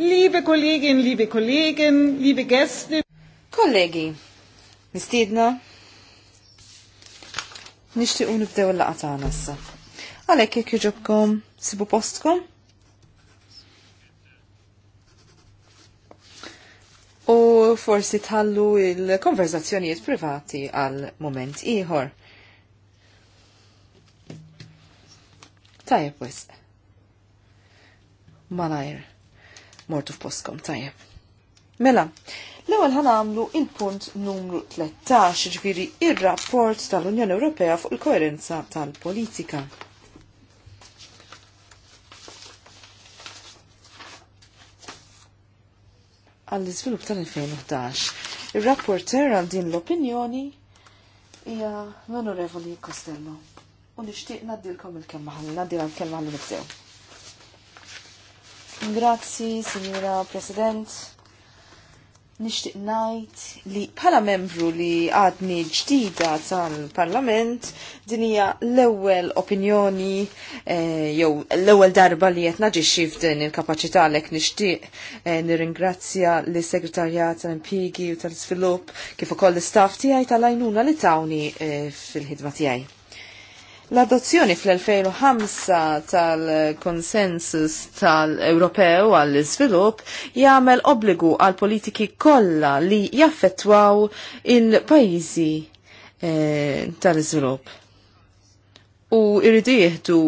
Liebe kollegin, liebe Kollegen, liebe Gäste. Kollegi, mistiedna. Nishti nibdew b'dew laqa tagħna għanassa. Għalhekk jekk jiġobkom sibu postkom. U forsi tħallu il-konverzazzjonijiet privati għal moment ieħor. Tajjeb wisq. Malajr mortu f'poskom tajjeb. Mela, l-ewwel ħanamlu il-punt numru 13, ġifieri ir-rapport tal-Unjoni Ewropea fuq il-koerenza tal-politika. Għall-iżvilupp tal-2011. Ir-rapporter għal din l-opinjoni hija l-Onorevoli Costello. U nixtieq naddilkom il-kelma ħalli, naddilha l-kelma ħalli nibdew. Grazzi, Signora President. Nishtiq najt li bħala membru li għadni ġdida tal-Parlament din hija l-ewwel opinjoni eh, jew l-ewwel darba li qed naġixxi f'din il-kapaċità għalhekk nixtieq nir eh, nirringrazzja lis segretarjat tal impigi u tal-iżvilupp kif ukoll l-istaff tiegħi tal-għajnuna li tawni eh, fil-ħidma tiegħi. L-adozzjoni fl-2005 tal-konsensus tal-Ewropew għall-izvilup jagħmel obbligu għal politiki kollha li jaffettwaw il-pajjiżi eh, tal-iżvilupp. U irridu jieħdu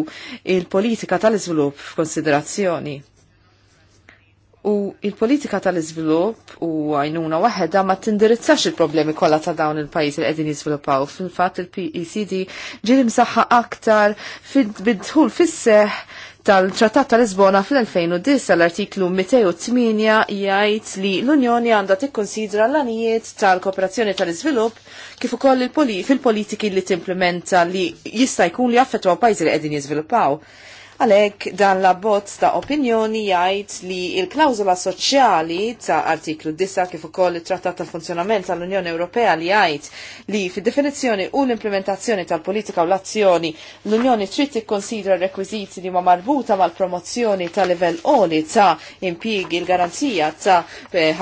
il-politika tal-iżvilupp f'konsiderazzjoni. U il-politika tal izvilup u għajnuna waħda ma tindirizzax il-problemi kollha ta' dawn il pajis li qegħdin jiżviluppaw. Fil-fatt il-PECD ġirim msaħħa aktar bidħul fis-seħ tal ċattat tal-Lisbona fl 2010 l-artiklu 208 jgħid li l-Unjoni għandha tikkonsidra l-anijiet tal-kooperazzjoni tal-iżvilupp kif ukoll fil-politiki li timplementa li jista' jkun li jaffettwaw pajjiżi li qegħdin jiżviluppaw. Għalek dan la bozz ta' opinjoni jgħid li il-klawzola soċjali ta' artiklu 9 kif ukoll it-Trattat tal-Funzjonament tal-Unjoni Ewropea li jgħid li fid-definizzjoni u l-implementazzjoni tal-politika u l-azzjoni l-Unjoni trid tikkonsidra rekwiżiti li ma marbuta mal-promozzjoni ta' livell oli ta' impjiegi l-garanzija ta'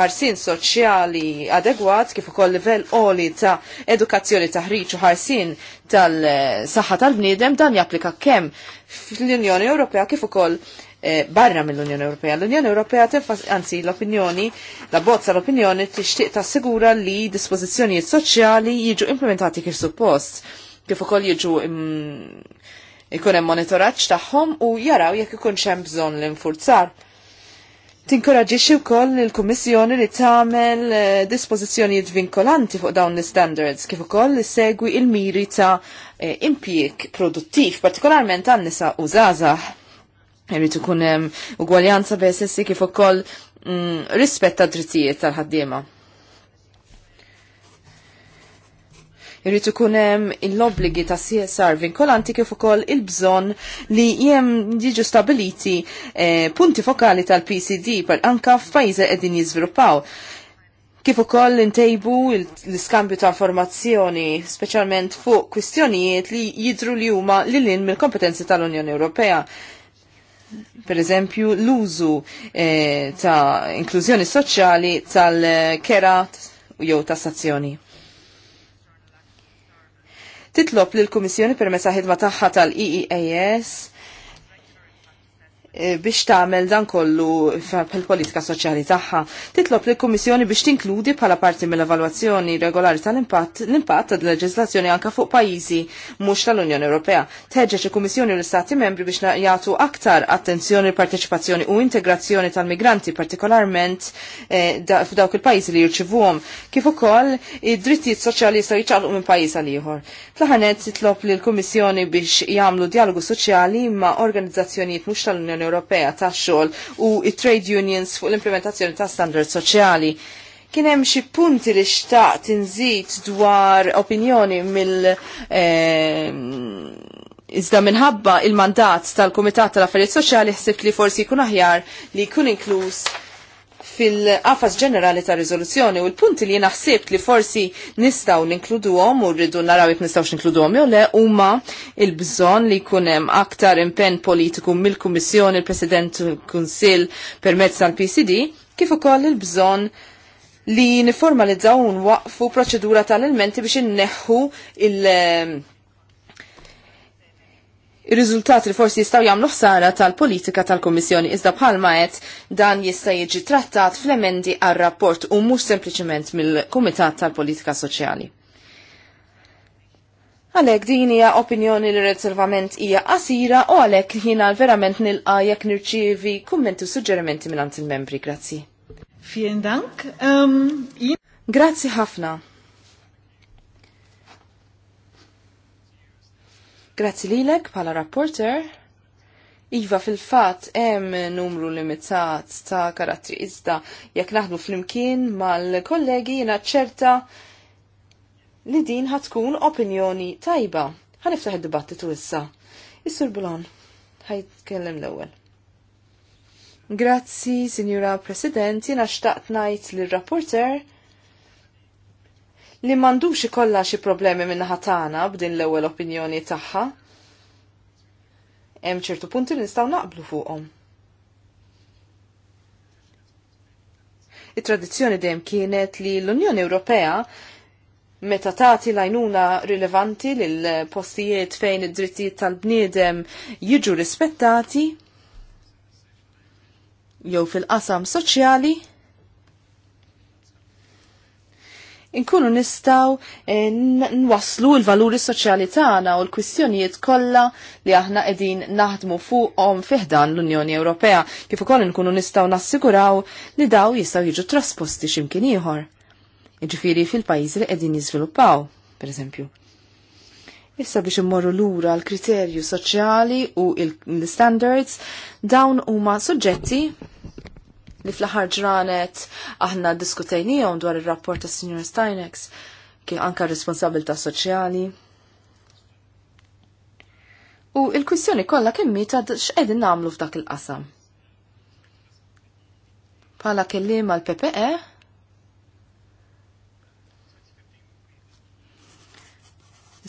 ħarsin soċjali adegwat kif ukoll livell oli ta' edukazzjoni taħriġ u ħarsin tal-saħħa tal-bniedem dan japplika kemm fl-Unjoni Ewropea kif ukoll eh, barra mill-Unjoni Ewropea. L-Unjoni Ewropea tinfas anzi l-opinjoni, la bozza l-opinjoni tixtieq tassigura li dispożizzjonijiet soċjali jiġu implementati kif suppost, kif ukoll jiġu ikun hemm monitoraġġ tagħhom u jaraw jekk ikun hemm bżonn l-infurzar tinkoraġixxi wkoll il-Kummissjoni li tagħmel eh, dispożizzjonijiet vinkolanti fuq dawn l-standards kif ukoll segwi il-miri ta' eh, impjieg produttiv, partikolarment għan-nisa u zaza. Irrid ikun hemm ugwaljanza bejn sessi kif ukoll mm, rispett tad drittijiet tal-ħaddiema. Irrid ikun hemm l-obbligi ta' CSR vinkolanti kif ukoll il-bżonn li jem jiġu stabiliti eh, punti fokali tal-PCD per anka f'pajjiżi qegħdin jiżviluppaw. Kif ukoll intejbu l-iskambju ta' informazzjoni, speċjalment fuq kwistjonijiet li jidru li huma in mill-kompetenzi tal-Unjoni Ewropea. Per eżempju, l-użu eh, ta' inklużjoni soċjali tal-kera jew ta' stazzjoni titlob lill kummissjoni permezz ħidma tagħha tal-EEAS Eh, biex tagħmel dan kollu fil-politika soċjali tagħha. Titlob li kummissjoni biex tinkludi bħala parti mill-evalwazzjoni regolari tal-impatt l-impatt tal leġislazzjoni anke fuq pajjiżi mhux tal-Unjoni Ewropea. Teġġeġ il-Kummissjoni u l-Istati membri biex jagħtu aktar attenzjoni l-parteċipazzjoni u integrazzjoni tal-migranti partikolarment eh, f'dawk il-pajjiżi li jirċivuhom, kif ukoll id-drittijiet soċjali jistgħu jiċċaqlqu minn pajjiż għal ieħor. Fl-aħħar titlob li l-Kummissjoni biex jagħmlu dialogu soċjali ma' organizzazzjonijiet mhux tal-Unjoni l unjoni Ewropea tax-xogħol u it-trade unions fuq l-implementazzjoni ta' standard soċjali. Kien hemm xi punti li xtaqt inżid dwar opinjoni mill- eh, Iżda minħabba il-mandat tal-Kumitat tal-Affarijiet Soċjali ħsibt li forsi jkun aħjar li jkun inkluż fil-qafas ġenerali ta' rizoluzzjoni u l-punti li naħsibt li forsi nistaw ninkluduhom u rridu naraw nistaw xinkludu għom jew le huma il-bżonn li jkun hemm aktar impenn politiku mill-Kummissjoni, il-President Kunsill permezz tal-PCD, kif ukoll il-bżonn li niformalizzaw un waqfu proċedura tal elmenti biex inneħħu il- ir-riżultati li forsi jistgħu jagħmlu ħsara tal-politika tal-Kummissjoni iżda bħalma qed dan jista' jiġi trattat fl-emendi għar-rapport u mhux sempliċement mill-Kumitat tal-Politika Soċjali. Għalek din hija opinjoni li rezervament hija qasira u għalek jiena verament nilqa jekk nirċievi kummenti u suġġerimenti minn il-membri. Grazzi. Fien Dank. Um, Grazzi ħafna. Grazzi lilek bħala rapporter. Iva fil-fat hemm numru limitat ta' izda jek jekk naħdmu flimkien mal-kollegi jiena ċerta li din ħatkun opinjoni tajba. Ħaniftaħ id-dibattitu issa. Is-Sur Bulon ħajtkellem l-ewwel. Grazzi, Sinjura President, jiena xtaqt ngħid l rapporter li mandux ikolla xi problemi minnaħa tagħna b'din l-ewwel opinjoni tagħha. Hemm ċertu punti li nistgħu naqblu fuqhom. it-tradizzjoni dejjem kienet li l-Unjoni Ewropea meta tagħti lajnuna rilevanti lil postijiet fejn id-drittijiet tal-bniedem jiġu rispettati jew fil-qasam soċjali inkunu nistaw eh, nwaslu l-valuri soċjali tagħna u l-kwistjonijiet kollha li aħna qegħdin naħdmu fuqhom fiħdan l-Unjoni Ewropea kif ukoll nkunu nistaw nassiguraw li daw jistgħu jiġu trasposti x'imkien ieħor. Jiġifieri fil-pajjiżi li qegħdin jiżviluppaw, pereżempju. Issa biex immorru lura l-kriterju soċjali u l-standards dawn huma suġġetti li fl-aħħar ġranet aħna diskutejnijom dwar ir-rapport tas Sr. Steinex kien anka responsabilta soċjali. U il-kwissjoni kollha kemm mita x'qegħdin nagħmlu f'dak il-qasam. Pala kelliem għal PPE,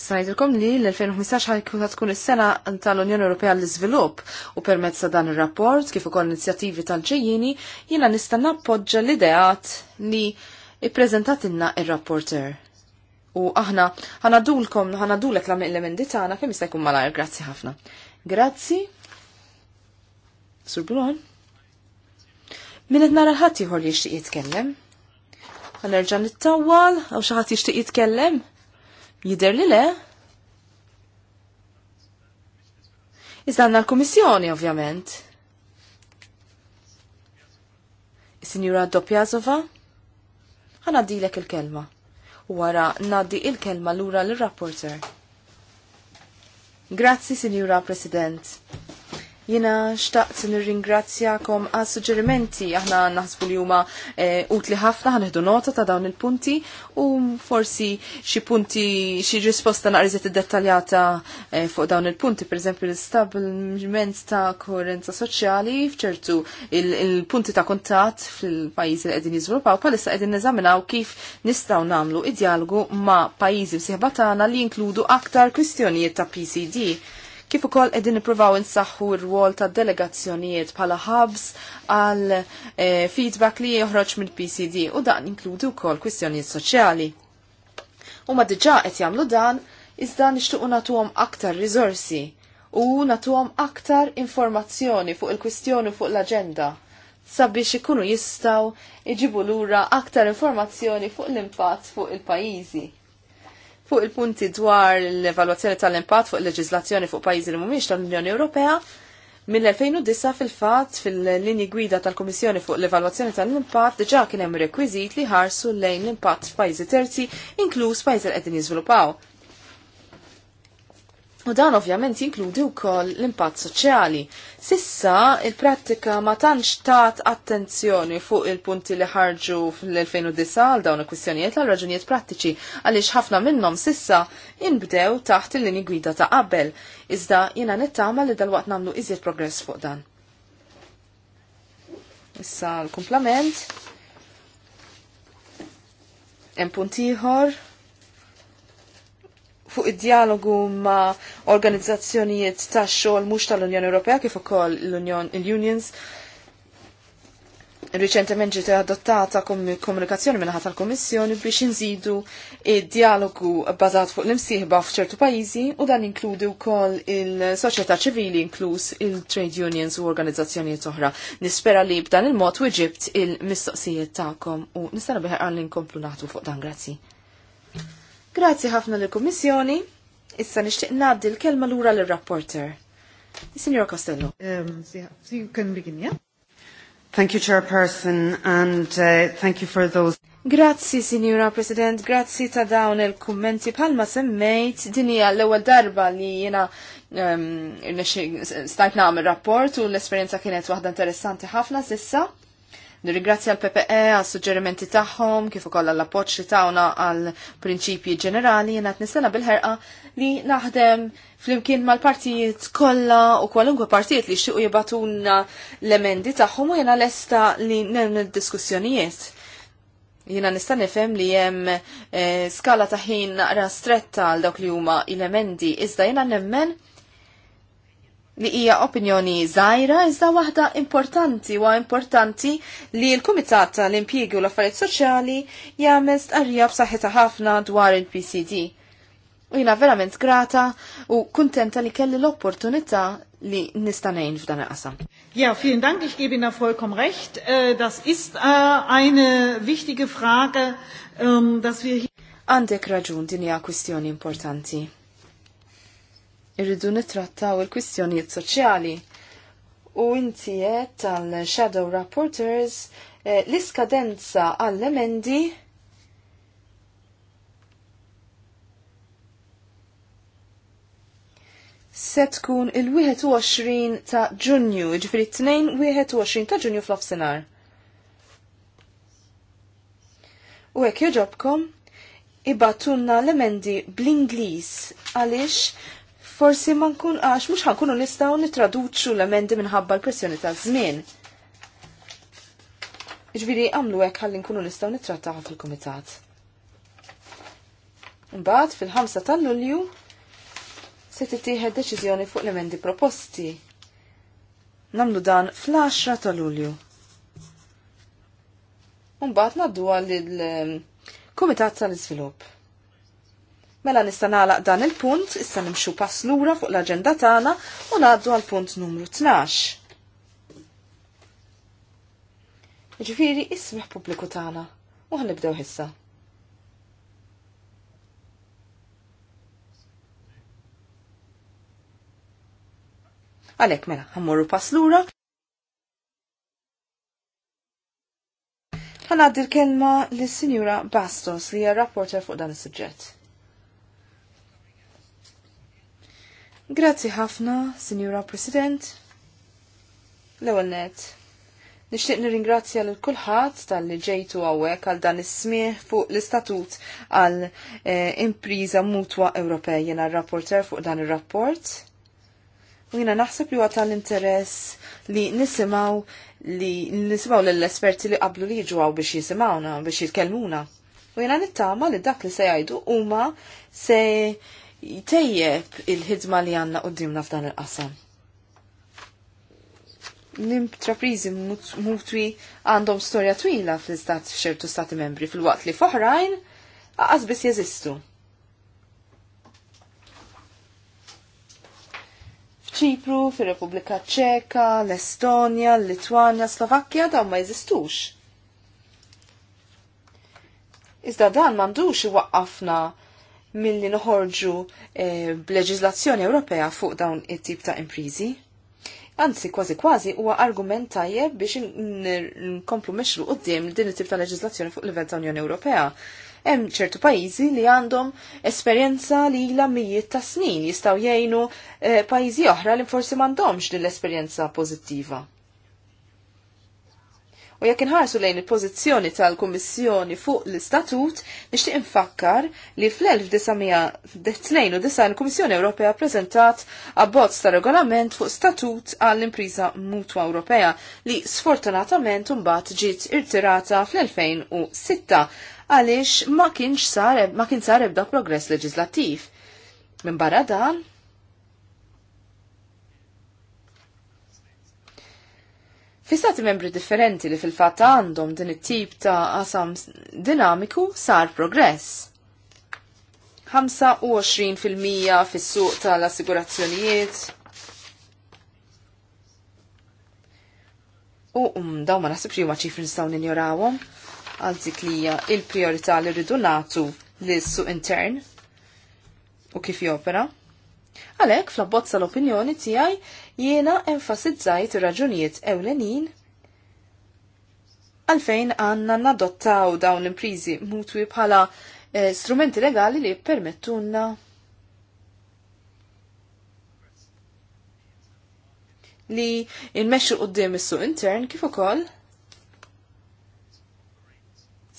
Sajdilkom li l-2015 ħajkun tkun is-sena tal-Unjoni Ewropea l-Iżvilupp u permezz ta' dan ir-rapport kif ukoll inizjattivi tal-ġejjini jiena nista' nappoġġa l-ideat li ippreżentatilna ir-rapporter. U aħna ħanadulkom ħanadulek l-elementi tagħna kemm jista' jkun malajr, grazzi ħafna. Grazzi. Sur Bulon. Min qed nara ħadd ieħor jixtieq jitkellem. Ħanerġa' nittawwal għaw xi ħadd jixtieq jitkellem. Jider li le? Iżdanna l-Komissjoni, ovvjament. Signora Dopjazova, ħanadilek il-kelma. U wara naddi il-kelma lura l-rapporter. Grazzi, Signora President. Jina xtaqt nir-ringrazzjakom għal suġġerimenti aħna naħsbu li huma eh, utli ħafna ħanħdu nota ta' dawn il-punti u forsi xi punti xi risposta naqriżet id-dettaljata eh, fuq dawn il-punti, pereżempju l-istabilment ta' koerenza soċjali fċertu il-punti ta' kontatt fil-pajjiżi li qegħdin jiżviluppaw palissa qegħdin neżaminaw kif nistgħu nagħmlu id-dialgu ma' pajjiżi msieħba tagħna li jinkludu aktar kwistjonijiet ta' PCD kif ukoll qegħdin nippruvaw insaħħu r-rwol ta' delegazzjonijiet bħala hubs għal eh, feedback li joħroġ mill-PCD u dan inkludu wkoll kwistjonijiet soċjali. U ma diġà qed jagħmlu dan iżda nixtiequ nagħtuhom aktar riżorsi u nagħtuhom aktar informazzjoni fuq il-kwistjoni fuq l-aġenda sabiex ikunu jistaw iġibu lura aktar informazzjoni fuq l-impatt fuq il-pajizi fuq il-punti dwar l-evalwazzjoni tal-impatt fuq il-leġizlazzjoni fuq pajjiżi li mhumiex tal-Unjoni Ewropea mill-2009 fil-fatt fil-linji gwida tal-Komissjoni fuq l-evalwazzjoni tal-impatt diġà kien hemm rekwiżit li ħarsu lejn l-impatt f'pajjiżi terzi inkluż pajjiżi li qegħdin jiżviluppaw. U dan ovvjament jinkludi wkoll l-impatt soċjali. Sissa il-prattika ma tantx tat attenzjoni fuq il-punti li ħarġu fl-2009 għal dawn il-kwistjonijiet għal raġunijiet prattiċi għaliex ħafna minnhom sissa inbdew taħt il-lini gwida ta' qabel. Iżda jiena nittama li dalwaqt nagħmlu iżjed progress fuq dan. Issa l-kumplament. Hemm punt ieħor fuq id-dialogu ma' organizzazzjonijiet ta' xogħol mhux tal-Unjoni Ewropea kif ukoll l-Unions. il Riċentement ġiet adottata komunikazzjoni minn ħadd tal-Kummissjoni biex inżidu id-dialogu bbażat fuq l-imsieħba f'ċertu pajjiżi u dan inkludi wkoll il-soċjetà ċivili inkluż il-trade unions u organizzazzjonijiet oħra. Nispera li b'dan il-mod weġibt il-mistoqsijiet tagħkom u nistara biħar għal inkomplu fuq dan grazzi. Grazzi ħafna l-Kummissjoni. Issa nixtieq ngħaddi l-kelma lura lir-rapporter. Signor Costello. Um, so you can begin, yeah? Thank you, Chairperson, and uh, thank you for those. Grazzi, Signora President, grazzi ta' dawn il-kummenti palma semmejt dinija l-ewwel darba li jiena um, stajt rapport u l-esperjenza kienet waħda interessanti ħafna sissa. Nirringrazzja l-PPE għal suġġerimenti tagħhom kif ukoll l appoġġ li tawna għal prinċipji ġenerali jiena qed nistenna bil-ħerqa li naħdem flimkien mal-partijiet kollha u kwalunkwe partijiet li xtiequ jibatuna l-emendi tagħhom u jiena lesta li nemmen id-diskussjonijiet. Jiena nista' nifhem li hemm eh, skala ta' ħin naqra stretta għal dawk li huma l-emendi iżda jiena nemmen li hija opinjoni zaħira iżda waħda importanti wa importanti li l-Kumitat tal-Impjiegi u l-Affarijiet Soċjali jagħmel stqarrija b'saħħitha ħafna dwar il-PCD. U jina verament grata u kuntenta li kelli l-opportunità li nistanejn f'dan il-qasam. Ja, vielen Dank, ich gebe Ihnen vollkommen recht. Äh, das ist äh, eine wichtige Frage, ähm, dass wir hier... Għandek raġun din hija kwistjoni importanti irridu nitrattaw il-kwistjonijiet soċjali. U inti tal-Shadow Rapporters eh, l-iskadenza għall-emendi se tkun il-21 ta' ġunju, t 2-21 ta' ġunju fl-ofsenar. U hekk joġobkom, ibatunna l-emendi bl-Inglis għaliex forsi ma nkun għax mhux ħankunu nistgħu nitraduċu l-emendi minħabba l-pressjoni ta' żmien. Iġviri, għamlu hekk ħalli nkunu nistgħu nittrattaw fil-kumitat. Mbaħt fil-5 ta' Lulju se tittieħed deċiżjoni fuq l-emendi proposti. Namlu dan fl-10 ta' Lulju. Mbagħad naddu għal il-Kumitat eh, tal-Iżvilupp. Mela nista' nagħlaq dan il-punt, issa nimxu pass lura fuq l-aġenda tagħna u ngħaddu għal punt numru 12. Ġifieri ismiħ pubbliku tagħna u ħanibdew ħissa. Għalek mela, ħammorru pass lura. Ħanaddi l-kelma lis-Sinjura Bastos li hija rapporter fuq dan is-suġġett. Grazzi ħafna, Sinjura President. L-ewwel net. Nixtieq nirringrazzja lil kulħadd tal-li ġejtu hawnhekk għal dan is-smieħ fuq l-istatut għal eh, impriża mutwa Ewropej jiena rapporter fuq dan ir-rapport. U jiena naħseb li huwa tal-interess li nisimgħu li nisimgħu lill-esperti li qablu li jiġu biex jisimgħuna biex jitkellmuna. U jiena nittama li dak li se jgħidu huma se jtejjeb il-ħidma li għanna qoddimna f'dan il-qasam. l mutwi għandhom storja twila fl-istat xertu stati membri fil-waqt li foħrajn għaqas bis jeżistu. F'Ċipru, fir repubblika ċeka, l-Estonja, l-Litwanja, Slovakkja dawn ma jeżistux. Iżda dan m'għandux iwaqqafna milli noħorġu eh, Ewropea fuq dawn it-tip ta' imprizi. Anzi, kważi kważi huwa argument tajjeb biex nkomplu mexru qudiem din it-tip ta' leġizlazzjoni fuq livell ta' Unjoni Ewropea. Hemm ċertu pajjiżi li għandhom esperjenza li ilha mijiet ta' snin jistgħu jgħinu eh, pajjiżi oħra li forsi m'għandhomx din l-esperjenza pożittiva. U jekk inħarsu lejn il-pożizzjoni tal-Kummissjoni fuq l-Istatut, nixtieq infakkar li fl-1992 il-Kummissjoni Ewropea preżentat abbozz ta' regolament fuq statut għall-impriża mutwa Ewropea li sfortunatament imbagħad ġiet irtirata fl-2006 għaliex ma kienx sar ma kien sar ebda progress leġislattiv. Minn barra dan, Fi stati membri differenti li fil fat għandhom din it-tip ta' qasam dinamiku sar progress. 25% fis-suq tal-assigurazzjonijiet. U um, daw ma naħsibx li ma ċifri nistgħu ninjorawhom għal dik li hija l-prijorità li rridu nagħtu lis-suq intern u kif jopera. Għalek, fl-abbozza l-opinjoni tijaj, jiena enfasizzajt raġunijiet ewlenin għalfejn għanna nadottaw dawn l-imprizi mutwi bħala eh, strumenti legali li permettunna li nmexxu qudiem is-suq intern kif ukoll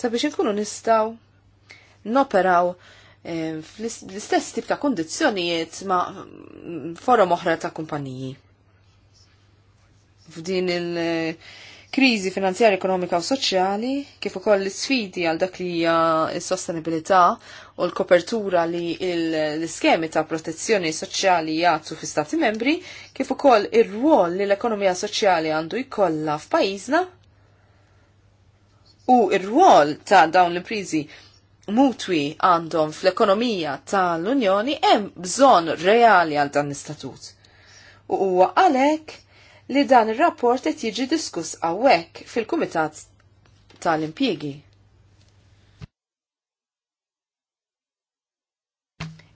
sabiex inkunu nistgħu noperaw fl-istess tip ta' kondizjonijiet ma' forom oħra ta' kumpaniji. F'din il-kriżi finanzjarja, ekonomika u soċjali, kif ukoll l-sfidi għal dak li hija s-sostenibilità u l-kopertura li l-iskemi ta' protezzjoni soċjali jagħtu fi stati membri, kif ukoll ir-rwol li l-ekonomija soċjali għandu jkollha f'pajjiżna u ir-rwol ta' dawn l-imprizi mutwi għandhom fl-ekonomija tal-Unjoni hemm bżonn reali għal dan l-istatut. U huwa għalhekk li dan ir-rapport qed jiġi diskuss hawnhekk fil-Kumitat tal-Impjiegi.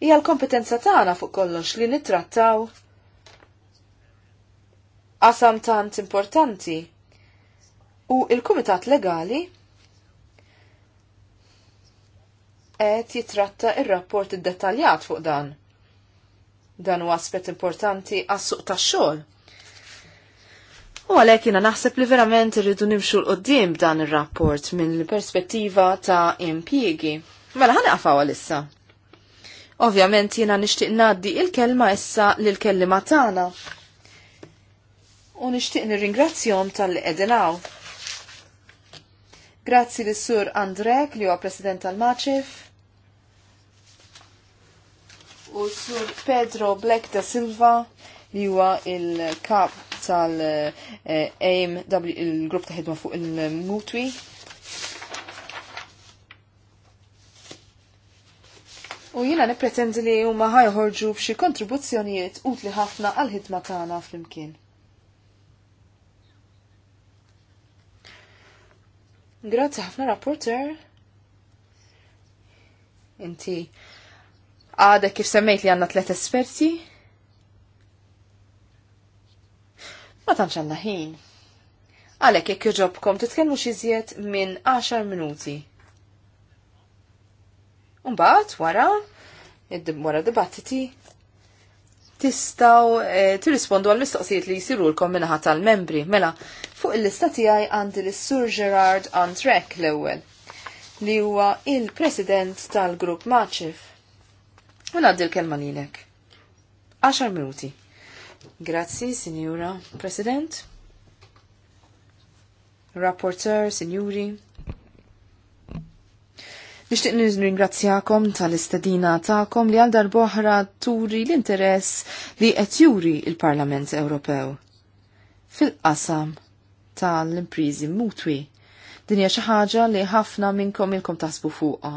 Hija l-kompetenza tagħna fuq kollox li nittrattaw qasam tant importanti u il-Kumitat Legali qed jitratta ir-rapport iddettaljat fuq dan. Dan huwa aspett importanti għas-suq tax-xogħol. U għalhekk jiena naħseb li verament irridu nimxu l-qoddim dan ir rapport minn perspettiva ta' impjiegi. Mela ħa għafaw għalissa. Ovvjament jiena nixtieq ngħaddi il-kelma issa l-kellima tagħna. U nixtieq nir-ringrazzjom tal-edinaw. Grazzi l-sur Andrek li huwa president tal-Maċif, u sur Pedro Black da Silva li huwa il-kap tal-AIM eh, il-grupp ta' ħidma fuq il-mutwi. U jina nipretendi li huma ħajħorġu b'xi kontribuzzjonijiet utli ħafna għal ħidma tagħna flimkien. Grazzi ħafna rapporter. Inti għada kif semmejt li għanna tlet esperti. Ma tantx għanna ħin. Għalek jekk joġobkom titkellmu xizjiet minn 10 minuti. Umbat, wara, wara dibattiti, tistaw eh, tirrispondu għal mistoqsijiet li jisirulkom minnaħat tal-membri. Mela, fuq il-lista tiegħi għandi l-Sur Gerard Antrek l-ewwel li huwa il-President tal-Grupp Maċif. U naddi l-kelma lilek. 10 minuti. Grazzi, Sinjura President. Rapporteur, Sinjuri. Nishtiq ringrazzjakom tal-istedina ta'kom li għal boħra turi l-interess li qed juri il-Parlament Ewropew. Fil-qasam tal-imprizi mutwi. Dinja xi ħaġa li ħafna minnkom ilkom tasbu fuqha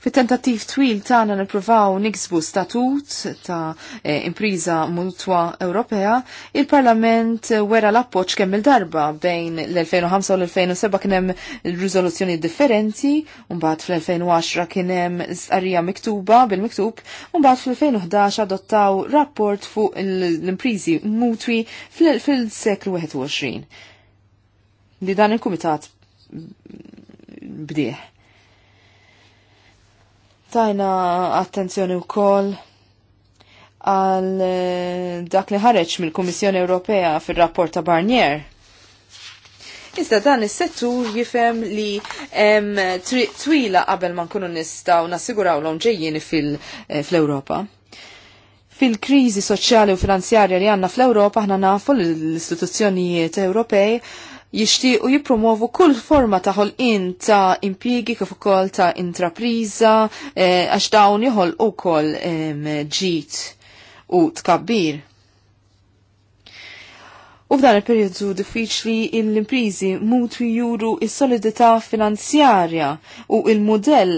Fit tentattiv twil tagħna nippruvaw niksbu statut ta' eh, impriża mutwa Ewropea, il-Parlament wera l-appoġġ kemm il-darba bejn l-2005 u l-2007 kien hemm riżoluzzjoni differenti, u mbagħad fl-2010 kien hemm żqarrija miktuba bil-miktub, u mbagħad fl-2011 adottaw rapport fuq l-impriżi mutwi fil-seklu 21 li dan il-kumitat bdieħ. Tajna attenzjoni wkoll għal eh, dak li ħareġ mill-Kummissjoni Ewropea fir-rapport ta' Barnier. Iżda dan is-settur jifhem li twila qabel ma nkunu nistgħu nassigurawlhom ġejjin fil-Ewropa. Eh, Fil-kriżi soċjali u finanzjarja li għandna fl-Ewropa aħna nafu l-istituzzjonijiet Ewropej jixtiequ jippromovu kull forma ta' ħolqien ta' impjiegi kif ukoll ta' intrapriża eh, għax dawn joħol wkoll ġit u tkabbir. U f'dan il-periodu diffiċli l-imprizi mutu juru il solidità finanzjarja u il-modell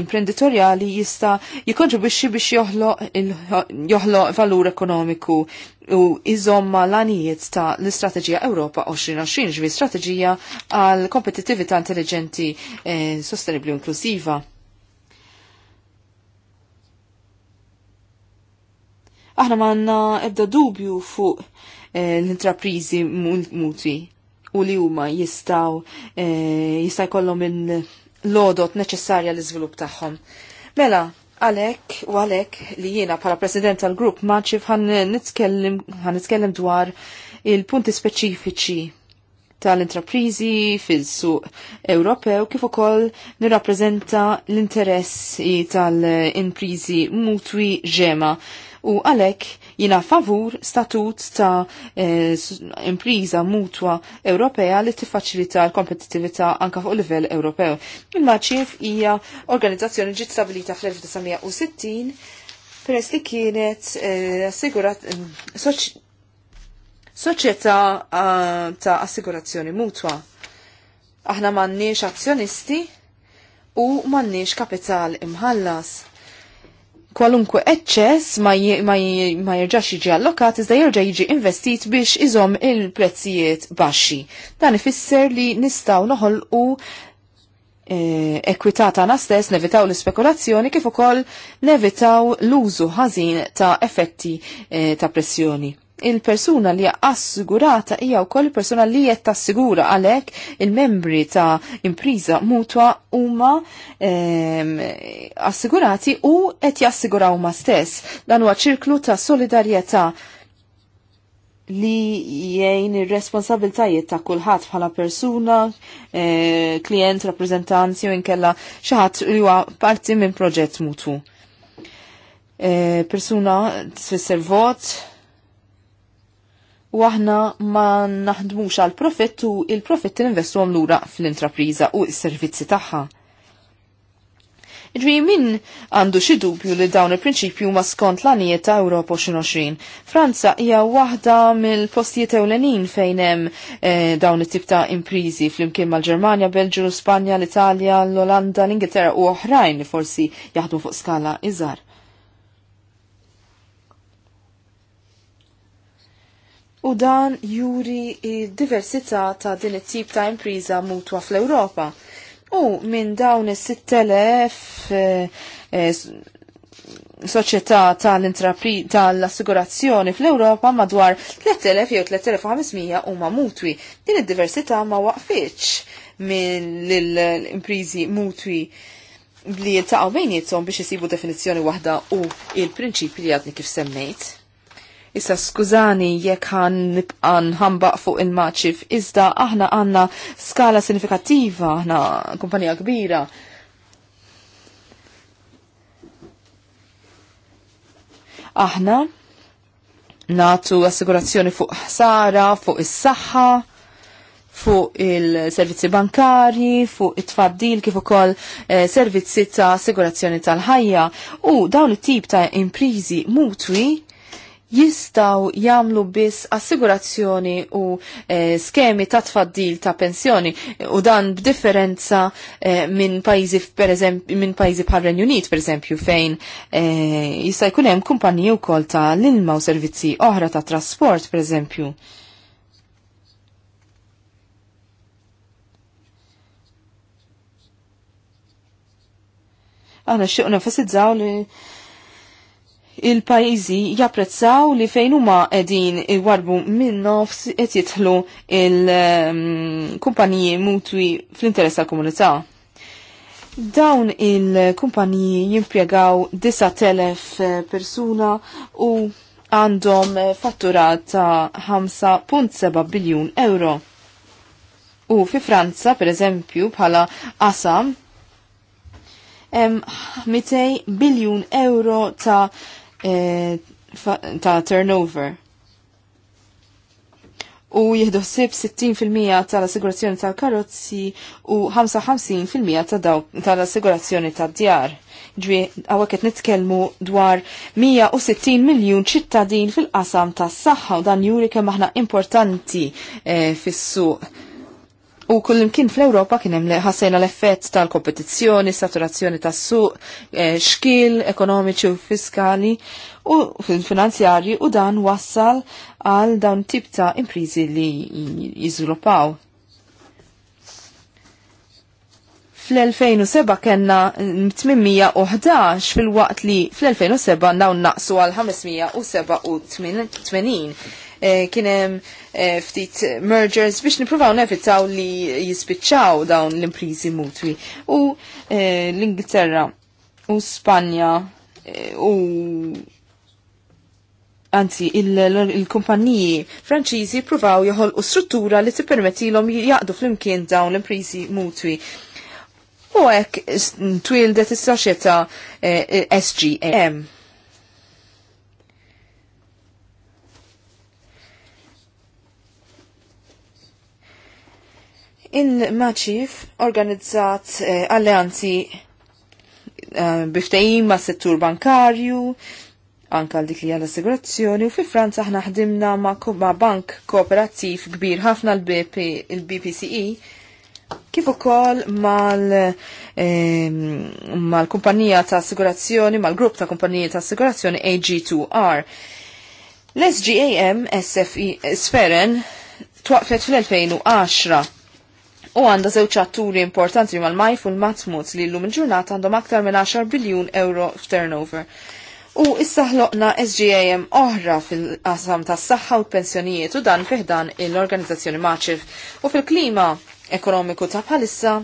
imprenditorjali jista' jikontribwixxi biex joħloq valur ekonomiku u iżomma l-anijiet ta' l-Istrateġija Ewropa 2020 ġvi strateġija għal kompetittività intelligenti e, eh, sostenibli u inklusiva. Aħna manna ebda dubju fuq Eh, l-intraprizi multi u li huma jistaw eh, jista' jkollhom il-lodot neċessarja l-iżvilupp tagħhom. Mela, għalek u għalek li jiena bħala president tal-grupp maċif għan nitkellem dwar il-punti speċifiċi tal-intraprizi fil-suq Ewropew kif ukoll nirrappreżenta l-interessi tal-inprizi mutwi ġema u għalek jina favur statut ta' eh, impriża mutwa Ewropea li tiffaċilita l-kompetitività anka fuq livell Ewropew. Il-maċif hija organizzazzjoni ġiet stabilita fl-1960 peress li kienet eh, assigurat soċieta eh, ta' assigurazzjoni mutwa. Aħna m'għandniex azzjonisti u m'għandniex kapital imħallas kwalunkwe eċċess ma, jirġax jiġi allokat iżda jirġa jiġi investit biex iżom il-prezzijiet baxxi. Dan ifisser li nistaw noħolqu eh, ekwita tagħna stess nevitaw l-ispekulazzjoni kif ukoll nevitaw l-użu ħażin ta' effetti eh, ta' pressjoni il-persuna li assigurata hija wkoll persuna li qed tassigura għalhekk il-membri ta' impriża mutwa huma ehm, assigurati u qed jassiguraw ma stess. Dan huwa ċirklu ta' solidarjetà li jgħin ir-responsabiltajiet ta' kulħadd bħala persuna, eh, klient, rappreżentanti u inkella xi ħadd li huwa parti minn proġett mutu. Eh, persuna tfisser vot, u aħna ma naħdmux għal profitt u il profitt ninvestu għom lura fl-intrapriza u s-servizzi tagħha. Ġri min għandu xi dubju li dawn il-prinċipju ma skont l ta' Ewropa 2020. Franza hija waħda mill-postijiet ewlenin fejn hemm eh, dawn it-tip ta' imprizi flimkien mal-Ġermanja, Belġu, Spanja, l-Italja, l-Olanda, l-Ingilterra u oħrajn li forsi jaħdmu fuq skala iżgħar. u dan juri diversità ta' din it-tip ta' impriża mutwa fl-Ewropa. U minn dawn is-6000 eh, eh, soċjetà tal-assigurazzjoni fl-Ewropa madwar 3000 jew 3500 huma mutwi. Din id-diversità ma waqfitx minn l-imprizi mutwi li jiltaqgħu bejniethom biex isibu definizzjoni waħda u il-prinċipji li għadni kif semmejt. Issa skużani jekk ħan nibqan nħambaq fuq il-maċif, iżda aħna għandna skala sinifikattiva, aħna kumpanija kbira. Aħna natu assigurazzjoni fuq ħsara, fuq is-saħħa, fuq il-servizzi bankari, fuq it-tfaddil kif ukoll eh, servizzi ta' assigurazzjoni tal-ħajja u dawn it-tip ta' imprizi mutwi jistaw jamlu biss assigurazzjoni u eh, skemi ta' tfaddil ta' pensjoni u dan b'differenza eh, minn pajzi per minn pajzi bħal Renju Unit per eżempju fejn eh, jista' jkun hemm kumpaniji wkoll ta' l-ilma u servizzi oħra ta' trasport per eżempju. Għana xieqna fasidżaw li il-pajizi japprezzaw li fejn huma qegħdin iwarbu minn nofs qed jidħlu il-kumpaniji mutwi fl-interess tal-komunità. Dawn il-kumpaniji jimpjegaw 9,000 eh, persuna u għandhom fatturat ta' 5.7 biljun euro. U fi Franza, per eżempju, bħala qasam, 200 biljun euro ta' Eh, ta' turnover. U jihdu ħsib 60% tal-assigurazzjoni tal-karozzi u 55% tal-assigurazzjoni tad-djar. Ġwi, għawek qed nitkellmu dwar 160 miljun ċittadin fil-qasam tas-saħħa u dan juri kemm aħna importanti eh, fis-suq U kullimkien fl-Europa kien hemm ħassejna l-effett tal-kompetizzjoni, saturazzjoni tas-suq, eh, xkil ekonomiċi u fiskali u finanzjarji u dan wassal għal dawn tip ta' imprizi li jiżviluppaw. Fl-2007 kena 811 fil-waqt li fl-2007 dawn naqsu għal 587 Eh, kienem eh, ftit mergers biex nipruvaw nevitaw li jispiċċaw dawn l-imprizi mutwi. U eh, l-Ingilterra u Spanja u anzi il-kumpaniji franċiżi pruvaw joħol u struttura li tippermettilhom jaqdu flimkien dawn l-imprizi mutwi. U hekk twildet is-soċjetà SGM. Il-Maċif organizzat eh, alleanzi eh, biftejim ma' settur bankarju, anka dik li għal-assigurazzjoni u fi Franza ħna ħdimna ma, ma bank kooperattiv kbir ħafna l-BPCE kif ukoll mal ehm, mal-kumpanija ta' assigurazzjoni, mal-grupp ta' kumpanija ta' assigurazzjoni AG2R. L-SGAM SFI eh, Sferen twaqfet fl-2010 u għanda żewġ atturi importanti mal majf u l-Matmut li l-lum il-ġurnata għandhom aktar minn 10 biljun euro f-turnover. U issa ħloqna SGAM oħra fil-qasam tas saħħa u pensjonijiet u dan fiħdan l-organizzazzjoni maċif. U fil-klima ekonomiku ta' bħalissa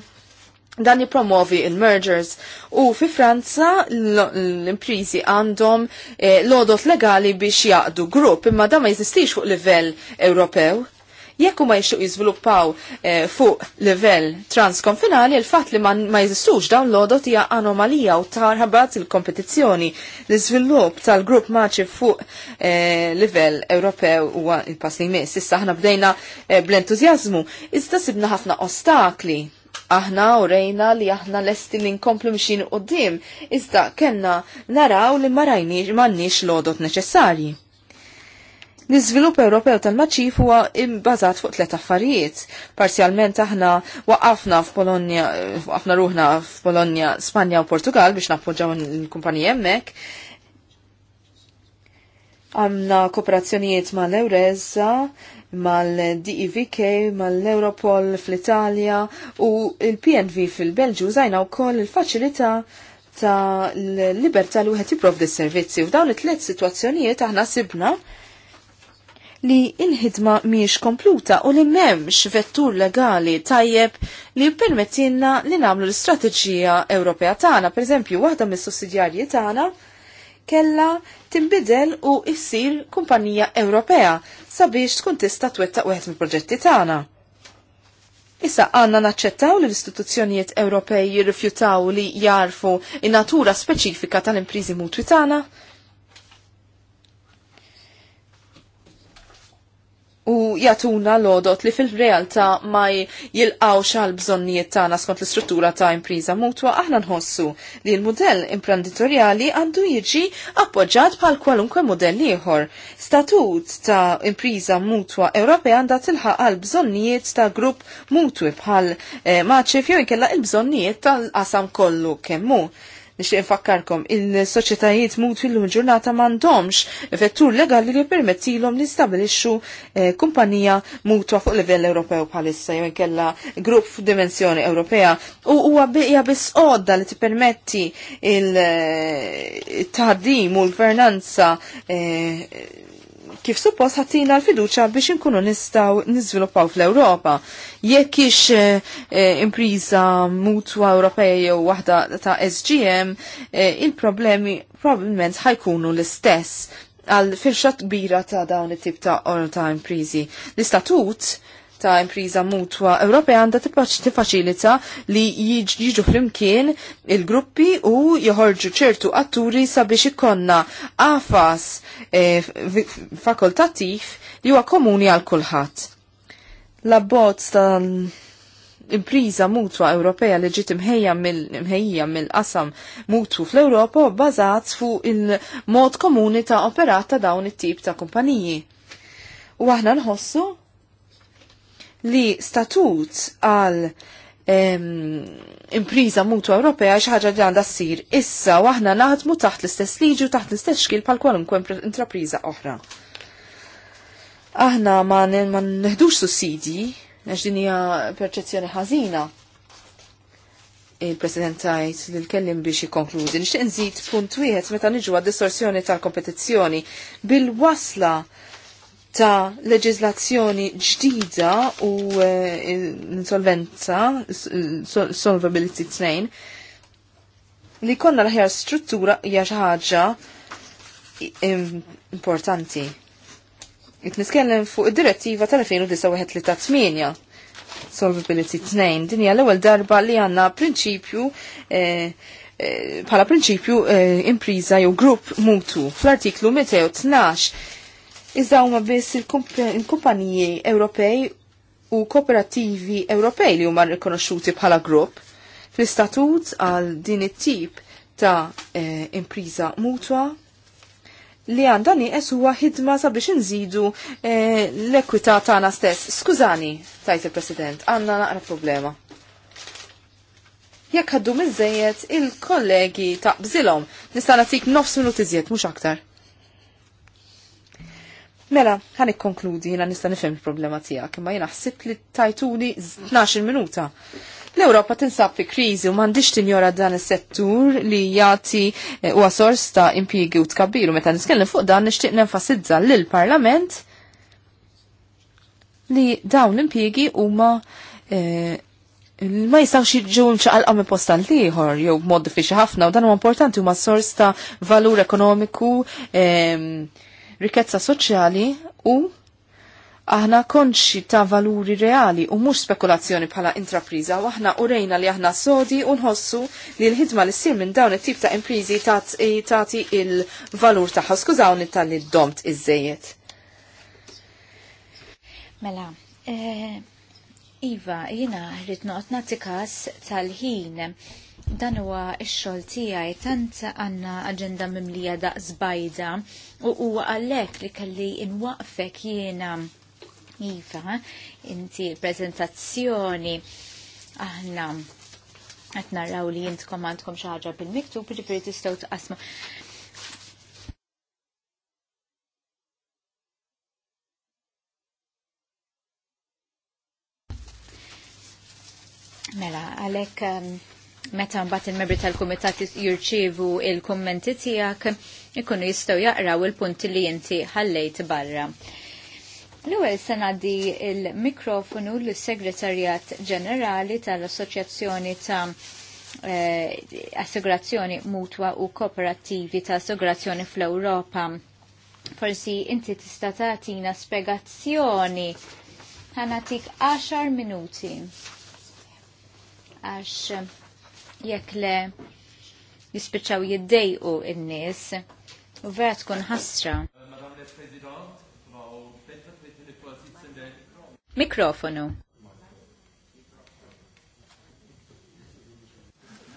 dan jipromovi il-mergers u fi Franza l-imprizi għandhom eh, l-odot legali biex jaqdu grupp imma da ma jeżistix fuq livell Ewropew Jekk ma jixtuq jiżviluppaw eh, fuq livell transkonfinali, il-fatt li ma jizistux dawn l-odot hija anomalija u tarħabat il-kompetizzjoni. L-iżvilupp tal-grupp maċi fuq eh, livell Ewropew u il-pass li Issa aħna bdejna eh, bl-entużjażmu, iżda sibna ħafna ostakli aħna u rejna li aħna lesti li nkomplu mxin u d-dim, iżda kena naraw li marajni mannix l-odot neċessarji. L-iżvilupp Ewropew tal-maċif huwa bbażat fuq tliet affarijiet. Parzjalment aħna waqafna f'Polonja, waqafna ruħna f'Polonja, Spanja u Portugal biex nappoġġaw il kumpaniji hemmhekk. Għamna kooperazzjonijiet mal-Eurezza, mal divk e mal-Europol fl-Italja u il-PNV fil-Belġu zajna u koll il facilita ta' l-libertà li wieħed jipprovdi s-servizzi. F'dawn it-tliet sitwazzjonijiet aħna sibna li il-ħidma miex kompluta u li memx vettur legali tajjeb li permettinna li namlu l-istrateġija Ewropea tagħna, pereżempju waħda mis-sussidjarji tagħna kella timbidel u issir kumpanija Ewropea sabiex tkun tista' twettaq wieħed mill-proġetti tagħna. Issa għanna naċċettaw li l-istituzzjonijiet Ewropej jirrifjutaw li jarfu in-natura speċifika tal-imprizi mutwi tagħna? u jatuna lodot li fil-realtà ma jilqaw xal bżonnijiet tagħna skont l-istruttura ta' impriża mutwa aħna nħossu li l-mudell imprenditorjali għandu jiġi appoġġat bħal kwalunkwe mudell ieħor. Statut ta' impriża mutwa Ewropea għandha tilħaq għal bżonnijiet ta' grupp mutwi bħal eh, maċef jew inkella il bżonnijiet tal-qasam kollu kemm hu. Nixtieq infakkarkom il-soċjetajiet mut fil-lum ġurnata m'għandhomx vettur legali li jippermettilhom li jistabilixxu eh, kumpanija mutwa fuq livell Ewropew bħalissa jew inkella grupp f'dimensjoni Ewropea u huwa bija biss għodda li tippermetti eh, il-taħdim u l-gvernanza eh, kif suppost ħatina l-fiduċa biex inkunu nistaw nizviluppaw fl-Europa. Jekk ix eh, eh, impriża mutwa Ewropeja jew waħda ta' SGM, eh, il-problemi probabbilment ħajkunu l-istess għal firxat kbira ta' dawn it-tip ta' orta imprizi. L-istatut ta' impriża mutwa Ewropea għandha tiffaċilita li jiġu flimkien il-gruppi u joħorġu ċertu atturi sabiex ikonna għafas e, fakultattiv li huwa komuni għal kulħadd. L-abbozz ta' impriża mutwa Ewropea li ġiet imħejja mill-qasam mutwu fl-Ewropa bbażat fuq il-mod komuni ta' operata dawn it-tip ta' kumpaniji. U aħna nħossu li statut għal impriża mutu Ewropea xi ħaġa li għandha ssir issa u aħna naħdmu taħt l-istess liġi u taħt l-istess xkil bħal kwalunkwe intrapriża oħra. Aħna ma neħdux sussidi għax din hija perċezzjoni ħażina il-President tajt li l-kellim biex jikonkludi. Nixtieq nżid punt wieħed meta niġu għad distorsjoni tal-kompetizzjoni bil-wasla ta' leġizlazzjoni ġdida u eh, insolvenza, solvability 2, li konna l-ħjar struttura hija xi ħaġa importanti. Qed niskellem fuq id-direttiva tal-2009 Solvability 2 din hija l-ewwel darba li għandna prinċipju eh, eh, bħala prinċipju impriża jew grupp mutu fl-artiklu 212 Iżda huma biss il-kumpaniji Ewropej u kooperativi Ewropej li huma rikonoxxuti bħala grupp fl-istatut għal din it-tip ta' eh, impriża mutwa li għandha nieqes huwa ħidma sabiex inżidu eh, l-ekwità tagħna stess. Skużani, tajt il-President, għandna naqra problema. Jekk ħaddu miżejjed il-kollegi ta' bżilhom, nista' nagħtik nofs minuti żied mhux aktar. Mela, għan ikkonkludi, jina nista nifhem il-problema tiegħek, imma jina ħsib li tajtuni 12 minuta. L-Ewropa tinsab fi kriżi u m'għandix tinjora dan is-settur li jagħti eh, huwa sors ta' impiegi u tkabbiru meta niskellin fuq dan nixtieq nenfasizza l parlament li dawn l-impjiegi huma eh, ma jistawx jiġu mċaqalqa minn posta liħor, jew modifiċi ħafna, u dan huwa importanti huma sors ta' valur ekonomiku, ehm, rikezza soċjali u aħna konxi ta' valuri reali u mhux spekulazzjoni bħala intrapriża u aħna urejna li aħna sodi u nħossu li l-ħidma li ssir minn dawn it-tip ta' imprizi eh, tagħti il-valur tagħha. skużaw tal-li domt iż Mela, eh, Iva, jina rrid noqgħod nagħti każ tal-ħin dan huwa x-xogħol tiegħi tant għandna aġenda mimlija daq żbajda u huwa għalhekk li kelli nwaqfek jiena iva inti prezentazzjoni aħna qed naraw li jintkom għandkom xi ħaġa bil-miktub, ġifieri tistgħu tqasmu. Mela, għalek um, meta mbagħad il-membri tal-kumitat jirċievu il-kummenti tiegħek ikunu jistgħu jaqraw il-punti li inti ħallejt barra. L-ewwel se ngħaddi l mikrofonu lis-Segretarjat Ġenerali tal-Assoċjazzjoni ta' eh, assigurazzjoni mutwa u kooperattivi ta' assigurazzjoni fl-Ewropa. Forsi inti tista' tagħtina spjegazzjoni ħanatik 10 minuti. Għax jekk le jispiċaw jiddej u n nies u vera tkun ħasra. Mikrofonu.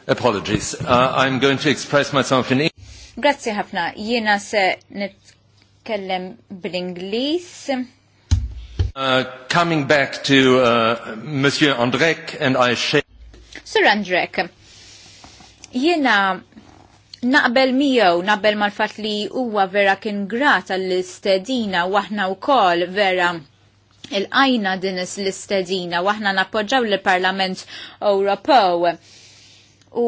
Apologies. Uh, I'm going to express myself in English. Grazie ħafna. Jiena se nitkellem bl inglis Uh, coming back to uh, Monsieur Andrek and I share Sir Andrek, Jiena naqbel miegħu naqbel mal-fatt li huwa vera kien grat għall-istedina waħna wkoll vera il-qajna din l-istedina waħna nappoġġaw l-Parlament Ewropew. U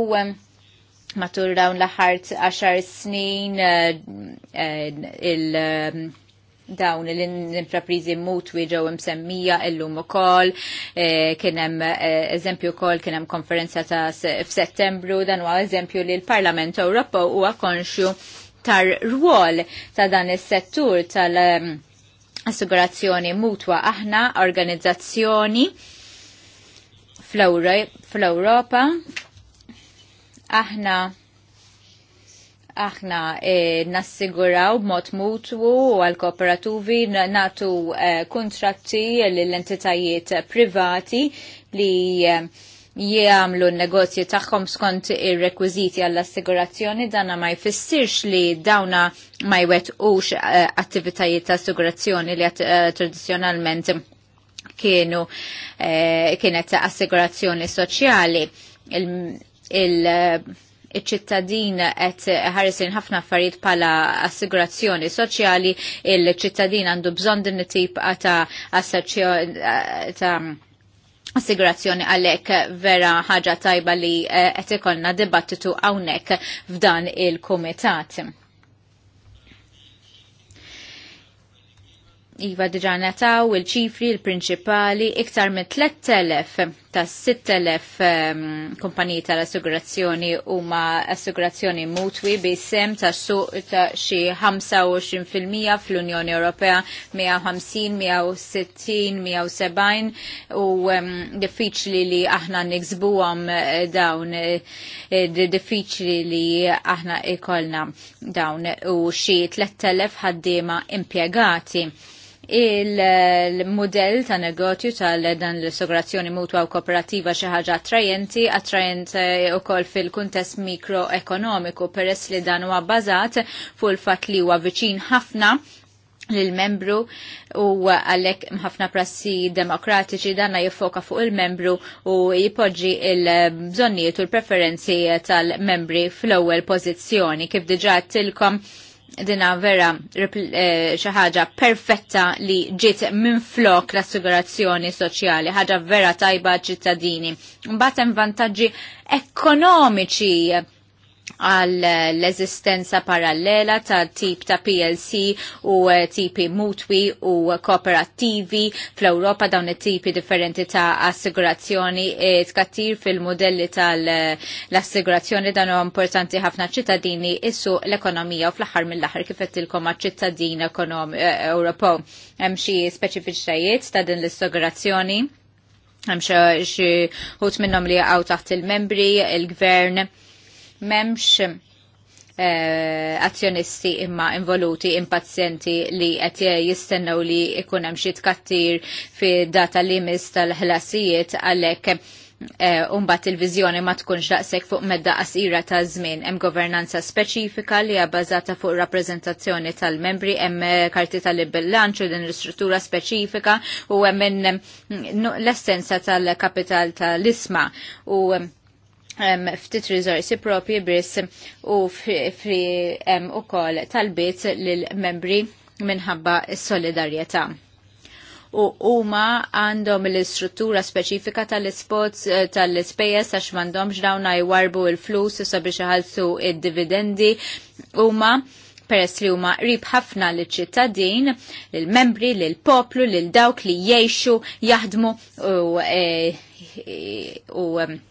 matul dawn l-ħart 10 snin eh, eh, il- dawn l-intraprizi mutwi ġew msemmija illum ukoll eh, kien hemm eh, eżempju wkoll kien hemm konferenza ta' f'Settembru dan huwa eżempju li l-Parlament Ewropew huwa konxju tar rwol ta' dan is-settur tal- assigurazzjoni mutwa aħna organizzazzjoni fl-Europa aħna aħna eh, nassiguraw b'mod mutwu għal kooperativi natu eh, kontratti l-entitajiet privati li eh, jgħamlu n-negozju tagħhom skont ir-rekwiżiti għall-assigurazzjoni dana ma jfissirx li dawna ma ux attivitajiet ta' assigurazzjoni li tradizzjonalment kienu kienet assigurazzjoni soċjali il iċ-ċittadin qed ħarisin ħafna affarijiet bħala assigurazzjoni soċjali, il-ċittadin għandu bżonn din it-tip ta' assigurazzjoni għalhekk vera ħaġa tajba li eh, qed ikollna dibattitu hawnhekk f'dan il-kumitat. Iva diġa nataw il-ċifri il-prinċipali iktar minn 3000 ta' 6.000 ehm, kumpaniji tal-assigurazzjoni huma assigurazzjoni mutwi bi sem ta' suq ta' xi 25% fl-Unjoni Ewropea 150-160-170 u ehm, diffiċli li aħna niksbuhom eh, dawn eh, diffiċli li aħna ikolna dawn u xi 3.000 ħaddiema impjegati il model ta' negozju tal dan l-sograzzjoni mutwa u kooperativa xi ħaġa attrajenti, attrajent eh, ukoll fil-kuntest mikroekonomiku peress li dan huwa bbażat fuq il-fatt li huwa viċin ħafna l-membru u għalek mħafna prassi demokratiċi danna jiffoka fuq il-membru u jipoġġi il-bżonniet u l-preferenzi tal-membri fl-ewwel pożizzjoni kif diġa tilkom dina vera eh, xi ħaġa perfetta li ġiet minn flok l-assigurazzjoni soċjali, ħaġa vera tajba ċittadini. Mbagħad hemm vantaġġi ekonomiċi għal l-eżistenza parallela ta' tip ta' PLC u eh, tipi mutwi u kooperativi fl-Europa dawn it-tipi differenti ta' assigurazzjoni eh, tkattir fil-modelli tal-assigurazzjoni dan huwa importanti ħafna ċittadini issu l-ekonomija u fl-aħħar mill-aħħar kif qedtilkom għaċ-ċittadin eh, Ewropew. Hemm xi speċifiċitajiet ta' din l-assigurazzjoni hemm xi ħut minnhom li għaw taħt il-membri, il-gvern, il membri il gvern memx eh, azzjonisti imma involuti impazjenti li qed jistennew li ikun hemm xi tkattir fi data limis tal-ħlasijiet għalhekk eh, umbat il-vizjoni ma tkunx daqsek fuq medda qasira ta' żmien hemm governanza speċifika li hija bażata fuq rappreżentazzjoni tal-membri hemm eh, karti tal-bilanċ u din l-istruttura speċifika u hemm mm, l-essenza tal-kapital tal-isma u um, ftit rizorsi propri bris u fri u kol talbiet l-membri minħabba s-solidarieta u huma għandhom l-istruttura speċifika tal-spots eh, tal-spejjeż għax m'għandhomx dawn jwarbu l-flus sabiex iħallsu id-dividendi huma peress li huma qrib ħafna l ċittadin lill-membri, lill-poplu, lil dawk li jgħixu, jaħdmu u, e, u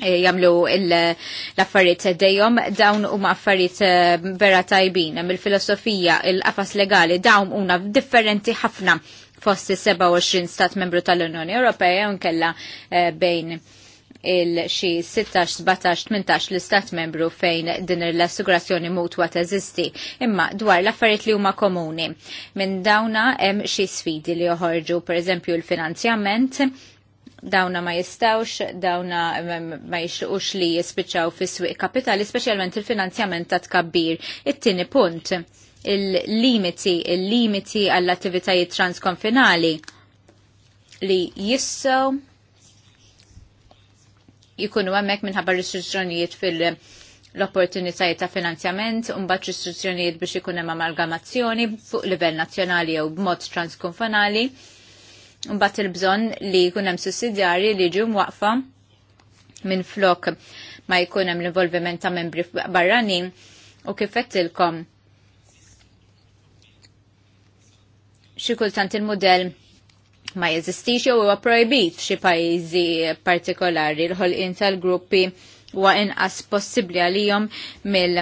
Eh, jamlu l-affarijiet dejjem dawn huma affarijiet eh, vera tajbin mill filosofija il-qafas legali dawn huma differenti ħafna fost 27 stat membru tal-Unjoni Ewropea nkella eh, bejn il-xi 16, 17, 18 l-istat membru fejn din l-assigurazzjoni mutwa teżisti imma dwar l-affarijiet li huma komuni. Minn dawna hemm xi sfidi li joħorġu pereżempju l-finanzjament, dawna ma jistawx, dawna ma jixuqux li jispiċaw fi swieq kapitali, speċjalment il-finanzjament ta' tkabbir. It-tieni punt, il-limiti, il-limiti għall-attivitajiet transkonfinali li jissaw jikunu għemmek minħabba restrizzjonijiet fil- l-opportunitajiet ta' finanzjament, unbat restrizzjonijiet biex ikun hemm amalgamazzjoni fuq livell nazzjonali jew b'mod transkonfinali. Mbagħad il-bżonn li jkun hemm sussidjarji li ġew waqfa minn flok ma jkun hemm l-involviment ta' membri barranin u kif il xi kultant il-mudell ma jeżistix jew huwa projbit f'xi pajjiżi partikolari l-ħolqien tal-gruppi huwa inqas possibbli għalihom mill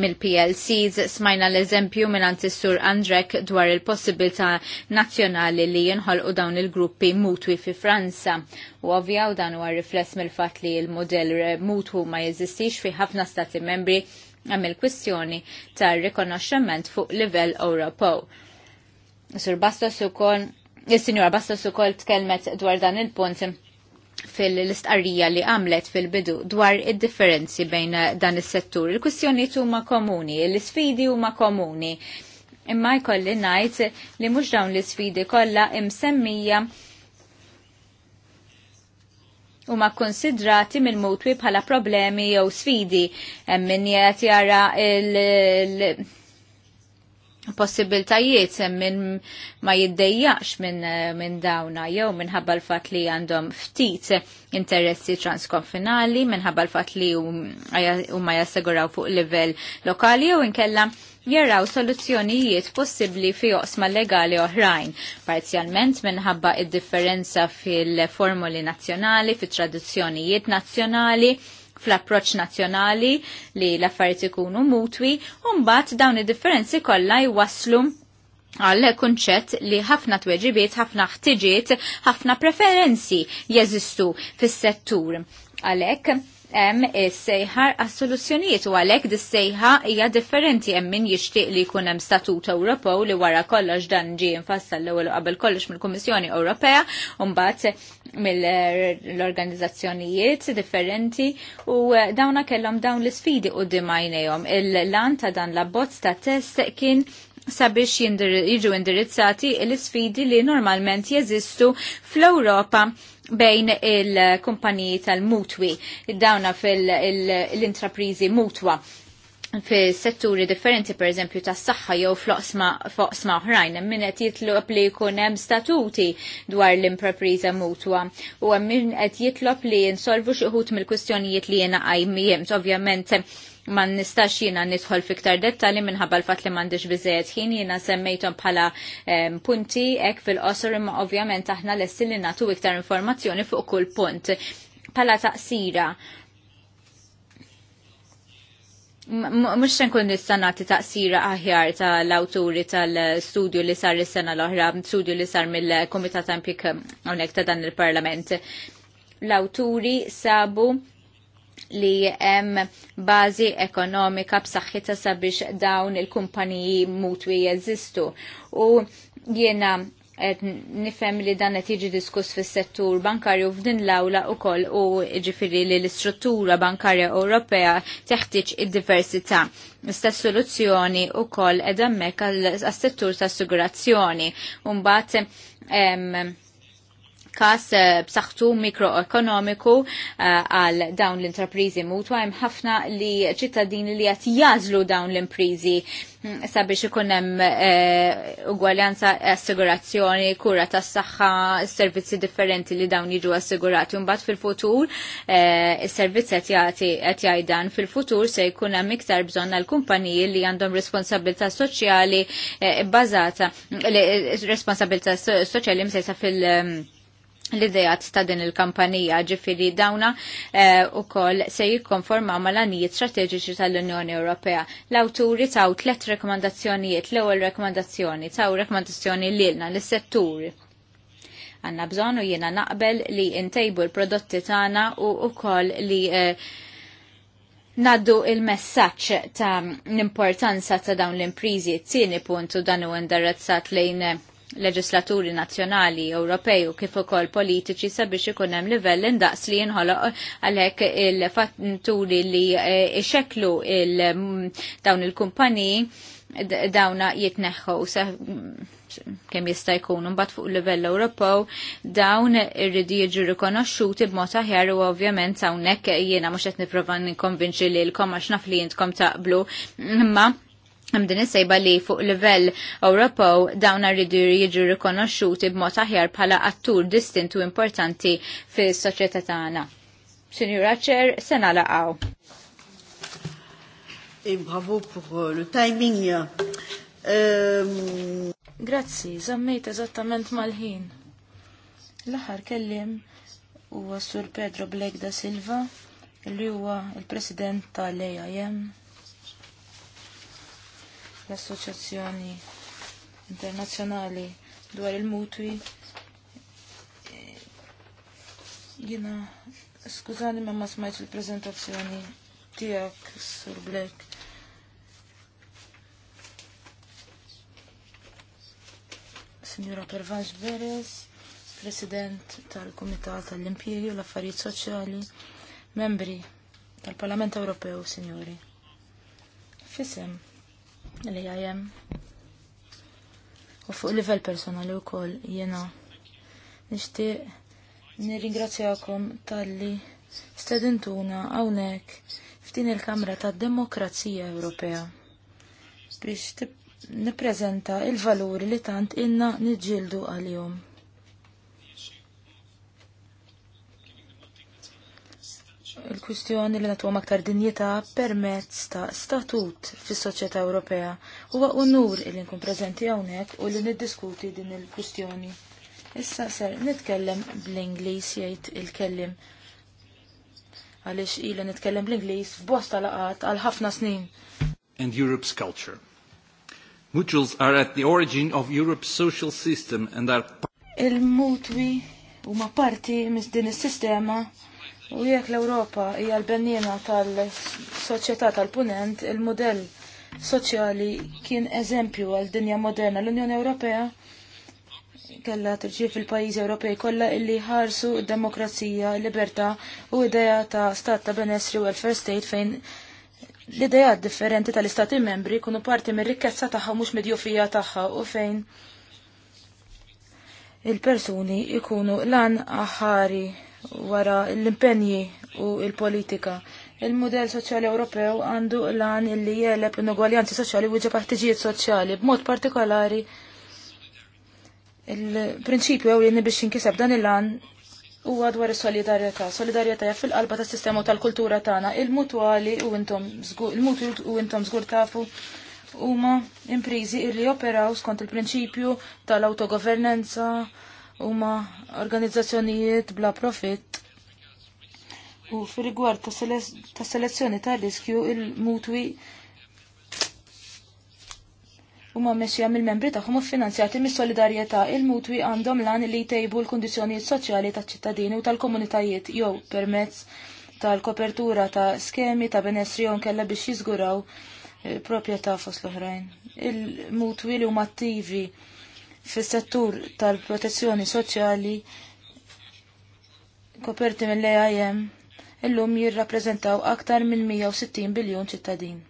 mill-PLCs smajna l-eżempju minn sur Andrek dwar il-possibilità nazzjonali li jinħolqu dawn il-gruppi mutwi fi Franza. U ovvjaw dan huwa rifless mill-fatt li l-modell mutwu ma jeżistix fi ħafna stati membri għam il-kwistjoni ta' rikonoxxament fuq livell Ewropew. Sur Bastos ukoll, is sinjura Bastos ukoll tkellmet dwar dan il-punt fil-istqarrija li għamlet fil-bidu dwar id-differenzi bejn dan is-settur. Il-kwistjoni huma komuni, l-isfidi huma komuni. Imma jkolli ngħid li mhux dawn l-isfidi kollha imsemmija huma konsidrati mill mutwi bħala problemi jew sfidi hemm min jara l possibiltajiet minn ma eh, jiddejjax minn min dawna jew minħabba l-fat li għandhom ftit interessi transkonfinali, minħabba l-fat li huma jassiguraw fuq livell lokali jew inkella jaraw soluzzjonijiet possibbli fi oqsma legali oħrajn, parzjalment minħabba id-differenza fil-formuli nazzjonali, fit-tradizzjonijiet nazzjonali, fl-approċ nazzjonali li l-affarijiet ikunu mutwi, u mbagħad dawn id-differenzi kollha jwasslu għal kunċett li ħafna tweġibiet, ħafna ħtiġiet, ħafna preferenzi jeżistu fis-settur. Għalhekk hemm is-sejħar e għas-soluzzjonijiet u għalhekk dissejħa sejħa hija differenti hemm min jixtieq li jkun hemm statut Ewropew li wara kollox dan ġie infassal l-ewwel qabel kollox mill-Kummissjoni Ewropea u mbagħad mill-organizzazzjonijiet differenti u eh, dawna kellhom dawn l-isfidi qudiem għajnejhom Il-lan ta' dan l-abbozz ta' test kien sabiex jiġu indirizzati l-sfidi li normalment jeżistu fl-Europa bejn il-kumpaniji tal-mutwi, dawna fil-intraprizi mutwa fi setturi differenti, per esempio, ta' s-saxħa jew foqsma oħrajn, minn qed jitlob li jkun hemm statuti dwar l impreprisa mutwa u hemm qed jitlob li jinsolvu xi mill-kwistjonijiet li jiena qajmijiet. Ovvjament ma nistax jina nidħol fiktar dettali minħabba l-fat li mandiġ bizzejet ħin jina semmejtom bħala ehm, punti ek fil-qosor imma ovvjament aħna l li natu iktar informazzjoni fuq kull punt. Pala taqsira, Mux sen kun nistanati taqsira aħjar tal-awturi tal-studio li sar is-sena l-oħra, studio li sar mill-Komitat Ampik għonek ta' dan il-Parlament. L-awturi sabu li hemm bażi ekonomika b'saħħitha sabiex dawn il-kumpaniji mutwi jeżistu. U jiena qed nifhem li dan qed jiġi diskuss fis-settur bankarju f'din l-awla wkoll u ġifieri li l-istruttura bankarja Ewropea teħtieġ id-diversità. Istess soluzzjoni wkoll qed hemmhekk għas-settur tas-assigurazzjoni. Mbagħad kas eh, b'saħħtu mikroekonomiku eh, għal dawn l intrapriżi mutwa hemm ħafna li ċittadini li qed jażlu dawn l-imprizi mm, sabiex ikun hemm eh, ugwaljanza assigurazzjoni, kura tas-saħħa, servizzi differenti li dawn jiġu assigurati. Mbagħad fil-futur is-servizz qed jagħti qed jgħidan fil-futur se jkun hemm iktar bżonn għall kumpaniji li għandhom responsabilità soċjali bbażata responsabilità soċjali msejsa fil- l-idejat ta' din il-kampanija ġifiri dawna eh, u koll se jikkonforma ma l-anijiet strateġiċi tal-Unjoni Ewropea. L-awturi taw tlet rekomandazzjonijiet, l-ewel rekomandazzjoni, taw rekomandazzjoni l-ilna, l-setturi. Għanna bżonu jena naqbel li intejbu l-prodotti tana u u koll li eh, Naddu il-messaċ ta' l-importanza ta' dawn l-imprizi t-tini puntu dan u indarazzat lejn leġislaturi nazzjonali, Ewropej u kif ukoll politiċi sabiex ikun hemm livell indaqs li jinħoloq għalhekk il-fatturi li e, ixeklu il dawn il-kumpaniji dawna jitneħħu kemm jista' jkun imbagħad fuq livell Ewropew dawn irridu jiġu rikonoxxuti b'mod aħjar u ovvjament hawnhekk jiena mhux qed nipprova nikkonvinċi lilkom għax naf li jintkom taqblu imma Hemm sejba li fuq livell Ewropew dawn rridu jiġu rikonoxxuti b'mod aħjar bħala attur distint u importanti fis-soċjetà tagħna. Sinjura Ċer, sena laqgħu. bravo pour euh, le timing. Euh, Grazzi, zammejt eżattament mal-ħin. L-aħħar kellim huwa Sur Pedro Blake da Silva, li huwa il-President tal-AIM l-Assoċjazzjoni Internazzjonali dwar il-mutwi. Jina, skużani ma ma smajt il-prezentazzjoni tijak, Sur Black. Signora Pervanx Beres, President tal-Kumitat tal-Impjegi u l-Affarijiet Soċjali, membri tal-Parlament Ewropew, Signori. Fisem li għajem. U fuq livell personali u koll jena nishtiq nirringrazzjakom tal-li stedintuna għawnek f'din il-Kamra ta' Demokrazija Ewropea biex nipprezenta il-valuri li tant inna nġildu għal jom il-kwistjoni li natuhom maktar dinjità permezz ta' statut fis-soċjetà Ewropea. Huwa unur li nkun preżenti hawnhekk u li niddiskuti din il-kwistjoni. Issa ser nitkellem bl-Ingliż jgħid il-kellim. Għaliex ilha nitkellem bl-Ingliż f'bosta laqat għal ħafna snin. And Europe's culture. Mutuals are at the origin of Europe's social system and are Il-mutwi huma parti mis din is-sistema U jekk l-Ewropa hija l-bennina tal-soċjetà tal-punent, il-modell soċjali kien eżempju għal dinja moderna. L-Unjoni Ewropea kella tirġi fil-pajjiżi Ewropej kollha illi ħarsu d-demokrazija, libertà u idea ta' stat ta' benessri welfare state fejn l-idea differenti tal-istati membri kunu parti mir-rikkezza tagħha mhux midjufija tagħha u fejn il-persuni ikunu lan aħari wara l-impenji u l-politika. Il-modell soċjali Ewropew għandu lan illi jeleb inugwaljanzi soċjali u ħtiġijiet soċjali b'mod partikolari il-prinċipju li biex jinkiseb dan il-lan huwa dwar is-solidarjetà. Solidarjetà jaff fil-qalba tas-sistema tal-kultura tagħna. Il-mutwali u intom il-mutu u intom żgur tafu huma imprizi irri operaw skont il-prinċipju tal-autogovernanza, huma organizzazzjonijiet bla profit U fil-rigward ta' selezzjoni ta' riskju il-mutwi huma mexxija mill-membri tagħhom finanzjati mis-solidarjetà il-mutwi għandhom lan li jtejbu l-kundizzjonijiet soċjali taċ-ċittadini u tal-komunitajiet jew permezz tal-kopertura ta' skemi ta' benessri jew kella biex jiżguraw eh, proprjetà fost l-oħrajn. Il-mutwi li huma attivi fis-settur tal-protezzjoni soċjali koperti mill-AIM illum jirrappreżentaw aktar minn 160 biljun ċittadin.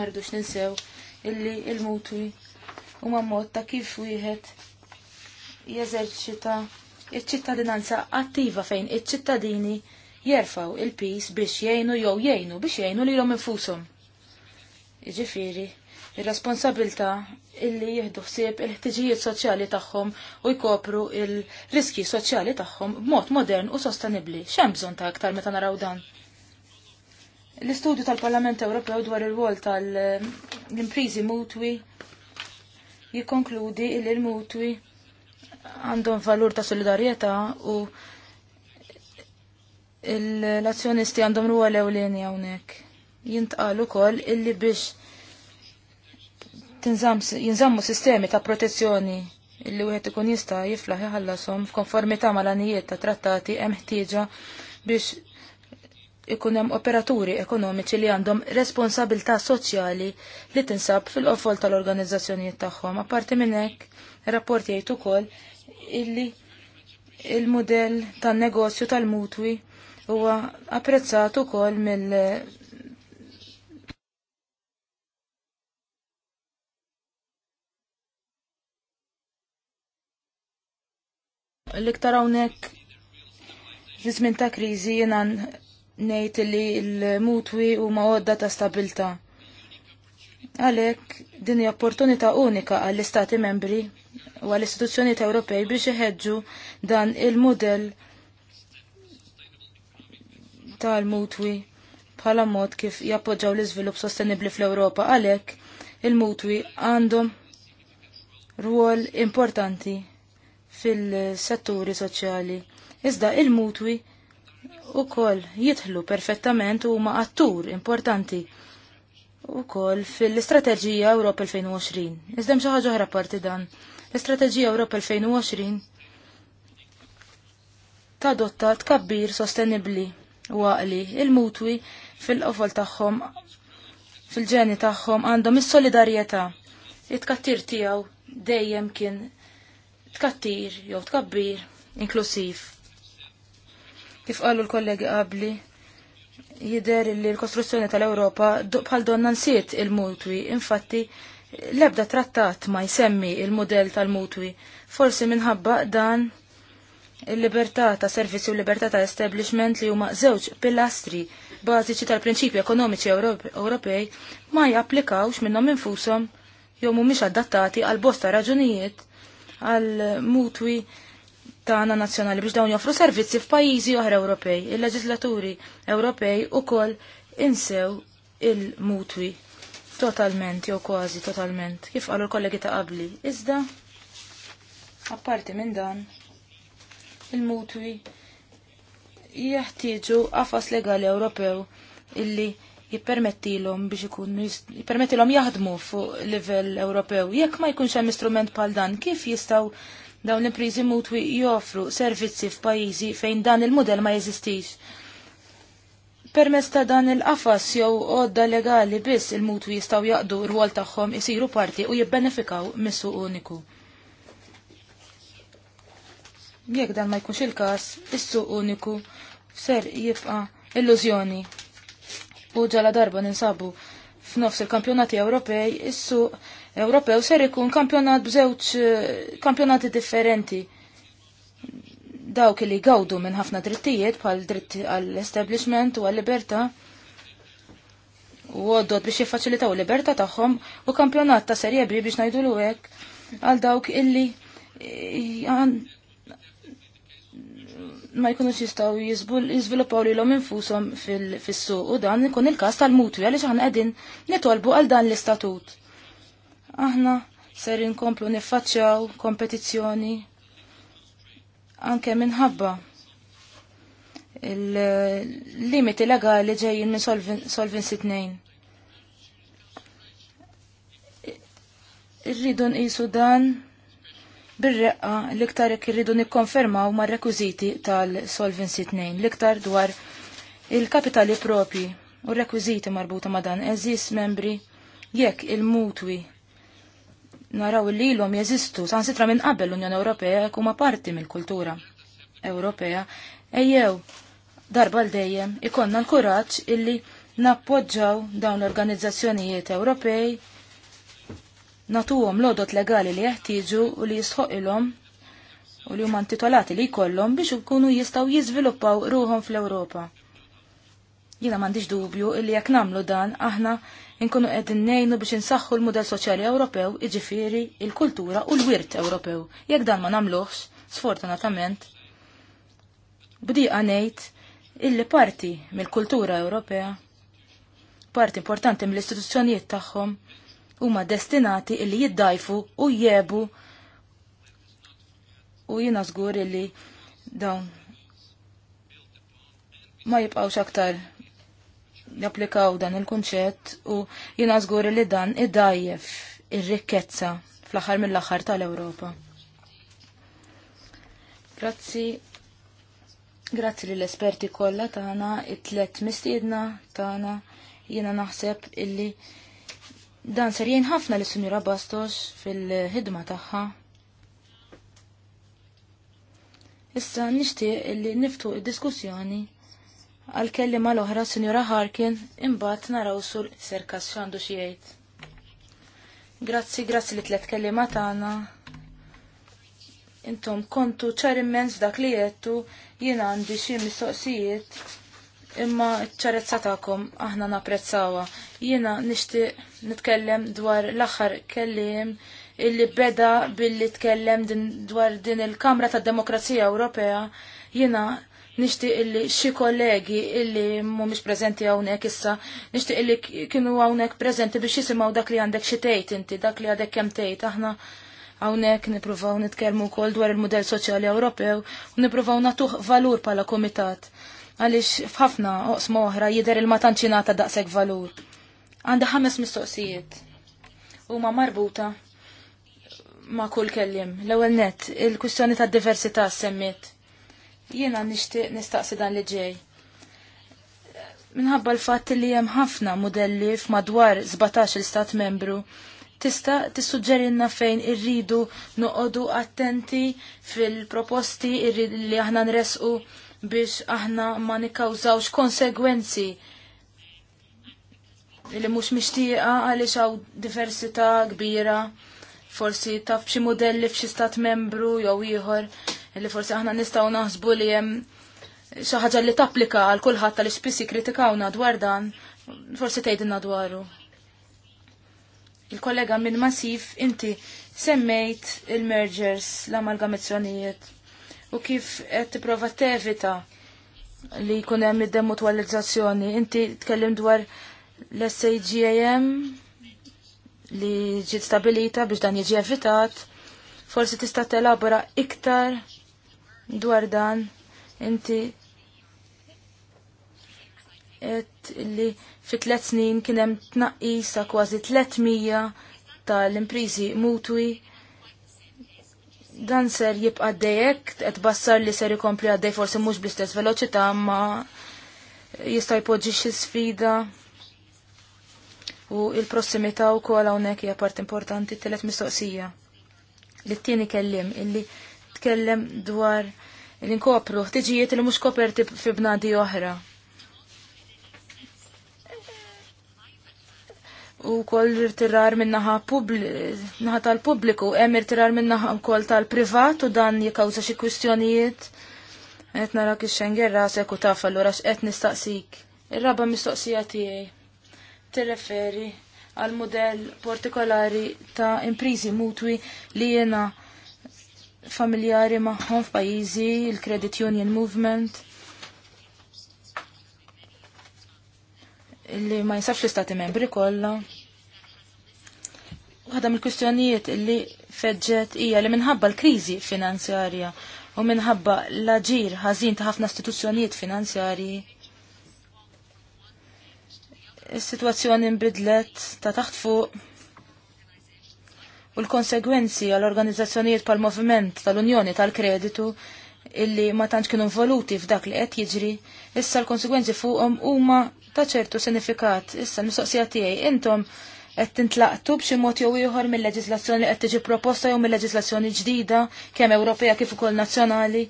Mardux ninsew illi il-mutwi huma mammot ta' kif wieħed jeżerċita iċ-ċittadinanza attiva fejn iċ-ċittadini jerfaw il-pis biex jgħinu jew jgħinu biex jgħinu lilhom infushom. Jiġifieri, ir-responsabilità illi jieħdu ħsieb il-ħtiġijiet soċjali tagħhom u jkopru il-riski soċjali tagħhom b'mod modern u sostenibbli. X'hemm bżonn ta' aktar meta naraw dan? L-istudju tal-Parlament Ewropew dwar il-wol tal-imprizi mutwi jikkonkludi li l-mutwi għandhom valur ta' solidarjetà u l-azzjonisti għandhom ruol ewlieni hawnhekk. Jintqal ukoll illi biex jinżammu sistemi ta' protezzjoni illi wieħed ikun jista' jiflaħ jħallasom f'konformità mal-anijiet ta' trattati hemm ħtieġa biex ikun hemm operaturi ekonomiċi li għandhom responsabilità soċjali li tinsab fil-qofol tal-organizzazzjonijiet tagħhom. Apparti minn hekk, rapport jgħid ukoll illi il mudell tan-negozju tal-mutwi huwa apprezzat ukoll mill- L-iktar hawnhekk fi żmien ta' kriżi jena ngħid li l-mutwi huma għodda ta' stabilta. Għalhekk din hija opportunità unika għall-Istati membri u għall-istituzzjonijiet Ewropej biex iħeġġu dan il-mudell tal-mutwi bħala mod kif jappoġġaw l-iżvilupp sostenibbli fl-Ewropa għalhekk il-mutwi għandhom ruol importanti fil-setturi soċjali. Iżda il-mutwi u kol jitħlu perfettament u ma' attur importanti u kol fil-Istrateġija Ewropa 2020. Iżda mxaħġa oħra parti dan. L-Istrateġija Ewropa 2020 tadotta tkabbir sostenibli u għaqli il-mutwi fil-qofol tagħhom fil-ġeni tagħhom għandhom is-solidarjetà. It-kattir tiegħu dejjem kien tkattir jew tkabbir inklusiv. Kif qalu l-kollegi qabli, jider li l-kostruzzjoni tal-Ewropa bħal donna nsiet il-mutwi, infatti l-ebda trattat ma jsemmi il-modell tal-mutwi, forsi minħabba dan il-libertà ta' servizzi u libertà ta' establishment li huma żewġ pilastri bażiċi tal-prinċipji ekonomiċi Ewropej ma japplikawx minnhom infushom jew mhumiex adattati għal bosta raġunijiet għal mutwi tagħna nazzjonali biex dawn joffru servizzi f'pajjiżi oħra Ewropej. Il-leġislaturi Ewropej ukoll insew il-mutwi totalment jew kważi totalment kif qalu l-kollegi ta' qabli. Iżda apparti minn dan il-mutwi jeħtieġu qafas legali Ewropew illi jippermettilhom biex ikunu jippermettilhom jaħdmu fuq livell Ewropew. Jekk ma jkunx hemm istrument bħal dan, kif jistgħu dawn l-imprizi mutwi joffru servizzi f'pajjiżi fejn dan il mudell ma jeżistix? Permess ta' dan il-qafas jew għodda legali biss il-mutwi jistgħu jaqdu r-rwol tagħhom isiru parti u jibbenefikaw missu uniku. Jekk dan ma jkunx il-każ, is-suq uniku ser jibqa' illużjoni U ġala darba ninsabu f'nofs il-kampjonati Ewropej, issu Ewropew ser ikun kampjonat b'żewġ eh, kampjonati differenti. Dawk li gawdu minn ħafna drittijiet bħal dritt għall-establishment u għall-libertà u għoddot biex jiffaċilitaw l-libertà tagħhom u kampjonat ta' serje biex ngħidu l għal dawk illi eh, ma jkunux jistaw jizviluppaw li l-om infusom fil-suq u dan ikun il-kas tal mutu għalix aħna għedin nitolbu għal dan l-istatut. Aħna ser inkomplu nifacċaw kompetizjoni anke minħabba il-limiti legali ġejjin minn solvin, solvin sitnejn. Irridu nqisu dan bir-reqqa l-iktar jekk irridu nikkonfermaw mar-rekwiżiti tal-Solvency 2, l-iktar dwar il-kapitali propri u r-rekwiżiti marbuta ma' dan eżis membri jekk il-mutwi naraw li l-om jeżistu sitra minn qabel l-Unjoni Ewropea jekk huma parti mill-kultura Ewropea ejjew darba l-dejjem ikonna l-kuraġġ illi nappoġġaw dawn l-organizzazzjonijiet Ewropej natuhom lodot legali li jeħtieġu u li jisħoqilhom u li huma intitolati li jkollhom biex ikunu jistgħu jiżviluppaw ruhom fl-Ewropa. Jiena m'għandix dubju li jekk nagħmlu dan aħna nkunu qegħdin ngħinu biex insaħħu l-mudell soċjali Ewropew, iġifieri il-kultura u l-wirt Ewropew. Jekk dan ma nagħmluhx, sfortunatament, bdiqa ngħid illi parti mill-kultura Ewropea, parti importanti mill-istituzzjonijiet tagħhom, huma destinati illi jiddajfu u jebu u jina żgur illi dawn ma jibqawx aktar japplikaw dan il-kunċett u jina zgur illi dan iddajjef ir-rikkezza fl-aħħar mill-aħħar tal-Ewropa. Grazzi Grazzi lill esperti kollha tagħna, it-tlet mistiedna tagħna jiena naħseb illi Dan ser jien ħafna li Sunjura Bastos fil-ħidma tagħha. Issa nixtieq li niftu id-diskussjoni għal kellima l-oħra Sinjura Harkin imbagħad naraw sur serkas x'għandu xiejt. jgħid. Grazzi, grazzi li tlet kellima tagħna. Intom kontu ċar immens dak li jettu jien għandi xi mistoqsijiet imma ċarezza tagħkom aħna naprezzawa. Jiena nixtieq nitkellem dwar l-aħħar kellim illi beda billi tkellem din dwar din il-Kamra tad-Demokrazija Ewropea. Jiena nishti illi xi kollegi illi mhumiex preżenti hawnhekk issa, nixtieq illi kienu hawnhekk preżenti biex jisimgħu dak li għandek xi tgħid inti, dak li għadek kemm tgħid aħna għawnek nipruvaw nitkellmu kol dwar il mudell soċjali Ewropew u nipruvaw natuħ valur pala komitat għaliex f'ħafna oqsma oħra jidher il matanċinata daqseg daqshekk valur. Għandha ħames mistoqsijiet. ma marbuta ma' kull kellim. L-ewwel net, il kustjoni ta' diversità semmit. Jiena nixtieq nistaqsi dan li ġej. Minħabba l fat li hemm ħafna modelli f'madwar 17 il-stat membru tista tissuġġerinna fejn irridu noqodu attenti fil-proposti li aħna nresqu biex aħna ma nikkawżawx konsegwenzi li mhux mixtieqa għaliex hawn diversità kbira forsi taf xi modelli f'xi stat membru jew ieħor li forsi aħna nistgħu naħsbu li hemm xi ħaġa li tapplika għal kulħadd tal spiss jikkritikawna dwar dan, forsi tgħidilna dwaru. Il-kollega minn Masif inti semmejt il-mergers, l-amalgamazzjonijiet u kif qed tipprova tevita li jkun hemm id-demutwalizzazzjoni. Inti tkellim dwar l-SAGAM li ġiet stabilita biex dan jiġi evitat. Forsi tista' telabora iktar dwar dan. Inti et li fi tlet snin kien hemm tnaqqis kważi 300 tal-imprizi mutwi dan ser jibqa' dejjek qed bassar li ser ikompli għaddej forsi mhux bl-istess veloċità ma jista' jpoġġi xi sfida u il-prossimità wkoll hawnhekk hija part importanti telet mistoqsija. Li t-tieni kellim illi tkellem dwar l-inkopru ħtiġijiet li mhux koperti fi bnadi oħra. u koll irtirar minnaħa naħa tal-publiku, hemm minna ha wkoll tal-privat u dan jikkawża xi kwistjonijiet. Et nara kif xenger se ku taf allura x'qed nistaqsik. Ir-raba mistoqsija tiegħi tirreferi għal modell partikolari ta' imprizi mutwi li jiena familjari magħhom f'pajjiżi, il-Credit Union Movement li ma jinsabx l-istati membri kollha. Waħda mill-kwistjonijiet li feġġet hija li minħabba l-kriżi finanzjarja u minħabba l-aġir ħażin ta' ħafna istituzzjonijiet finanzjarji is-sitwazzjoni nbidlet ta' taħt fuq u l-konsegwenzi għall organizzazzjonijiet pal moviment tal-Unjoni tal-Kreditu illi ma tantx kienu involuti f'dak li qed jiġri, issa l-konsegwenzi fuqhom huma ta' ċertu sinifikat. Issa mistoqsija tiegħi intom qed tintlaqtu b'xi mod jew ieħor mill-leġislazzjoni qed tiġi proposta jew mill-leġislazzjoni ġdida kemm Ewropea kif ukoll nazzjonali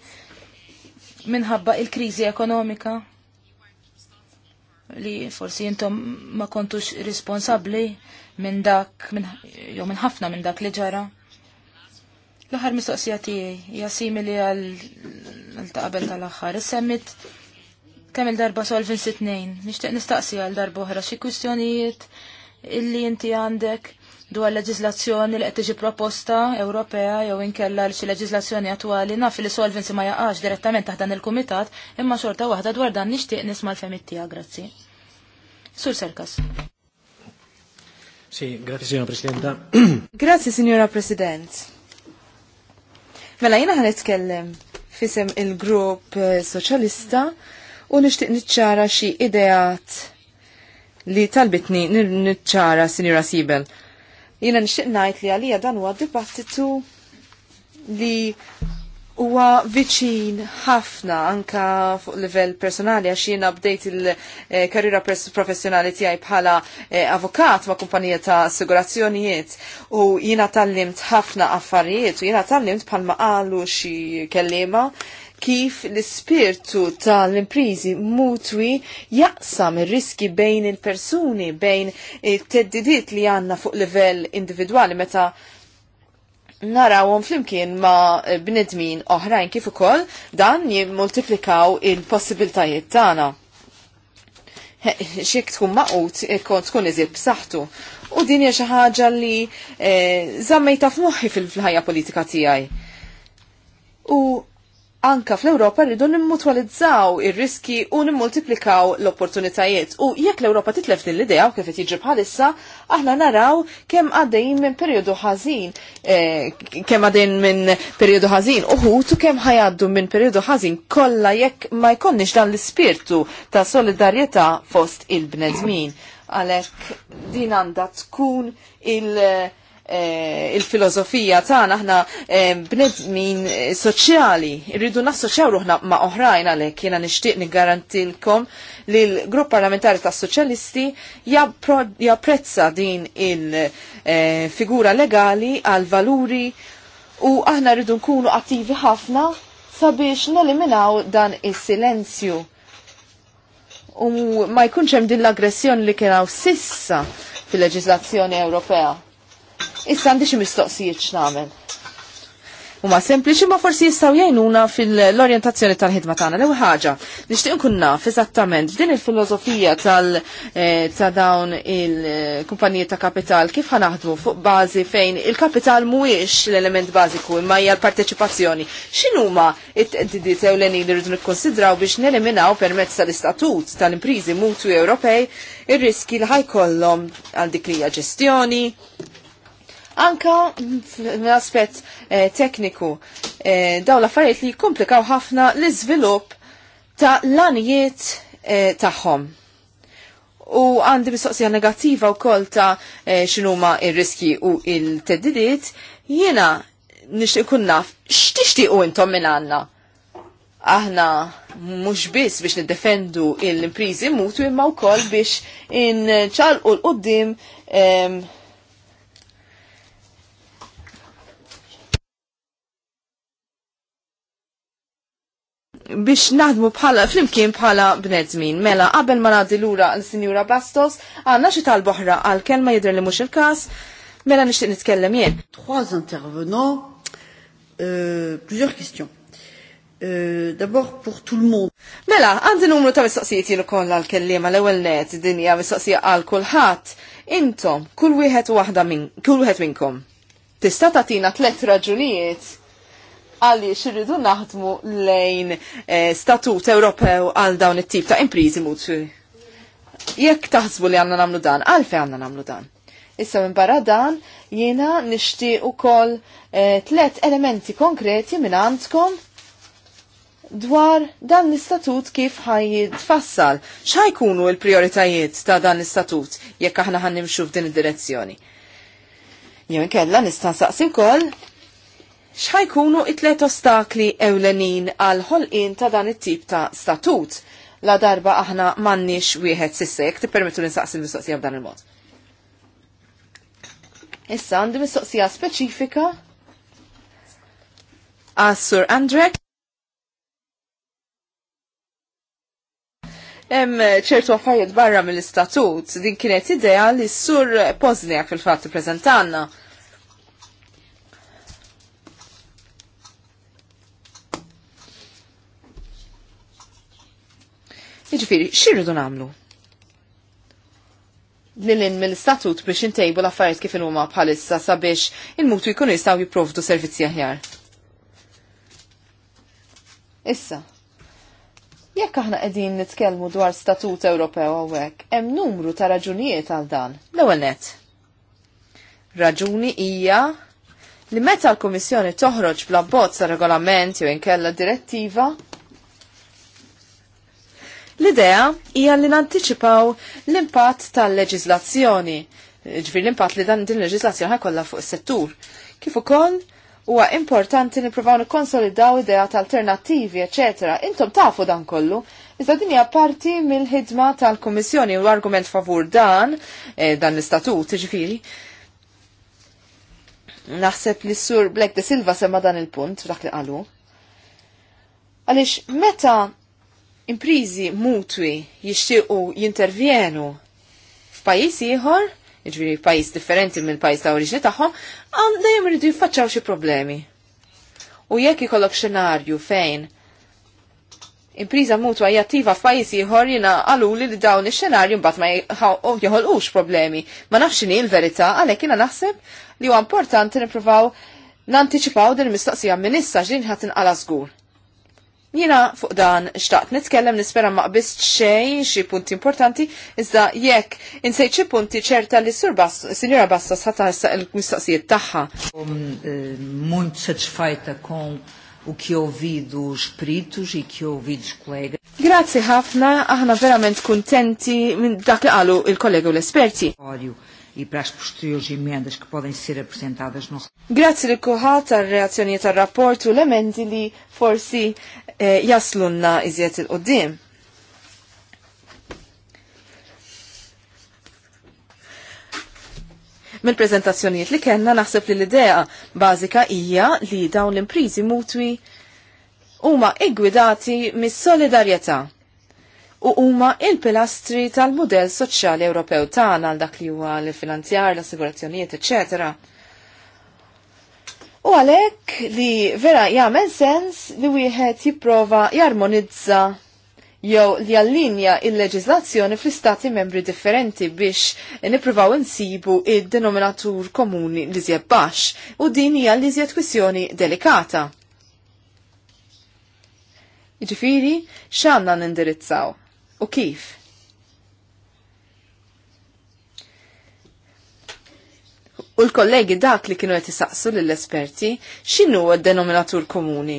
minħabba il-kriżi ekonomika li forsi intom ma kontux responsabbli minn dak min, jew minn ħafna minn dak li ġara. L-aħħar mistoqsija tiegħi hija simili għal taqabel tal-aħħar. Is-semmit kemm il-darba Solvency 2, nixtieq nistaqsi għal darba oħra xi kwistjonijiet illi inti għandek dwar leġislazzjoni li qed tiġi proposta Ewropea jew inkella xi leġislazzjoni attwali naf li solvenzi ma jaqax direttament taħt dan il-kumitat imma xorta waħda dwar dan nixtieq nisma' l-femit tiegħek grazzi. Sur Serkas. Sì, grazie signora Presidenta. grazie signora President. Mela jiena ħan nitkellem fisem il-grupp eh, soċjalista u nixtieq niċċara xi ideat li talbitni niċċara Sinjura Sibel. Jiena nixtieq ngħid li għalija dan huwa dibattitu li huwa viċin ħafna anka fuq livell personali għax jiena bdejt il-karriera professjonali tiegħi bħala eh, avukat ma' kumpanija ta' assigurazzjonijiet u jiena tallimt ħafna affarijiet u jiena tallimt bħalma qalu xi kellima kif l-ispirtu tal-imprizi mutwi jaqsam ir-riski bejn il-persuni, bejn it-teddidiet li għanna fuq livell individwali meta narawhom flimkien ma bnedmin oħrajn kif ukoll dan jimmultiplikaw il-possibiltajiet tagħna. Xiek tkun maqut e, kont tkun iżib b'saħħtu. U din hija xi ħaġa li e, żammejta f'moħħi fil-ħajja politika tiegħi. U anka fl-Europa rridu nimmutwalizzaw ir-riski u nimmultiplikaw l-opportunitajiet. U jekk l-Europa titlef din l-idea u kif qed jiġri bħalissa, aħna naraw kemm għaddejn minn perjodu ħażin, eh, kemm għaddejn minn perjodu ħażin uħut u kemm ħajaddu minn perjodu ħażin kollha jekk ma jkollniex dan l-ispirtu ta' solidarjetà fost il-bnedmin. Għalhekk din għandha tkun il- Eh, il-filosofija tagħna aħna eh, bnedmin eh, soċjali. Irridu nassoċjaw ruħna ma' oħrajn għalhekk jiena nixtieq niggarantilkom li l-grupp parlamentari tas soċjalisti japprezza din il-figura legali għal valuri u aħna rridu nkunu attivi ħafna sabiex neliminaw dan is-silenzju u ma jkunx hemm din l-aggressjoni li kienaw sissa fil-leġislazzjoni Ewropea Issa għandi xi mistoqsijiet U Huma sempliċi ma forsi jistgħu jgħinuna fil-orjentazzjoni tal-ħidma tagħna. l-ewwel ħaġa, nixtieq nkun naf eżattament din il-filosofija tal eh, ta' dawn il-kumpaniji ta' kapital kif ħanaħdu fuq bażi fejn il-kapital mhuwiex l-element bażiku imma hija l-parteċipazzjoni. X'inhuma t-teddidiet ewlenin li rridu nikkonsidraw biex neliminaw permezz tal-istatut tal-imprizi mutwi Ewropej ir-riski li ħajkollhom għal dik li hija ġestjoni, anka fl-aspet eh, tekniku. Eh, Daw l-affarijiet li komplikaw ħafna l-izvilup ta' lanijiet eh, tagħhom. U għandi mistoqsija negattiva u kol ta' xinuma il-riski u il-teddidiet, jiena nix ikun naf, x'tixtiequ intom minn għanna? aħna mhux biss biex niddefendu l-imprizi mutu imma wkoll biex inċalqu l-qoddim biex naħdmu bħala, flimkien bħala bnedmin, mela, qabel ma l lura l-Sinjura Bastos, għandna xi tal-boħra għal-kelma jidr li mhux il-każ, mela nixtieq nitkellem jien. Trois intervenants, euh, plusieurs questions. Euh, d'abord pour tout le monde. Mela, għandi numru ta' mistoqsijiet jilu kollha l-kellima l-ewwel net dinja mistoqsija għal kulħadd. Intom, kull wieħed waħda minn, kull wieħed minnkom. Tista' tagħtina tliet raġunijiet għaliex irridu naħdmu lejn eh, statut Ewropew għal dawn it-tip ta' imprizi mutwi. Jekk taħsbu li għanna namlu dan, għalfej għanna namlu dan. Issa minn barra dan jiena nixtieq ukoll kol eh, tlet elementi konkreti minn għandkom dwar dan l-istatut kif ħaj fassal. X'ħajkunu l-prioritajiet ta' dan l-istatut jekk aħna ħannimxu f'din id-direzzjoni? Jew inkella nista' saqsim kol xħajkunu it-tlet ostakli ewlenin għal ħolqien ta' dan it-tip ta' statut la darba aħna mannix wieħed sissek, tippermettu l-insaqsi mistoqsija b'dan il-mod. Issa għandi mistoqsija speċifika għas ah, Sur Andrek. Hemm ċertu affarijiet barra mill-istatut din kienet idea li s-sur Pozniak fil-fatt ippreżentanna. prezentanna Iġifiri, xirridu namlu? Lilin mill statut biex intejbu l-affarijiet kif huma bħalissa sabiex il-mutu jkunu jistgħu jipprovdu servizzi aħjar. Issa, jekk aħna qegħdin nitkellmu dwar statut Ewropew hawnhekk, hemm numru ta' raġunijiet għal dan. L-ewwel nett. Raġuni hija li meta l-Kummissjoni toħroġ bla bozza regolament jew inkella direttiva, L-idea hija li nanticipaw l-impatt tal-leġizlazzjoni, Ġifir l-impatt li dan din leġizlazzjoni ħakolla fuq is-settur. Kif ukoll huwa importanti nippruvaw nikkonsolidaw idea ta' alternattivi, eċetera. Intom tafu dan kollu, Iżda din hija parti mill-ħidma tal-Kummissjoni u argument favur dan, eh, dan l-istatut, ġifiri. Naħseb li sur Black de Silva semma dan il-punt, dak li qalu. Għaliex meta imprizi mutwi jixtiequ jintervjenu f'pajjiż ieħor, jiġri pajjiż differenti minn pajjiż ta' oriġini tagħhom, għal dejjem iridu jiffaċċaw xi problemi. U jekk ikollok xenarju fejn impriża mutwa attiva f'pajjiż ieħor jiena għaluli li dawn ix-xenarju mbagħad ma joħolqux problemi. Ma nafx x'inhi l-verità għalhekk jiena naħseb li huwa importanti nippruvaw nantiċipaw din il-mistoqsija minn issa x'din ħadd inqala żgur. Jina fuq dan xtaqt nitkellem nispera ma qbist xejn xi punti importanti iżda jekk insejt xi punti ċerta li sur Bass, s-sinjura Bassa sħata l-mistoqsijiet tagħha. Um, eh, mund satisfajta kon u kjo vidu xpritu xi kjo vidu xkwega. Grazzi ħafna, aħna verament kuntenti minn dak li qalu il kollegi u l-esperti e para as posteriores emendas que podem ser apresentadas no... Grazzi li kuħat tal-reazzjoni tal-rapport u l-emendi li forsi eh, jaslunna iżjed il-qoddim. Mill-prezentazzjonijiet li kellna naħseb li l-idea bażika hija li dawn l-imprizi mutwi huma igwidati mis-solidarjetà u huma il-pilastri tal-modell soċjali Ewropew tagħna għal dak li huwa l-finanzjar, l-assigurazzjonijiet, eċetera. U għalhekk li vera jagħmel sens li wieħed jipprova jarmonizza jew li għallinja il leġislazzjoni fl-istati membri differenti biex nipruvaw insibu id-denominatur komuni li żjed baxx u din hija li żjed kwissjoni delikata. Iġifiri, xanna nindirizzaw u kif. U l-kollegi dak li kienu qed isaqsu lill-esperti x'inhu d-denominatur komuni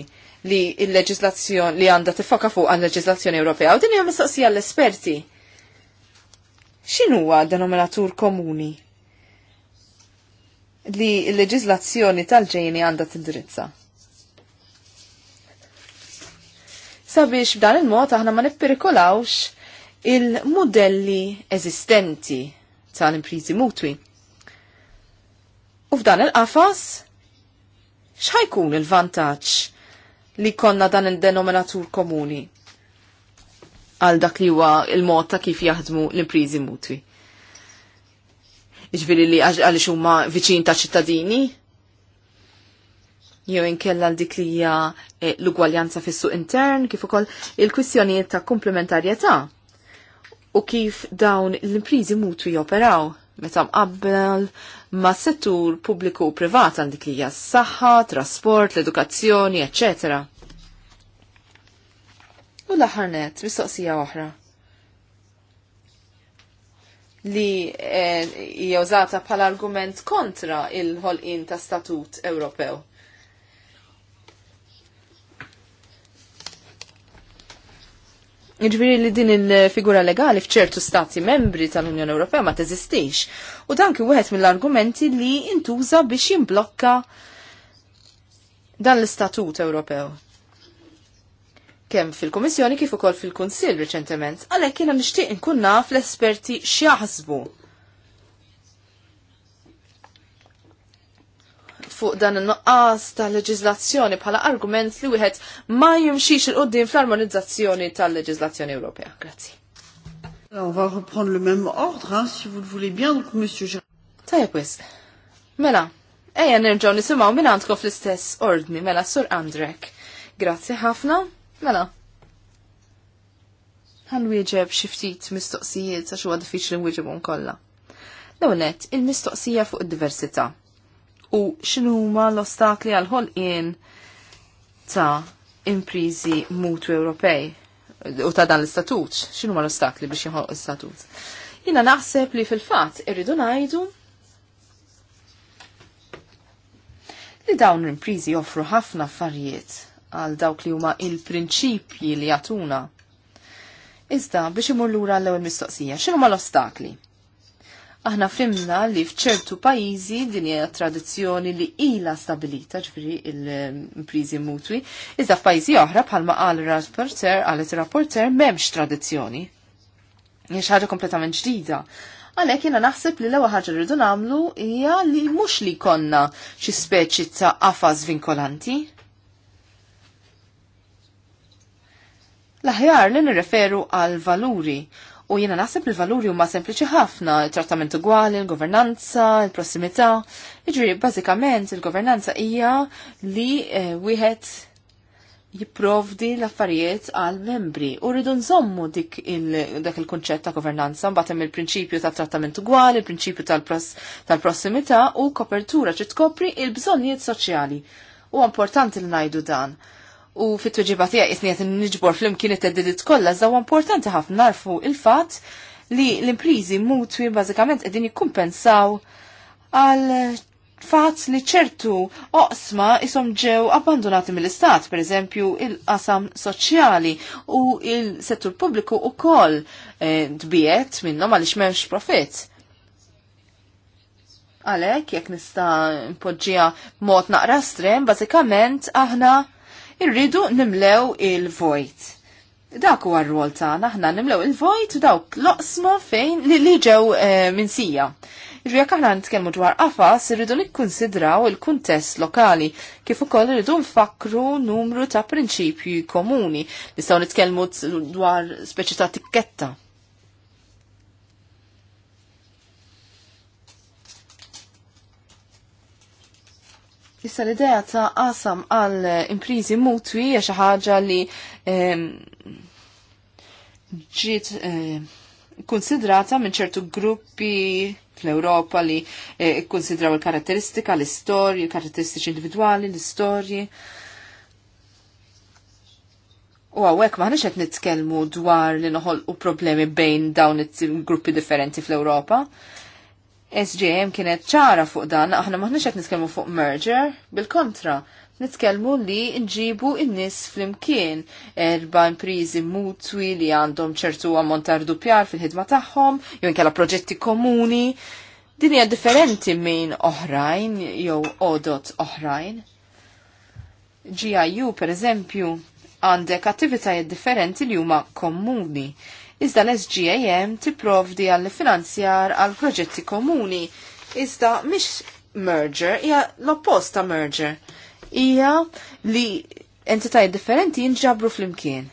li l-leġislazzjoni li għandha tifoka fuq għal leġislazzjoni Ewropea u din hija mistoqsija l-esperti. X'inhuwa denominatur komuni li l-leġislazzjoni tal-ġejni għandha tindirizza? sabiex b'dan il-mod aħna ma nippirikolawx il-modelli eżistenti tal-imprizi mutwi. U f'dan il-qafas x'ħajkun il-vantaġġ li konna dan il-denominatur komuni għal dak li huwa il-mod ta' kif jaħdmu l-imprizi mutwi. Iġviri li għaliex huma viċin ta' ċittadini? Jew inkella l dik li hija E, l-ugwaljanza fis-suq intern, kif ukoll il-kwistjonijiet ta' komplementarjetà u kif dawn l-imprizi mutu joperaw meta mqabbel ma' settur pubbliku u privat għal dik li hija s-saħħa, trasport, l-edukazzjoni, ecc. U l-aħħar net, mistoqsija oħra li eh, hija użata bħala argument kontra il-ħolqien ta' statut Ewropew. Ġviri li din il-figura legali fċertu stati membri tal-Unjoni Ewropea ma teżistix. U dan kien wieħed mill-argumenti li intuża biex jimblokka dan l-Istatut Ewropew kemm fil kummissjoni kif ukoll fil-Kunsill riċentement, għalhekk jiena nixtieq inkun naf l-esperti x'jaħsbu fuq dan il-nuqqas tal leġizlazzjoni bħala argument li wieħed ma jimxix il-qoddim fl-armonizzazzjoni tal-leġizlazzjoni Ewropea. Grazzi. On va reprendre le même ordre, hein, si vous le voulez bien, donc monsieur Gérard. Tajab wis. Mela, eja nerġaw nisimaw minn għandkom fl-istess ordni, mela sur Andrek. Grazzi ħafna, mela. Għan wieġeb xiftit mistoqsijiet għax huwa diffiċli nwieġebhom kollha. Dawnet, il-mistoqsija fuq id-diversità u x'inhuma l-ostakli għal ħolqien ta' imprizi mutu Ewropej u ta' dan l-istatut, x'inhuma l-ostakli biex jħol l-istatut. Jina naħseb li fil-fatt irridu ngħidu li dawn l-imprizi joffru ħafna affarijiet għal dawk li huma il-prinċipji li jatuna. Iżda biex imur lura l-ewwel mistoqsija, x'inhuma l-ostakli? Aħna fimna li fċertu pajizi din hija tradizzjoni li ila stabilita ġifri l imprizi mutwi, iżda f'pajjiżi oħra bħalma qal rapporter qalet rapporter m'hemmx tradizzjoni. Hija ħaġa kompletament ġdida. Għalhekk jiena naħseb li l-ewwel ħaġa rridu nagħmlu hija li mhux li konna xi speċi ta' qafas vinkolanti, L-aħjar li nirreferu għal valuri U jiena naħseb il-valuri huma sempliċi ħafna, il-trattament ugwali, il-governanza, il-prossimità. Iġri, bażikament il-governanza hija li eh, wieħed jipprovdi l-affarijiet għal membri u rridu nżommu dik il, dak il-kunċett ta' governanza mbagħad il-prinċipju ta' trattament ugwali, il-prinċipju tal-prossimità u kopertura ċi tkopri il-bżonnijiet soċjali. U importanti li ngħidu dan u fit-tweġiba tiegħi qisni qed niġbor flimkien it-teddidiet kollha żewwa importanti ħafna narfu il-fatt li l-imprizi mutwi bażikament qegħdin jikkumpensaw għal fat li ċertu oqsma isom ġew abbandonati mill-istat, per eżempju il-qasam soċjali u il-settur pubbliku u koll eh, dbiet minnom għaliex m'hemmx profit. Għalek, jek nista' npoġġija mod naqra strem, bażikament aħna irridu nimlew il-vojt. Dak huwa r-rwol tagħna, aħna nimlew il-vojt u dawk loqsma fejn li ġew e, minsija. jekk aħna nitkellmu dwar qafas irridu nikkonsidraw il-kuntest lokali kif ukoll irridu nfakru numru ta' prinċipji komuni. Nistgħu nitkellmu dwar speċi ta' tikketta. Issa l-idea ta' qasam għal imprizi mutwi hija xi ħaġa li ehm, ġiet eh, konsidrata minn ċertu gruppi fl-Ewropa li eh, konsidraw il-karatteristika, l-istorji, il karatteristiċi individwali, l-istorji. U għawek maħna xet nitkelmu dwar li noħol u problemi bejn dawn it-gruppi differenti fl-Ewropa. SGM kienet ċara fuq dan, aħna maħna qed nitkellmu fuq merger, bil-kontra, nitkellmu li nġibu in-nies flimkien erba' imprizi mutwi li għandhom ċertu ammont ta' rdupjar fil-ħidma tagħhom, jew inkella proġetti komuni. Din hija differenti minn oħrajn jew odot oħrajn. GIU per eżempju għandek attivitajiet differenti li huma komuni iżda l-SGAM tipprovdi għall finanzjar għal proġetti komuni. Iżda mhix merger, hija l-oppost ta' merger. Hija li entitajiet differenti jinġabru flimkien.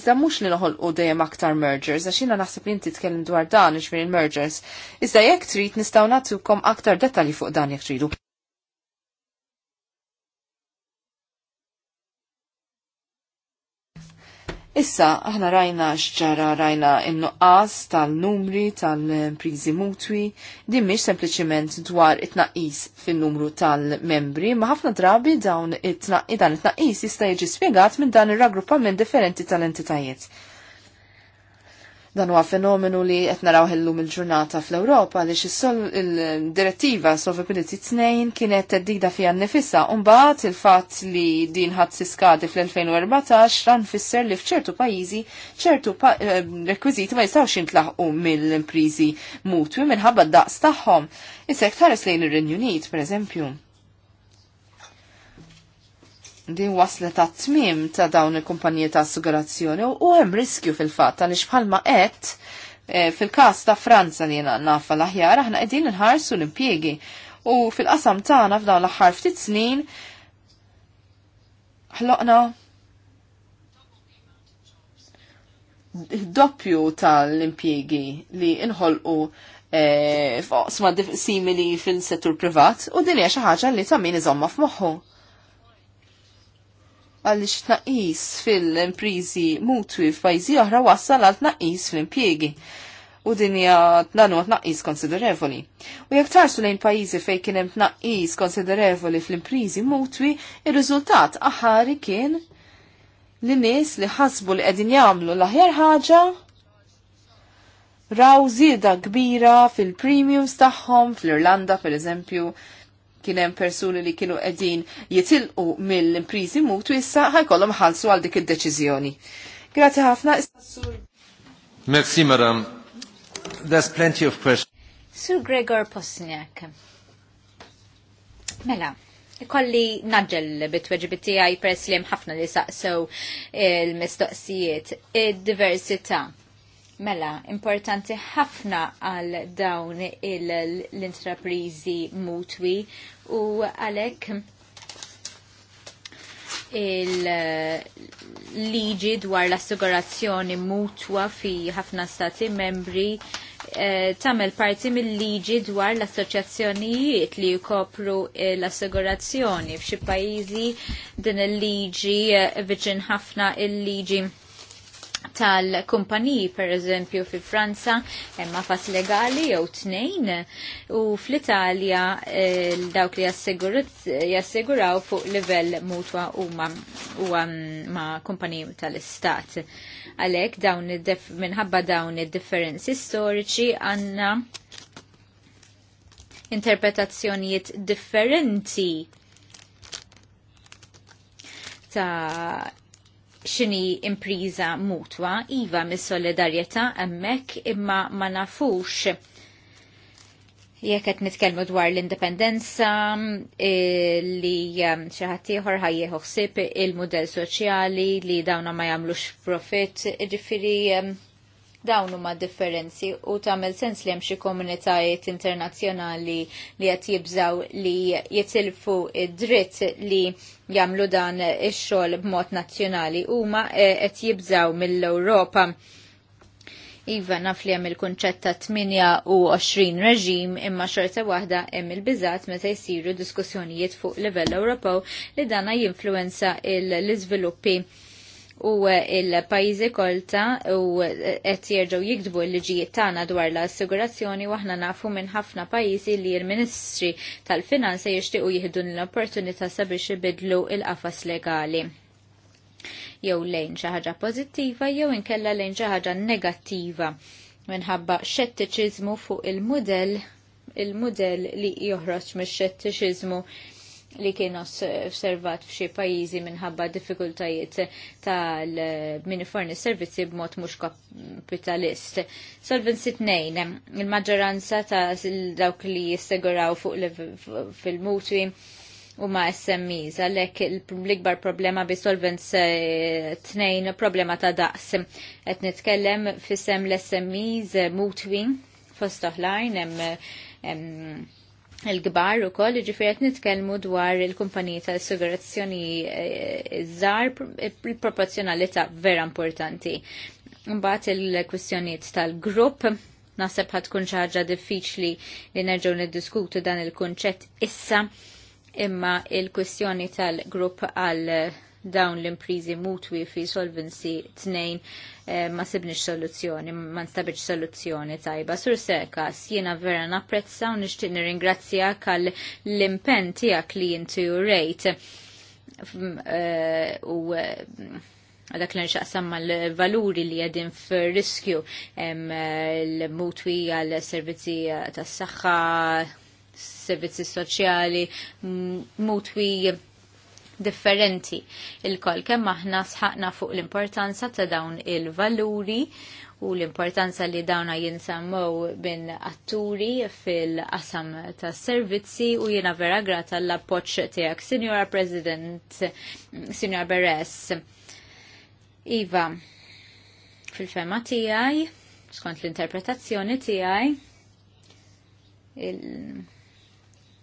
Iżda mhux li noħolqu dejjem aktar mergers, għax jiena naħseb li inti tkellem dwar dan ġbir il-mergers. Iżda jekk trid nistgħu nagħtukom aktar dettalji fuq dan jekk tridu. Issa, aħna rajna xċara rajna innuqqas nuqqas tal-numri tal prizi mutwi, din mhix sempliciment dwar it-naqis fin-numru tal-membri, ma ħafna drabi dawn it naqis jista' jiġi spjegat minn dan ir-raggruppament differenti tal-entitajiet. Dan huwa fenomenu li qed naraw ħellum il-ġurnata fl-Ewropa li il-direttiva Sovability 2 kienet teddida fija nnifisha u mbagħad il-fatt li din ħadd siskadi fl-2014 ran fisser li f'ċertu pajjiżi ċertu pa eh, rekwiżiti ma jistgħux jintlaħqu mill-imprizi mutwi minħabba d-daqs tagħhom. Isek tħares lejn ir-Renju Unit, pereżempju din waslet ta' tmim ta' dawn il-kumpaniji ta' assigurazzjoni u hemm riskju fil-fatt għaliex bħalma qed e, fil-każ ta' Franza li jiena nafa l-aħjar aħna qegħdin inħarsu l-impjiegi u fil-qasam tagħna f'dawn l-aħħar ftit snin ħloqna doppju tal-impjiegi li inħolqu e, f'oqsma simili fil-settur privat u din hija xi ħaġa li ta' min iżomma f'moħħu għaliex tnaqis fil-imprizi mutwi f'pajjiżi oħra wassal għal tnaqis fl impiegi u dinja t-nanu huwa tnaqqis konsiderevoli. U jekk tarsu lejn pajjiżi fejn kien hemm tnaqqis konsiderevoli fl-imprizi mutwi, ir-riżultat aħari kien li nies li ħasbu li qegħdin jagħmlu l-aħjar ħaġa raw zida kbira fil-premiums tagħhom fl-Irlanda pereżempju Kien hemm persuni li kienu qegħdin jitilqu mill-imprizi mutu issa ħajkollhom ħalsu għal dik id-deċiżjoni. Grazzi ħafna. Merci, madam. There's plenty of questions. Sur Gregor Posniak. Mela, kolli naġġel bit-tweġibit tiegħi press li hemm ħafna li saqsew il-mistoqsijiet, id-diversità. Mela, importanti ħafna għal dawn l-intraprizi mutwi u għalek il-liġi dwar l-assigurazzjoni mutwa fi ħafna stati membri eh, tamel parti mill-liġi dwar l-assoċjazzjonijiet li jkopru eh, l-assigurazzjoni. F'xi pajjiżi din il-liġi eh, viċin ħafna il-liġi il liġi tal-kumpaniji per eżempju fi Franza hemm fas legali jew tnejn u fl-Italja eh, dawk li jassiguraw fuq livell mutwa huma huwa ma' kumpaniji tal-istat. Għalhekk dawn minħabba dawn id-differenzi storiċi għandna interpretazzjonijiet differenti ta' xini impriża mutwa, iva mis solidarjetà hemmhekk imma ma nafux jekk qed nitkellmu dwar l-indipendenza eh, li ehm, xi ħadd ieħor il-mudell soċjali li dawna ma jagħmlux profit, ġifieri ehm, Dawn huma differenzi u tagħmel sens li hemm xi komunitajiet internazzjonali li qed jibżaw li jitilfu id-dritt li jagħmlu dan ix-xogħol b'mod nazzjonali huma eh, qed jibżaw mill-Ewropa. Iva naf li hemm il-kunċett ta' 28 reġim imma xorta waħda hemm il-biżat meta jsiru diskussjonijiet fuq livell Ewropew li dana jinfluenza l-iżviluppi u eh, il-pajizi kolta u eh, qed jerġgħu jikdbu l-liġijiet tagħna dwar l-assigurazzjoni u aħna nafu minn ħafna pajjiżi li l-Ministri tal-Finanza jixtiequ jieħdu l-opportunità sabiex ibidlu il-qafas legali jew lejn xi ħaġa pożittiva jew inkella lejn xi ħaġa negattiva minħabba xettiċiżmu fuq il-mudell il-mudell li joħroġ mix-xettiċiżmu li kien osservat f'xi pajjiżi minħabba diffikultajiet tal min forni servizzi b'mod mhux kapitalist. Solvency 2, il-maġġoranza ta' dawk li jisseguraw fuq fil-mutwi u ma' SMEs, għalek l-ikbar problema bi solvenz 2 problema ta' daqs. Et nitkellem fissem l-SMEs mutwi fost l-oħrajn hemm il-gbar u koll, ġifiret nitkelmu dwar il-kumpaniji tal-assigurazzjoni eh, żar il-proporzjonalità vera importanti. Mbagħad il-kwistjonijiet tal-grupp, naħseb tkun xi ħaġa diffiċli li nerġgħu niddiskutu dan il-kunċett issa imma il-kwistjoni tal-grupp għal dawn l-imprizi mutwi fi solvency tnejn eh, ma sibniex soluzzjoni, ma nstabiex soluzzjoni tajba. Sur seka, jiena vera napprezza u nixtieq nirringrazzja għall l-impen tiegħek li jintu rejt eh, u eh, dak li samma mal-valuri li għedin f-riskju l-mutwi għal-servizzi tas-saħħa, servizzi soċjali, mutwi differenti. Il-koll kemm aħna sħaqna fuq l-importanza ta' dawn il-valuri u l-importanza li dawna jinsammow bin atturi fil-qasam ta' servizzi u jiena vera grata l-appoċ tijak, Signora President, Signora Beres. Iva, fil-fema tijaj, skont l-interpretazzjoni tijaj,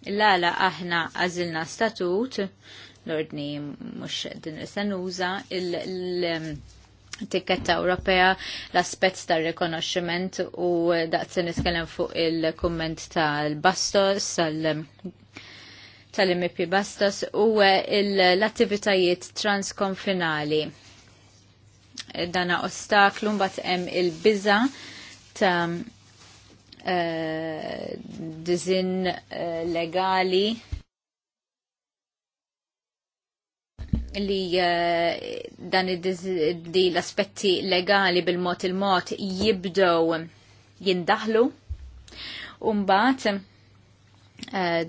il-lala aħna għazilna statut l-ordni mux din il-sanuża il- tikketta Ewropea l-aspett tar rikonoxximent u daqsin nitkellem fuq il-kumment tal-Bastos tal-MP Bastos u eh, l-attivitajiet transkonfinali. Dana ostaklu mbagħad hemm il-biża ta' eh, dizin eh, legali li eh, dan l-aspetti legali bil-mod il-mod jibdow jindaħlu. Umbat, uh,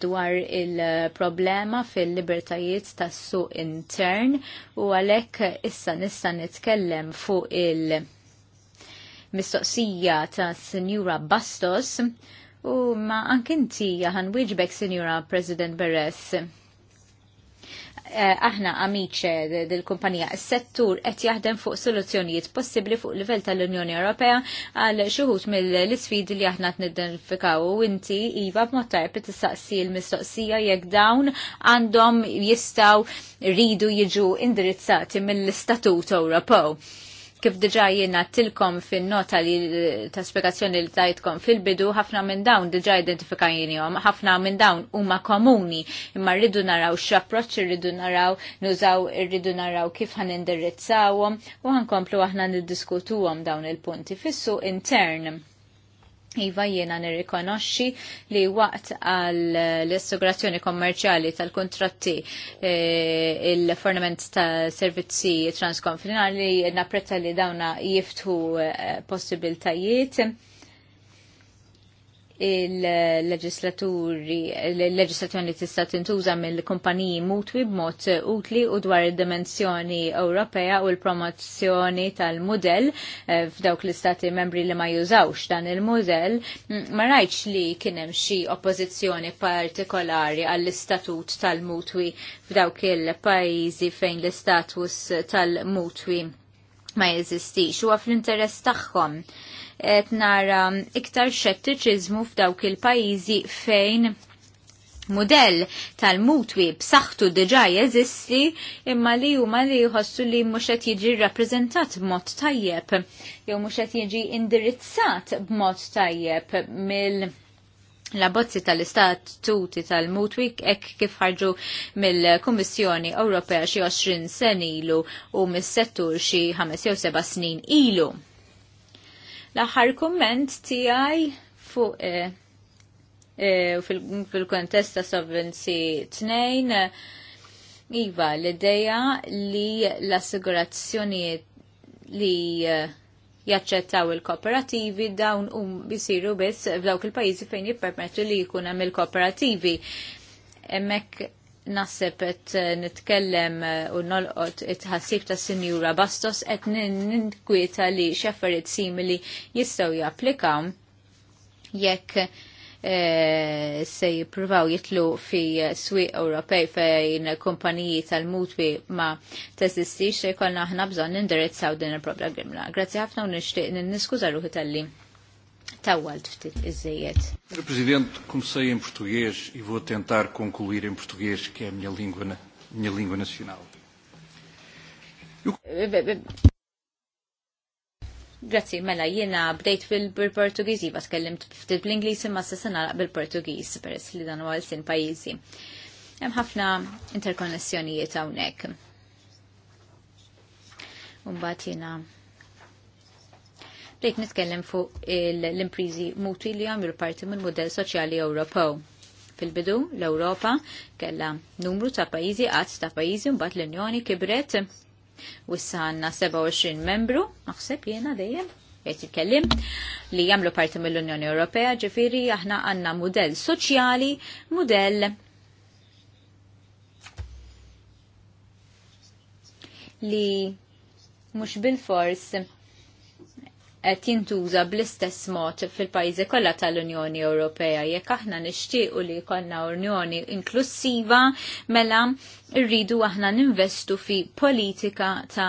dwar il-problema fil-libertajiet tas suq intern u għalek issa nista nitkellem fuq il-mistoqsija ta' Senjura Bastos u ma' ankinti jahan wieġbek Senjura President Beres Eh, aħna amiċe dil-kumpanija s-settur qed jaħdem fuq soluzzjonijiet possibbli fuq livell tal-Unjoni Ewropea għal xuħut mill-isfidi li aħna t-nidentifikaw u inti iva b'mod t-saqsi l-mistoqsija jekk dawn għandhom jistaw ridu jiġu indirizzati mill-Istatut Ewropew. Kif diġa jiena tilkom fin-nota li ta' spiegazzjoni li tajtkom fil-bidu, ħafna minn dawn diġa jom, ħafna minn dawn huma komuni, imma rridu naraw x'approċċ rridu naraw, nużaw rridu naraw kif ħan indirizzawhom u ħankomplu aħna niddiskutuhom dawn il-punti fissu intern Iva jiena nirrikonoxxi li waqt għall l-assigurazzjoni kommerċjali tal-kontratti e, eh, il-fornament ta' servizzi transkonfinali napprezza li dawna jiftħu e, possibiltajiet il-leġislaturi, il-leġislazzjoni tista' tintuża mill-kumpaniji mutwi b'mod utli u dwar id-dimensjoni Ewropea u l-promozzjoni tal mudell eh, f'dawk l-istati membri li ma jużawx dan il mudell mm, ma rajtx li kien hemm xi oppożizzjoni partikolari għall-istatut tal-mutwi f'dawk il-pajjiżi fejn l-istatus tal-mutwi ma jeżistix huwa fl-interess tagħhom qed nara iktar xettiċiżmu f'dawk il-pajjiżi fejn modell tal-mutwi b'saħħtu diġà jeżisti imma li huma li jħossu li mhux qed jiġi rappreżentat b'mod tajjeb jew mhux qed jiġi indirizzat b'mod tajjeb mill l-abbozzi tal istatuti tal-mutwi ek kif ħarġu mill-Kommissjoni Ewropea xi 20 sen ilu u mis-settur xi 5 jew 7 snin ilu. L-aħħar kumment tiegħi fuq eh, eh, fil-kontest ta' Sovereignty Tnejn, Iva, l-ideja li l-assigurazzjoni li eh, jaċċettaw il-kooperativi dawn um bisiru biss f'dawk il-pajjiżi fejn jippermettu li jkun hemm il-kooperativi. Hemmhekk naħseb qed eh, nitkellem eh, u nolqot it-ħassib ta' Sinjura Bastos qed ninkwieta li x'affarijiet simili jistgħu japplikaw jekk eh, se jippruvaw jitlu fi swieq Ewropej fejn kumpaniji tal-mutwi ma teżistix se jkollna aħna bżonn nindirizzaw din il-problema. Grazzi ħafna u nixtieq niskuża ruħi tal-li tawal ftit iżejjed. Sr. Presidente, comecei em português e vou tentar concluir em português, que é a minha língua, minha língua nacional. Grazzi, mela, jiena bdejt bil-Portugiż, jiva tkellimt ftit bil-Inglisi, ma s se naraq bil-Portugiż peress li dan għal sin pajizi. Hemm ħafna interkonnessjonijiet hawnhekk. Mbagħad jiena rejt nitkellem fuq l-imprizi muti li għamlu parti minn model soċjali Ewropew. Fil-bidu l-Ewropa kella numru ta' pajizi għad ta' pajizi mbagħad l-Unjoni kibret u issa għandna 27 membru, naħseb jiena dejjem il-kellim, li jagħmlu parti mill-Unjoni Ewropea, ġifieri aħna għandna mudell soċjali, mudell li mhux bil-fors qed jintuża bl-istess mod fil-pajjiżi kollha tal-Unjoni Ewropea. Jekk aħna nixtiequ li jkollna Unjoni inklusiva, mela rridu aħna ninvestu fi politika ta'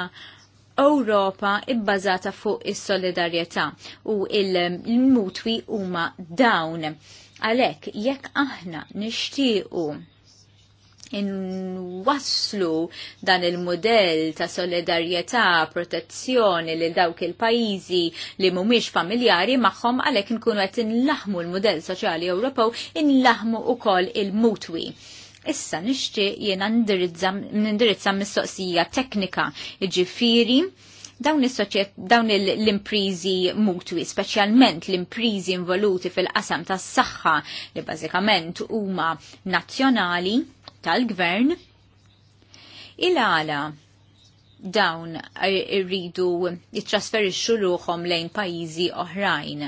Ewropa ibbażata fuq is-solidarjetà u l-mutwi huma dawn. Għalhekk jekk aħna nixtiequ inwaslu dan il-modell ta' solidarjetà, protezzjoni li dawk il-pajjiżi li mhumiex familjari magħhom għalhekk inkunu qed inlaħmu l-modell soċjali Ewropew inlaħmu koll il-mutwi. Issa nixtieq jiena nindirizza mistoqsija teknika iġifiri dawn dawn l-imprizi mutwi, specialment l-imprizi involuti fil-qasam tas saħħa li bażikament huma nazzjonali tal-gvern il-għala dawn irridu jitrasferixxu ruħom lejn pajjiżi oħrajn.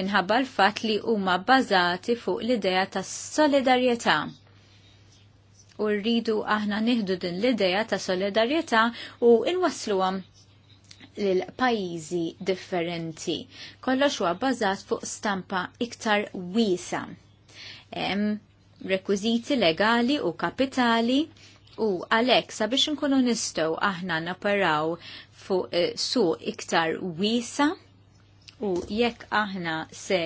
Minħabba l-fatt li huma bbażati fuq l-idea ta' solidarjetà. U rridu aħna nieħdu din l-idea ta' solidarjetà u nwassluhom lil pajjiżi differenti. Kollox huwa bbażat fuq stampa iktar wiesa' hemm rekwiżiti legali u kapitali u għalhekk sabiex inkunu nistgħu aħna naparaw fuq eh, suq su iktar wiesa u jekk aħna se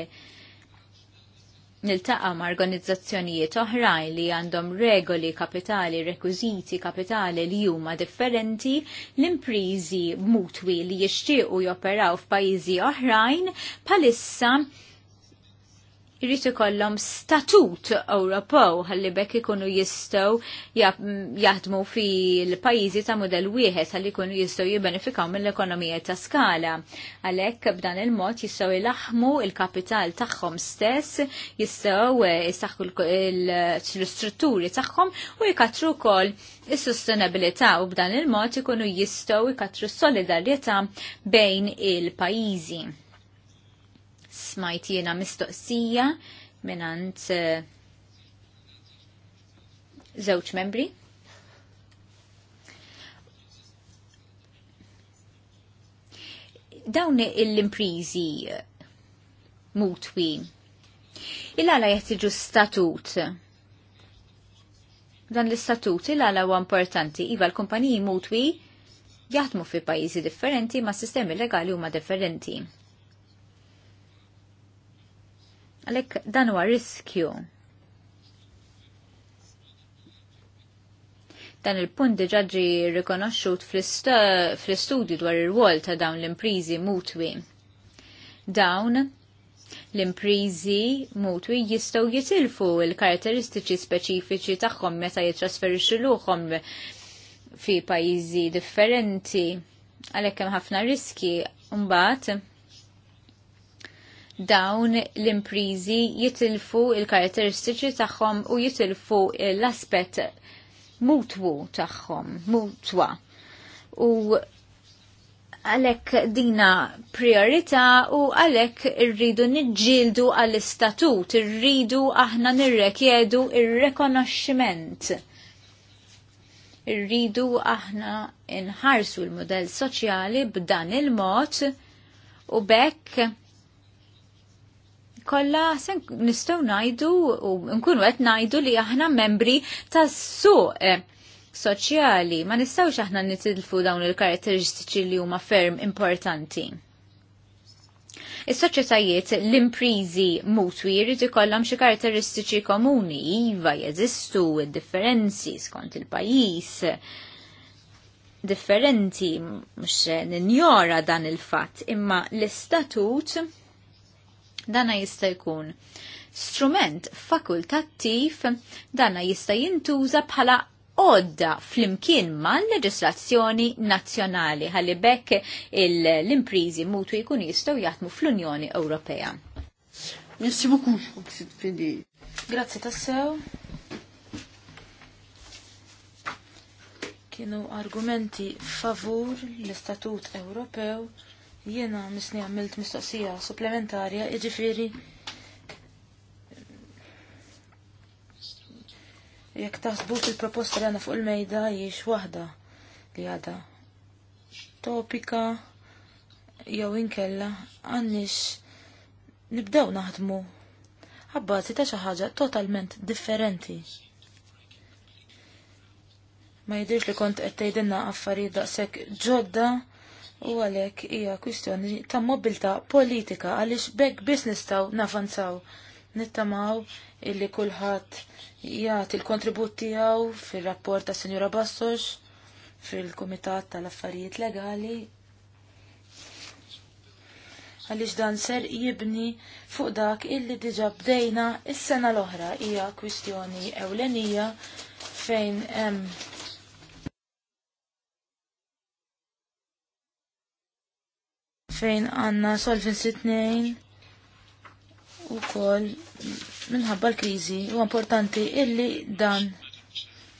niltaqa' ma' organizzazzjonijiet oħrajn li għandhom regoli kapitali, rekwiżiti kapitali li huma differenti, l-imprizi mutwi li jixtiequ joperaw f'pajjiżi oħrajn palissa Jrid ikollhom statut Ewropew ħalli bekk ikunu jistgħu jaħdmu fil-pajjiżi ta' mudell wieħed ħalli jkunu jistgħu jibbenefikaw mill-ekonomija ta' skala. Għalhekk b'dan il-mod jistgħu jilaħmu il-kapital tagħhom stess, jistgħu eh, jistaħħu l-istrutturi tagħhom u jkatru wkoll is-sustenabilità u b'dan il-mod ikunu jistgħu jkatru solidarjetà bejn il-pajjiżi smajt jiena mistoqsija minant zewċ eh, membri. Dawn l-imprizi eh, mutwi. Il-għala jettiġu statut dan l-istatut il-għala u importanti iva l-kumpaniji mutwi jaħdmu fi pajjiżi differenti ma' sistemi legali huma differenti. Għalek dan huwa riskju. Dan il-punt diġa ġi rikonoxxut fl-istudju dwar ir wol ta' dawn l-imprizi mutwi. Dawn l-imprizi mutwi jistgħu jitilfu l-karatteristiċi speċifiċi tagħhom meta jitrasferixxu fi pajjiżi differenti għalhekk hemm ħafna riski mbagħad dawn l-imprizi jitilfu il-karakteristiċi tagħhom u jitilfu l-aspett mutwu tagħhom, mutwa. U għalek dina priorita u għalek irridu nġildu għall-istatut, irridu aħna nirrekjedu il rekonoxximent Irridu aħna nħarsu l-modell soċjali b'dan il-mod u bekk kolla sen nistaw najdu u nkunu qed najdu li aħna membri tas-suq eh, soċjali ma nistawx aħna nitilfu dawn il-karatteristiċi li huma ferm importanti. Is-soċjetajiet l-imprizi mutwi jrid ikollhom xi karatteristiċi komuni, iva jeżistu id-differenzi skont il-pajjiż differenti mhux ninjora dan il-fatt, imma l-istatut Dana jista' jkun strument fakultattiv dana jista' jintuża bħala għodda fl-imkien mal leġislazzjoni nazzjonali għalli bekk l-imprizi mutu jkun jistgħu jaħdmu fl-Unjoni Ewropea. Merci beaucoup. Grazzi tassew. Kienu argumenti favur l-Istatut Ewropew Jiena misni għamilt mistoqsija supplementarja, iġifiri jekk taħsbu fil-proposta li għana fuq il-mejda jiex wahda li għada topika jew inkella għannix nibdew naħdmu għabbazi ta' xi ħaġa totalment differenti ma jidirx li kont qed tgħidilna affarijiet daqshekk ġodda u għalek hija kwistjoni ta' mobilta politika għaliex bekk biss nistgħu navanzaw nittamaw illi kulħadd jagħti l-kontribut tiegħu fir-rapport ta' Sinjura Bassox fil-Kumitat tal-Affarijiet Legali għaliex dan ser jibni fuq dak illi diġa bdejna is-sena l-oħra hija kwistjoni ewlenija fejn hemm fejn għanna solfin sitnejn u kol minħabba l-krizi u importanti illi dan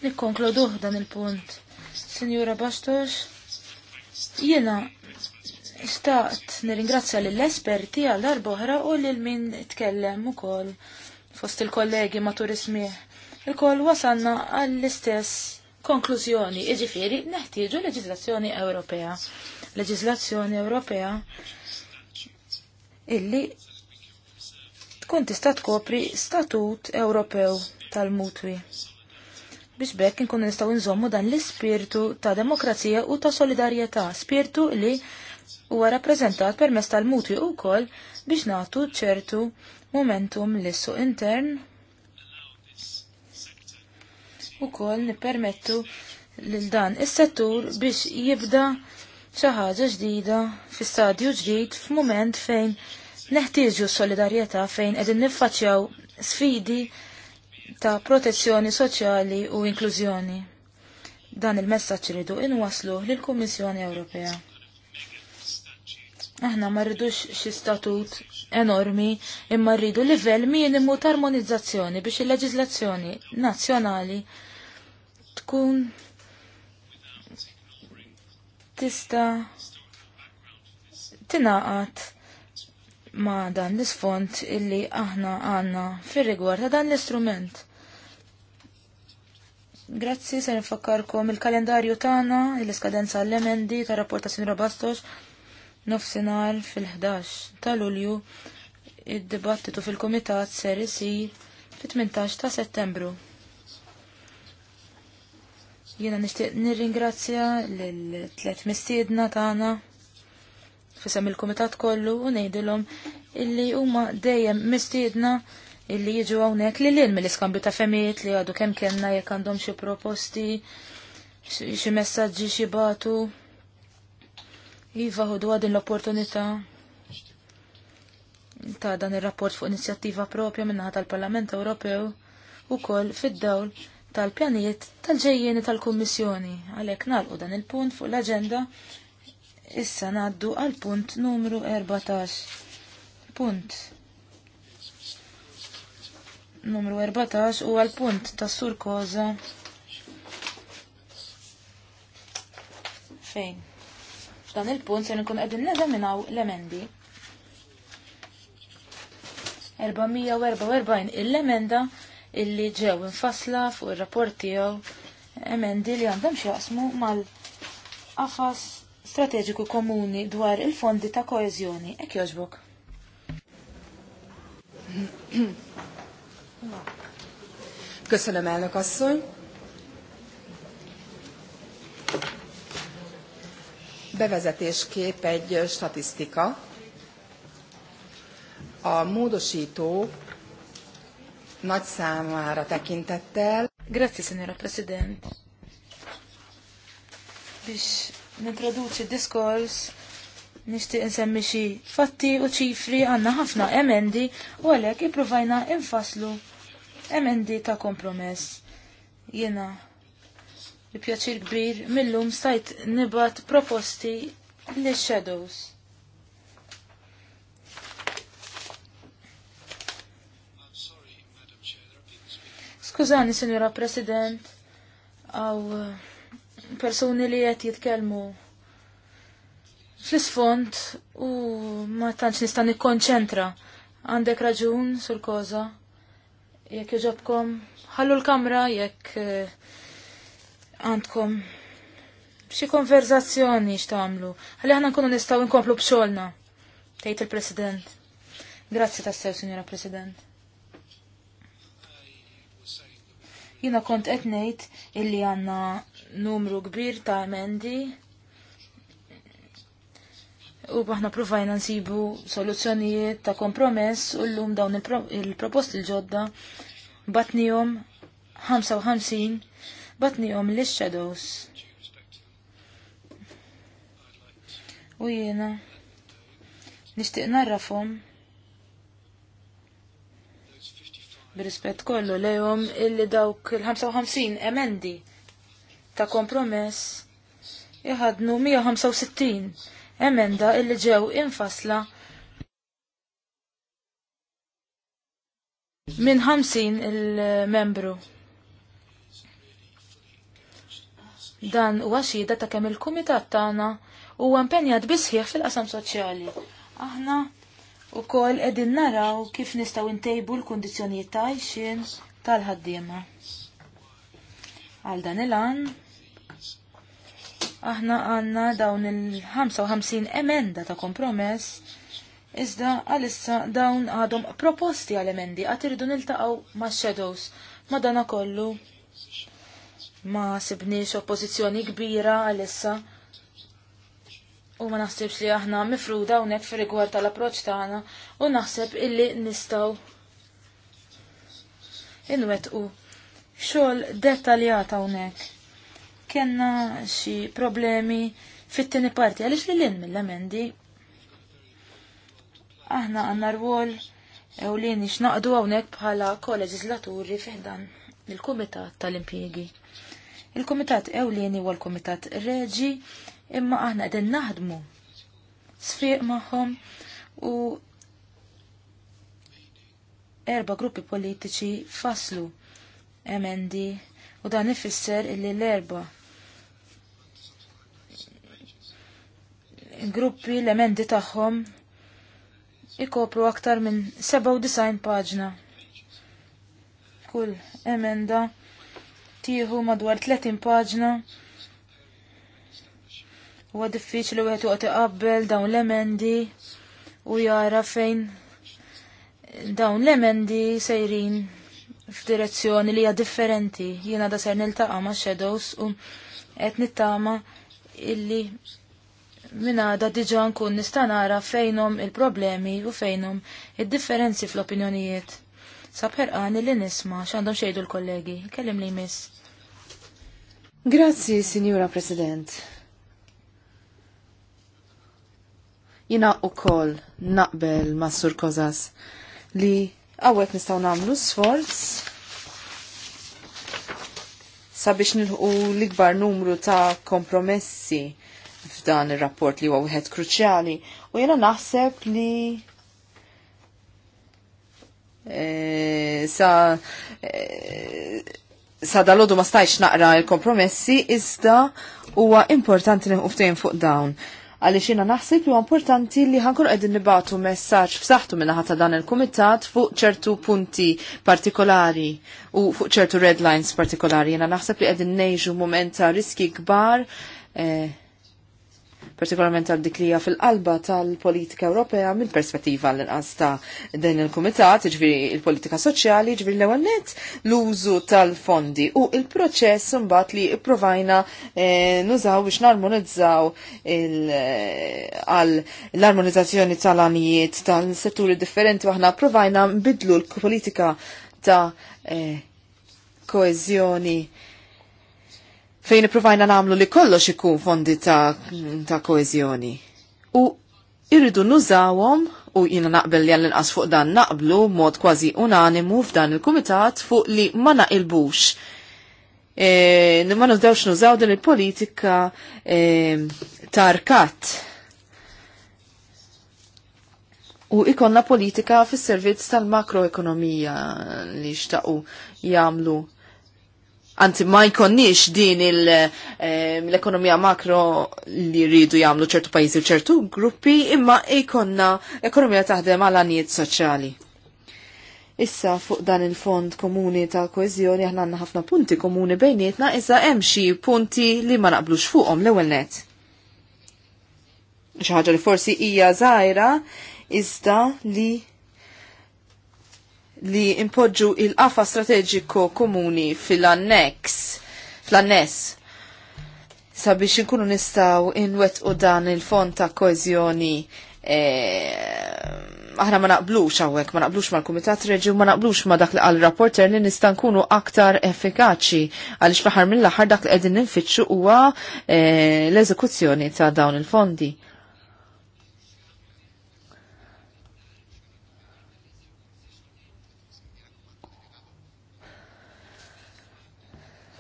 nikkonkluduh dan il-punt. Signora Bastos, jena staqt nirringrazzja l-esperti għal darboħra u l min tkellem u kol fost il-kollegi matur ismieħ. Il-kol wasanna għall-istess konklużjoni, iġifiri, neħtieġu leġislazzjoni Ewropea leġislazzjoni Ewropea illi tkun tista' tkopri statut Ewropew tal-mutwi. Biex bekk nkunu nistgħu nżommu dan l-ispirtu ta' demokrazija u ta' solidarjetà, spirtu li huwa rappreżentat permezz tal-mutwi wkoll biex nagħtu ċertu momentum l-issu intern u kol nipermettu l-dan is settur biex jibda xi ħaġa ġdida fi stadju ġdid f'mument fejn neħtieġu solidarjetà fejn qegħdin niffaċċjaw sfidi ta' protezzjoni soċjali u inklużjoni. Dan il-messaġġ iridu inwaslu lill-Kummissjoni Ewropea. Aħna ma rridux xi statut enormi imma rridu livell minimu ta' armonizzazzjoni biex il-leġiżlazzjoni nazzjonali tkun tista tinaqat ma dan l-isfond illi aħna għanna fir-rigward ta' dan l-istrument. Grazzi, se nifakkarkom il-kalendarju tagħna, l-iskadenza il kalendarju tagħna l iskadenza l emendi ta' rapport ta' Sinra Bastos, nofsinhar fil-11 ta' Lulju, id-dibattitu fil-Kumitat ser isir fit-18 ta' Settembru. Jena nishtiq nirringrazzja l-tlet mistiedna tagħna fisem il-komitat kollu u ngħidilhom illi huma dejjem mistiedna illi jiġu hawnhekk li lil mill-iskambju ta' femijiet li għadu kemm kellna jekk għandhom xi proposti, xi messaġġi xi batu. Iva ħodu din l-opportunità ta' dan ir-rapport fuq inizjattiva propja naħa tal-Parlament Ewropew ukoll fid-dawl tal-pjanijiet tal-ġejjeni tal-Kummissjoni. Għalhekk nalqu dan il-punt fuq l-aġenda issa ngħaddu għal punt numru 14. Punt numru 14 u għal punt tas sur koza fejn. Dan il-punt se nkun qegħdin neżaminaw l-emendi. 444 il-emenda illi ġew infasla fuq ir-rapport tiegħu emendi li għandhom xjaqsmu mal-qafas strateġiku komuni dwar il-fondi ta' koeżjoni. Ek joġbok. Köszönöm, elnök asszony! Bevezetésképp egy statisztika. A módosító nagy számára tekintettel. Grazie, signora President. Biex nintroduċi diskors nishtiq nsemmi xi fatti u ċifri għandna ħafna emendi u għalhekk jiprovajna infaslu emendi ta' kompromess. Jiena bi pjaċir kbir millum stajt nibat proposti li shadows Skużani, Sinjora President, għaw eh, persuni li qed jitkellmu fl-isfond u ma tantx nista' nikkonċentra. Għandek raġun sul koza jekk iġobkom ħallu l-kamra jekk eh, għandkom xi konverzazzjoni x'tagħmlu. Ħalli aħna nkunu nistgħu nkomplu b'xogħolna, tgħid il-President. Grazzi tassew, Sinjora President. Jina kont qed ngħid illi għandna numru kbir ta' emendi u baħna provajna nsibu soluzzjonijiet ta' kompromess u l-lum dawn il-proposti l-ġodda batnijom 55 batnijom li shadows U jiena nishtiq narrafom b'rispett kollu lejhom illi dawk il-55 emendi ta' kompromess iħadnu 165 emenda illi ġew infasla minn 50 il-membru. Dan huwa xhieda ta' kemm il-kumitat tagħna huwa impenjat bisħieħ fil-qasam soċjali. Aħna u kol edin naraw kif nistaw intejbu l-kondizjonijiet ta' tal-ħaddiema. Għal dan il-għan, aħna għanna dawn il-55 emenda ta' kompromess, iżda għalissa dawn għadhom proposti għal emendi għat irridu niltaqgħu ma' shadows ma' dana kollu ma' sibniex oppożizzjoni kbira għalissa u ma naħsibx li aħna mifruda hawnhekk fil rigward tal-approċċ tagħna u naħseb illi nistgħu inwettqu xogħol dettaljat hawnhekk. Kenna xi problemi fit-tieni parti għaliex li lin mill-emendi. Aħna għandna rwol ewlieni x'naqdu hawnhekk bħala koleġislaturi fiħdan il-Kumitat tal-Impjiegi. Il-Kumitat ewlieni huwa l-Kumitat Reġi imma aħna qegħdin naħdmu Sfriq magħhom u erba' gruppi politiċi faslu emendi u dan ifisser illi l-erba' gruppi l-emendi tagħhom ikopru aktar minn 97 paġna. Kull emenda tieħu madwar 30 paġna Huwa diffiċli wieħed joqgħod iqabbel dawn l-emendi u jara fejn dawn l-emendi sejrin f'direzzjoni li hija differenti. Jiena da ser niltaqa' ma' shadows u qed nittama illi minna da diġan nkun nista' nara fejnhom il-problemi u fejnhom id-differenzi fl-opinjonijiet. Sabħerqani li nisma' x'għandhom xejdu l-kollegi. Kellim li jmiss. Grazzi, Signora President. Jina u kol naqbel ma' sur kozas li għawet nistaw namlu sforz sabiex nilħu l-ikbar numru ta' kompromessi f'dan ir-rapport li huwa wieħed kruċjali u jiena naħseb li e, sa e, sa dalodu ma stajx naqra l-kompromessi iżda huwa importanti neħu ftehim fuq dawn għaliex xina naħseb huwa importanti li ħankur qegħdin nibatu messaġġ f'saħħtu minna ta' dan il-kumitat fuq ċertu punti partikolari u fuq ċertu red lines partikolari. Jiena naħseb li qegħdin ngħixu mument ta' riski kbar eh, partikolarment għal dik li fil-qalba tal-politika Ewropea mill perspettiva l-inqas ta' din il-Kumitat, ġviri il-politika soċjali, ġviri l-ewwel net l-użu tal-fondi u il-proċess mbagħad li pprovajna eh, nużaw biex narmonizzaw eh, għal l-armonizzazzjoni tal-anijiet tal-setturi differenti waħna provajna nbidlu l-politika ta' eh, koezjoni fejn ipprovajna nagħmlu li kollox ikun fondi ta', ta koezjoni. U irridu nużawhom u jina naqbel li għallin inqas fuq dan naqblu mod kważi unanimu f'dan il-kumitat fuq li ma naqilbux. E, ma nużdewx nużaw din il-politika e, tarkat. U ikonna politika fis servizz tal-makroekonomija li xtaqu jamlu anzi ma jkonniex din ehm, l-ekonomija makro li rridu jagħmlu ċertu pajjiżi u ċertu gruppi imma jkonna ekonomija taħdem għal anijiet soċjali. Issa fuq dan il-fond komuni ta' koezjoni aħna għandna ħafna punti komuni bejnietna iżda hemm xi punti li ma naqblux fuqhom l-ewwel net. Xi ħaġa li forsi hija żgħira iżda li li impoġġu il-qafa strateġiku komuni fil-annex, fl-annes, sabiex inkunu nistaw inwet u dan il-fond ta' koezjoni e, aħna ma naqblux hawnhekk, ma naqblux mal kumitat Reġi, ma naqblux ma dak li għal-rapporter li nista' nkunu aktar effikaċi għaliex fl aħħar mill aħħar dak li qegħdin ninfittxu huwa e, l-eżekuzzjoni ta' dawn il-fondi.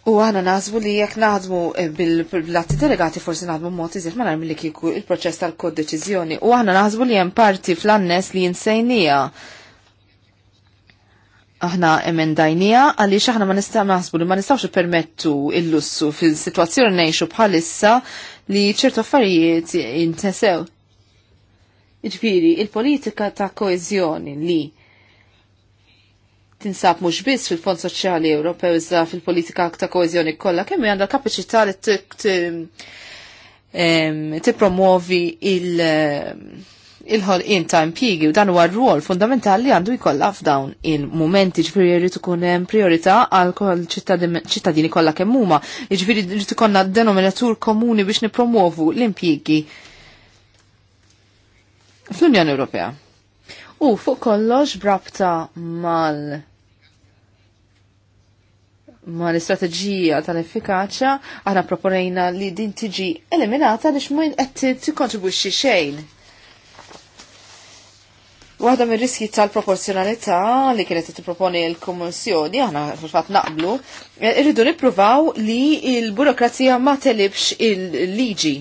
U għana nazbu li jek naħdmu eh, bil-latti delegati forsi naħdmu mod iżir ma narmi li kiku il-proċess tal-kod deċizjoni. U għana nazbu li jem parti fl-annes li jinsejnija. Aħna emendajnija għalli xaħna ma nistaw naħsbu li ma nistawx permettu il-lussu fil-situazzjoni nejxu bħalissa li ċertu affarijiet jintesew. Iġbiri, il-politika ta' koezjoni li tinsab mhux biss fil-Fond Soċjali Ewropew iżda fil-politika ta' koeżjoni kollha kemm għandha kapaċità li tippromovi il- il-ħolqien ta' impjigi u dan huwa r-rol fundamentali għandu jkollha f'dawn il-mumenti ġifieri jrid ikun hemm priorità għal ċittadini kollha kemm huma, jiġifieri jrid ikollna denominatur komuni biex nippromovu l-impjigi fl-Unjoni Ewropea. U fuq kollox brabta mal ma l-istrateġija tal-effikaċja aħna proponejna li din tiġi eliminata biex ma qed tikkontribwixxi xejn. Waħda mir riski tal-proporzjonalità li kienet tipproponi l-Kummissjoni, aħna fil-fatt naqblu, eh, irridu nippruvaw li l-burokrazija ma telibx il-liġi.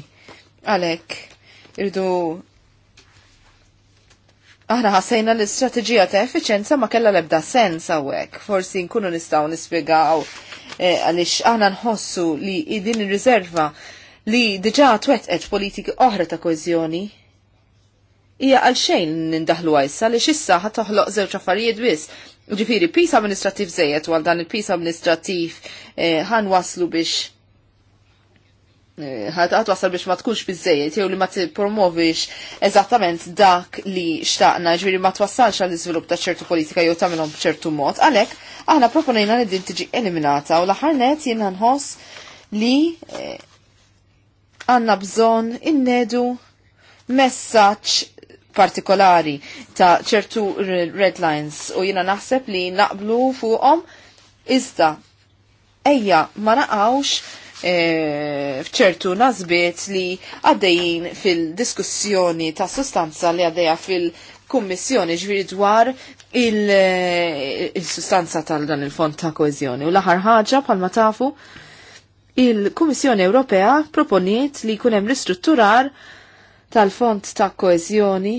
Għalhekk irridu aħna ħassejna l-istrateġija ta' effiċenza ma kella lebda sens hawnhekk. Forsi nkunu nistgħu nispjegaw eh, għaliex aħna nħossu li din il riserva li diġa' twettqet politiki oħra ta' koeżjoni hija għal xejn għajsa li xissa ħat toħloq żewġ affarijiet biss. Ġifieri pisa amministrativ żejjed għal dan il pisa amministrattiv eh, ħan waslu biex ħat wasal biex ma tkunx bizzejiet jew li ma tippromovix eżattament dak li xtaqna ġviri ma twassalx għall iżvilupp ta' ċertu politika jew tagħmilhom b'ċertu mod. Għalhekk aħna proponejna li din tiġi eliminata u l-aħħar net jiena nħoss li eh, għandna bżonn innedu messaġġ partikolari ta' ċertu red lines u jiena naħseb li naqblu fuqom iżda ejja ma naqawx E, fċertu nazbiet li għaddejjin fil-diskussjoni ta' sustanza li għaddejja fil-kummissjoni ġviri dwar e, il-sustanza tal dan il-fond ta' koezjoni. U l-aħar ħaġa palma tafu il-Kummissjoni Ewropea proponiet li kunem ristrutturar tal-fond ta' koezjoni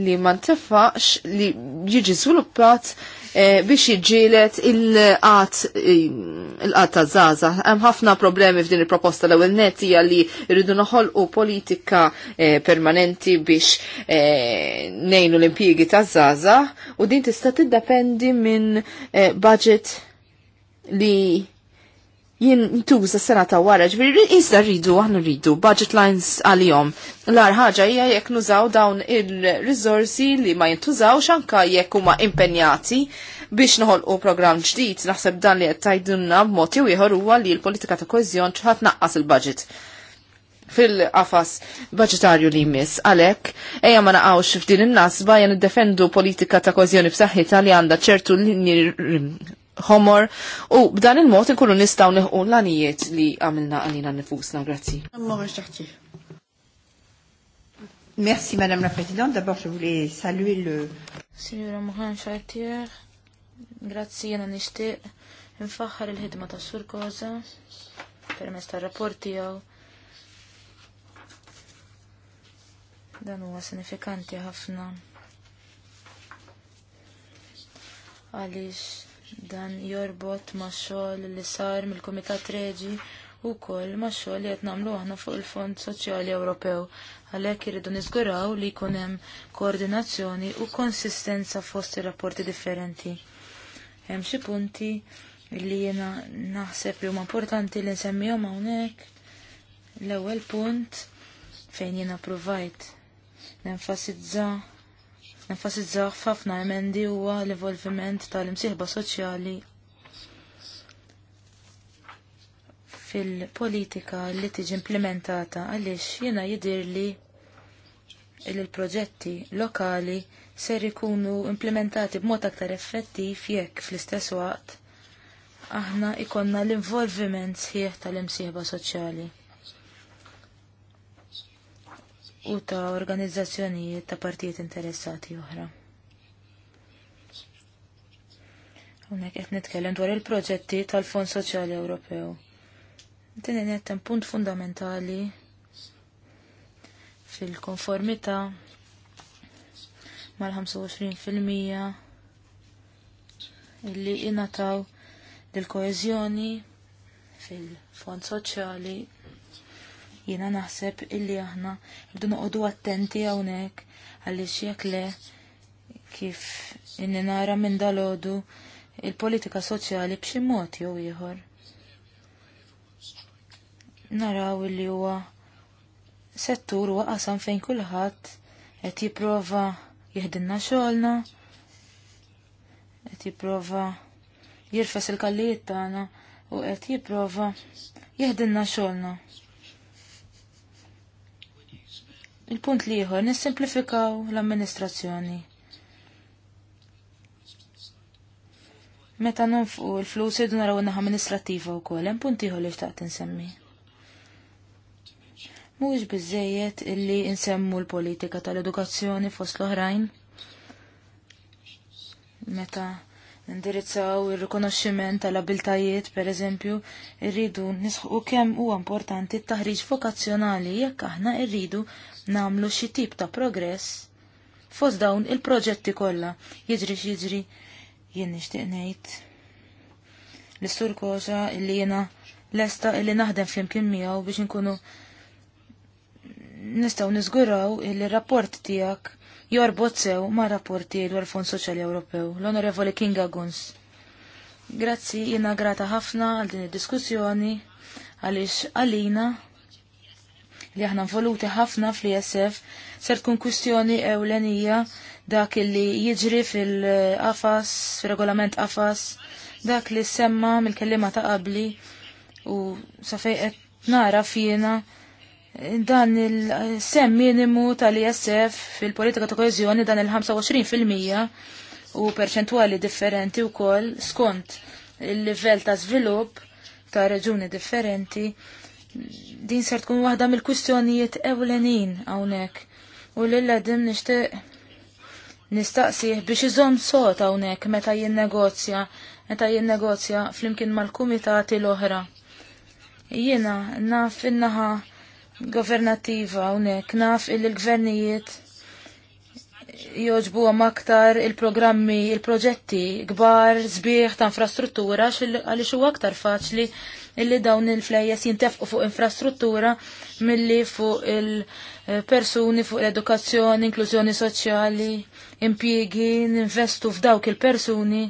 li ma ntefaqx li jiġi sviluppat Eh, biex jiġġielet il-qat eh, il-qat ta' zaza. Hemm ħafna problemi f'din il-proposta l ewwel neti hija li rridu noħolqu politika eh, permanenti biex nejnu l-impjiegi ta' zaza u din tista' tiddependi minn budget li Jien s-sena ta' wara, ġviri, jizda rridu, għannu rridu, budget lines għal-jom. L-ar jgħja hija jekk nużaw dawn il-rizorsi li ma jintużaw xanka jekk huma impenjati biex u programm ġdid, naħseb dan li qed tajdunna b'mod u ieħor huwa li l-politika ta' koeżjon ħadd naqqas il-budget fil-qafas budgetarju li jmiss. Għalek, eja ma naqawx f'din il-nasba jen defendu politika ta' kozjoni b'saħħita li għanda ċertu linji homor u b'dan il-mod inkunu nistgħu neħqu l-għanijiet li għamilna għalina nifusna. Grazzi. Merci Madame la Présidente. D'abord, je voulais saluer le... Signora Mohan Chartier, merci à nishtiq nfaħħar il-ħidma ta' Sur Koza permezz tar-rapport tiegħu. Dan huwa sinifikanti ħafna għaliex Dan jorbot ma' xogħol li sar mill-Kumitat Reġi u koll ma' xogħol li qed nagħmlu aħna fuq il-Fond Soċjali Ewropew. Għalhekk irridu niżguraw li jkun hemm koordinazzjoni u konsistenza fost ir-rapporti differenti. Hemm xi punti li jiena naħseb li huma importanti li nsemmihom hawnhekk. L-ewwel punt fejn jiena provajt nenfasizza Nefasizzaħ ħafna emendi huwa l-evolviment tal-imsieħba soċjali fil-politika li tiġi implementata għaliex jiena jidirli li l-proġetti lokali ser ikunu implementati b'mod aktar effettiv jekk fl-istess waqt aħna ikonna l-involviment sħiħ tal-imsieħba soċjali u ta' organizzazzjonijiet ta' partijiet interessati oħra. Unek qed nitkellem dwar il-proġetti tal-Fond Soċjali Ewropew. Din qed hemm punt fundamentali fil-konformità mal-25% illi inataw lill koeżjoni fil-Fond Soċjali Jiena naħseb illi aħna rridu noqogħdu attenti hawnhekk għaliex jekk le kif inni nara minn dalodu il-politika soċjali b'xi mod jew ieħor. Naraw illi huwa settur huwa qasam fejn kulħadd qed jipprova jihdinna xogħolna qed jipprova jirfes il-kallijiet tagħna u qed jipprova jeħdilna xogħolna. Il-punt liħor, nissimplifikaw l-amministrazzjoni. Meta fuq l-flus idu naraw naħ amministrativa u kol, hemm punt ieħor li ftaqt insemmi. Mhuwiex biżejjed illi nsemmu l-politika tal-edukazzjoni fost l-oħrajn. Meta indirizzaw ir-rikonoxximent tal-abiltajiet, per eżempju, irridu nisħu kemm huwa importanti t-taħriġ vokazzjonali jekk aħna rridu namlu xi tip ta' progress fost dawn il-proġetti kollha. Jiġri xiġri jien nixtieq ngħid. L-istur koxa illi jiena lesta illi naħdem flimkien miegħu biex inkunu nistgħu niżguraw illi rapport tiegħek jorbot sew ma' rapporti l-Fond Soċjali Ewropew, l-Onorevoli Kinga Guns. Grazzi, jiena grata ħafna għal din id-diskussjoni għaliex għalina li aħna involuti ħafna fl-ISF ser tkun kwistjoni ewlenija dak li jiġri fil-qafas, fil-regolament qafas, dak li semma mill-kellima ta' qabli u safej qed nara fjena dan il-sem minimu tal-ISF fil-politika ta' koezjoni dan il-25% u perċentwali differenti u kol skont il-livell ta' svilup ta' reġuni differenti Din ser tkun waħda mill-kwistjonijiet ewlenin hawnhekk. U lilla dim nixtieq nistaqsih biex iżomm sot hawnhekk meta jinnegozja, meta jinnegozja flimkien mal-kumitati l-oħra. Jiena naf in-naħa governattiva hawnhekk, naf il-gvernijiet joġbu għam aktar il-programmi, il-proġetti gbar, zbieħ ta' infrastruttura, għalix u aktar faċli illi dawn il-flejjes jintefqu fuq infrastruttura milli fuq il-persuni, fuq l-edukazzjoni, inklużjoni soċjali, impjiegi, ninvestu f'dawk il-persuni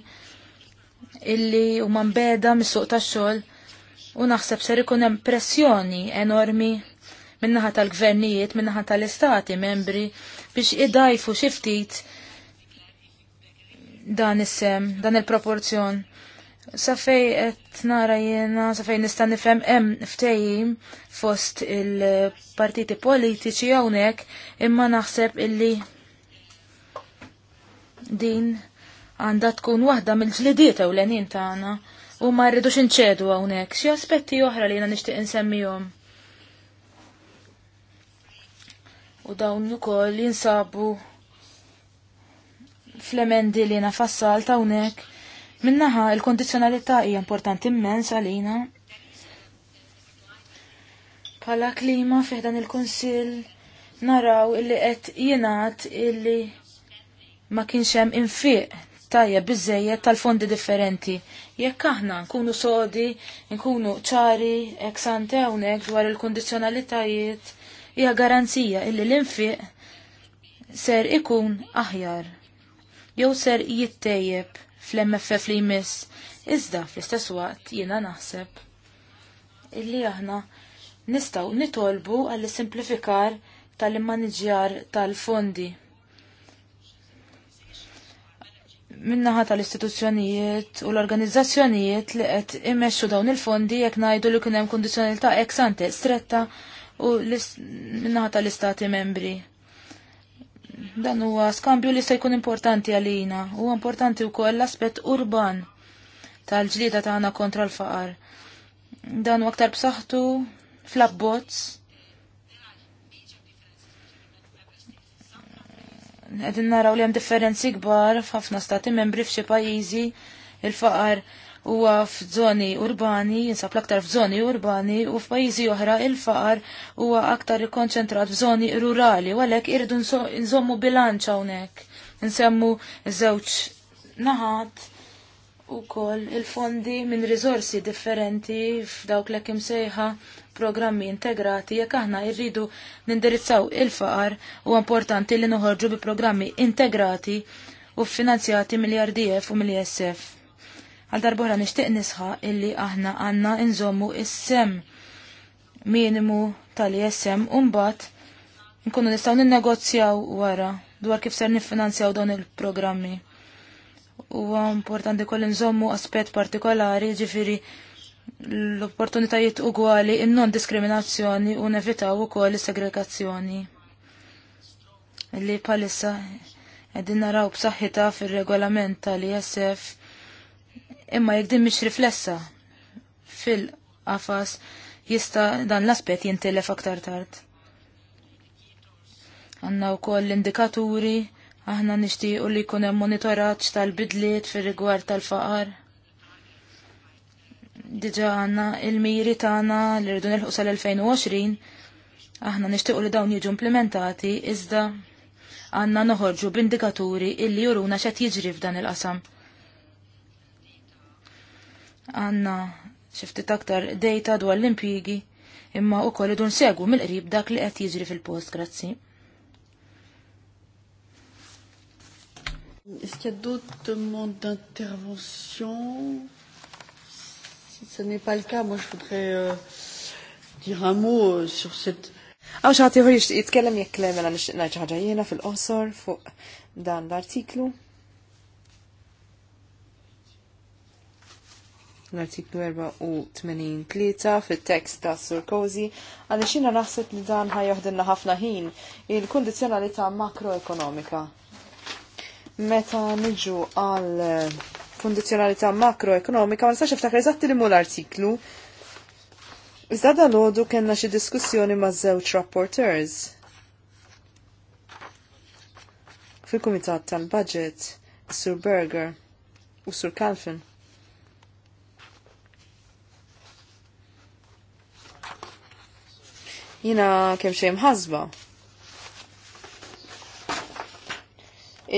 illi huma mbeda mis-suq tax-xogħol u naħseb ser ikun hemm pressjoni enormi minnaħa tal-gvernijiet, minnaħa tal-istati membri biex idajfu xiftit dan is-sem, dan il-proporzjon Safej qed nara jiena, safej nista' nifhem hemm ftejim fost il-partiti politiċi hawnhekk, imma naħseb illi din għandha tkun waħda mill-ġlidiet ewlenin tagħna u ma rridux inċedu hawnhekk xi aspetti oħra li jiena nixtieq insemmihom. U dawn ukoll jinsabu fl-emendi li fassal hawnhekk Minnaħa il-kondizjonalità hija importanti immens għalina. Pala klima fih dan il-Kunsill naraw illi qed jingħad illi ma kienx hemm infiq tajja biżejjed tal-fondi differenti. Jekk aħna nkunu sodi, nkunu ċari, hekk sante hawnhekk dwar il-kundizzjonalitajiet, hija garanzija illi l-infiq ser ikun aħjar. Jew ser jittejjeb fl-MFF li jmiss. Iżda fl-istess waqt jiena naħseb illi aħna nistaw nitolbu għall simplifikar tal-immaniġjar tal-fondi. Minnaħa tal-istituzzjonijiet u l-organizzazzjonijiet li qed imexxu dawn il-fondi jekk ngħidu li kien hemm kundizzjonalità ex ante stretta u minnaħa tal-istati membri. Dan huwa skambju li se jkun importanti għalina. Huwa importanti wkoll l-aspett urban tal-ġlieda tagħna kontra l-faqar. Dan huwa aktar b'saħħtu fl-abbozz. Qegħdin naraw li hemm differenzi kbar f'ħafna stati membri f'xi pajjiżi il-faqar huwa f'żoni urbani, jinsab l-aktar f'żoni urbani u f'pajjiżi oħra il-faqar huwa aktar ikkonċentrat f'żoni rurali u għalhekk irdu nżommu bilanċ hawnhekk. Nsemmu żewġ naħat u koll il-fondi minn rizorsi differenti f'dawk l sejħa programmi integrati jekk aħna irridu nindirizzaw il-faqar u importanti li noħorġu bi programmi integrati u finanzjati mill-RDF u mill-ISF. Għal darbora nishtiq nisħa illi aħna għanna nżommu is-sem minimu tal-ISM umbat nkunu nistaw ninnegozjaw wara dwar kif ser niffinanzjaw dawn il-programmi. U importanti koll nżommu aspett partikolari ġifiri l-opportunitajiet ugwali in-non diskriminazzjoni u nevitaw ukoll is-segregazzjoni Illi palissa għedin naraw b'saħħita fil-regolament tal-ISF imma jekk din riflessa fil-qafas jista' dan l-aspett jintilef aktar tard. koll wkoll indikaturi aħna nixtiequ li jkun hemm tal-bidliet fir-rigward tal-faqar. Diġà għandna il-miri tagħna li rridu nilħu sal-2020 aħna nixtiequ li dawn jiġu implementati iżda għandna noħorġu b'indikaturi illi juruna x'qed jiġri f'dan il-qasam għanna xiftit aktar dejta dwar l impigi imma u koll idun segu mill-qrib dak li qed jiġri fil-post, grazzi. Est-ce qu'il y a d'autres demandes d'intervention Si ce n'est pas le cas, moi je voudrais euh, dire un mot euh, sur cette. Għaw xaħti għu jitkellem jekklem lemela nixtiqna fil-qosor fuq dan l-artiklu. l-artiklu 83 fil tekst ta' Surkozi għaliex xina naħseb li dan ħajoħdilna ħafna ħin il-kundizzjonalità makroekonomika. Meta niġu għal kundizzjonalità makroekonomika ma nistax iftakar eżatti li mu l-artiklu. Iżda dal ħodu kena xi diskussjoni ma' żewġ rapporteurs fil-Kumitat tal-Budget, Sur Berger u Sur Kalfin. jina kemm xejn ħasba.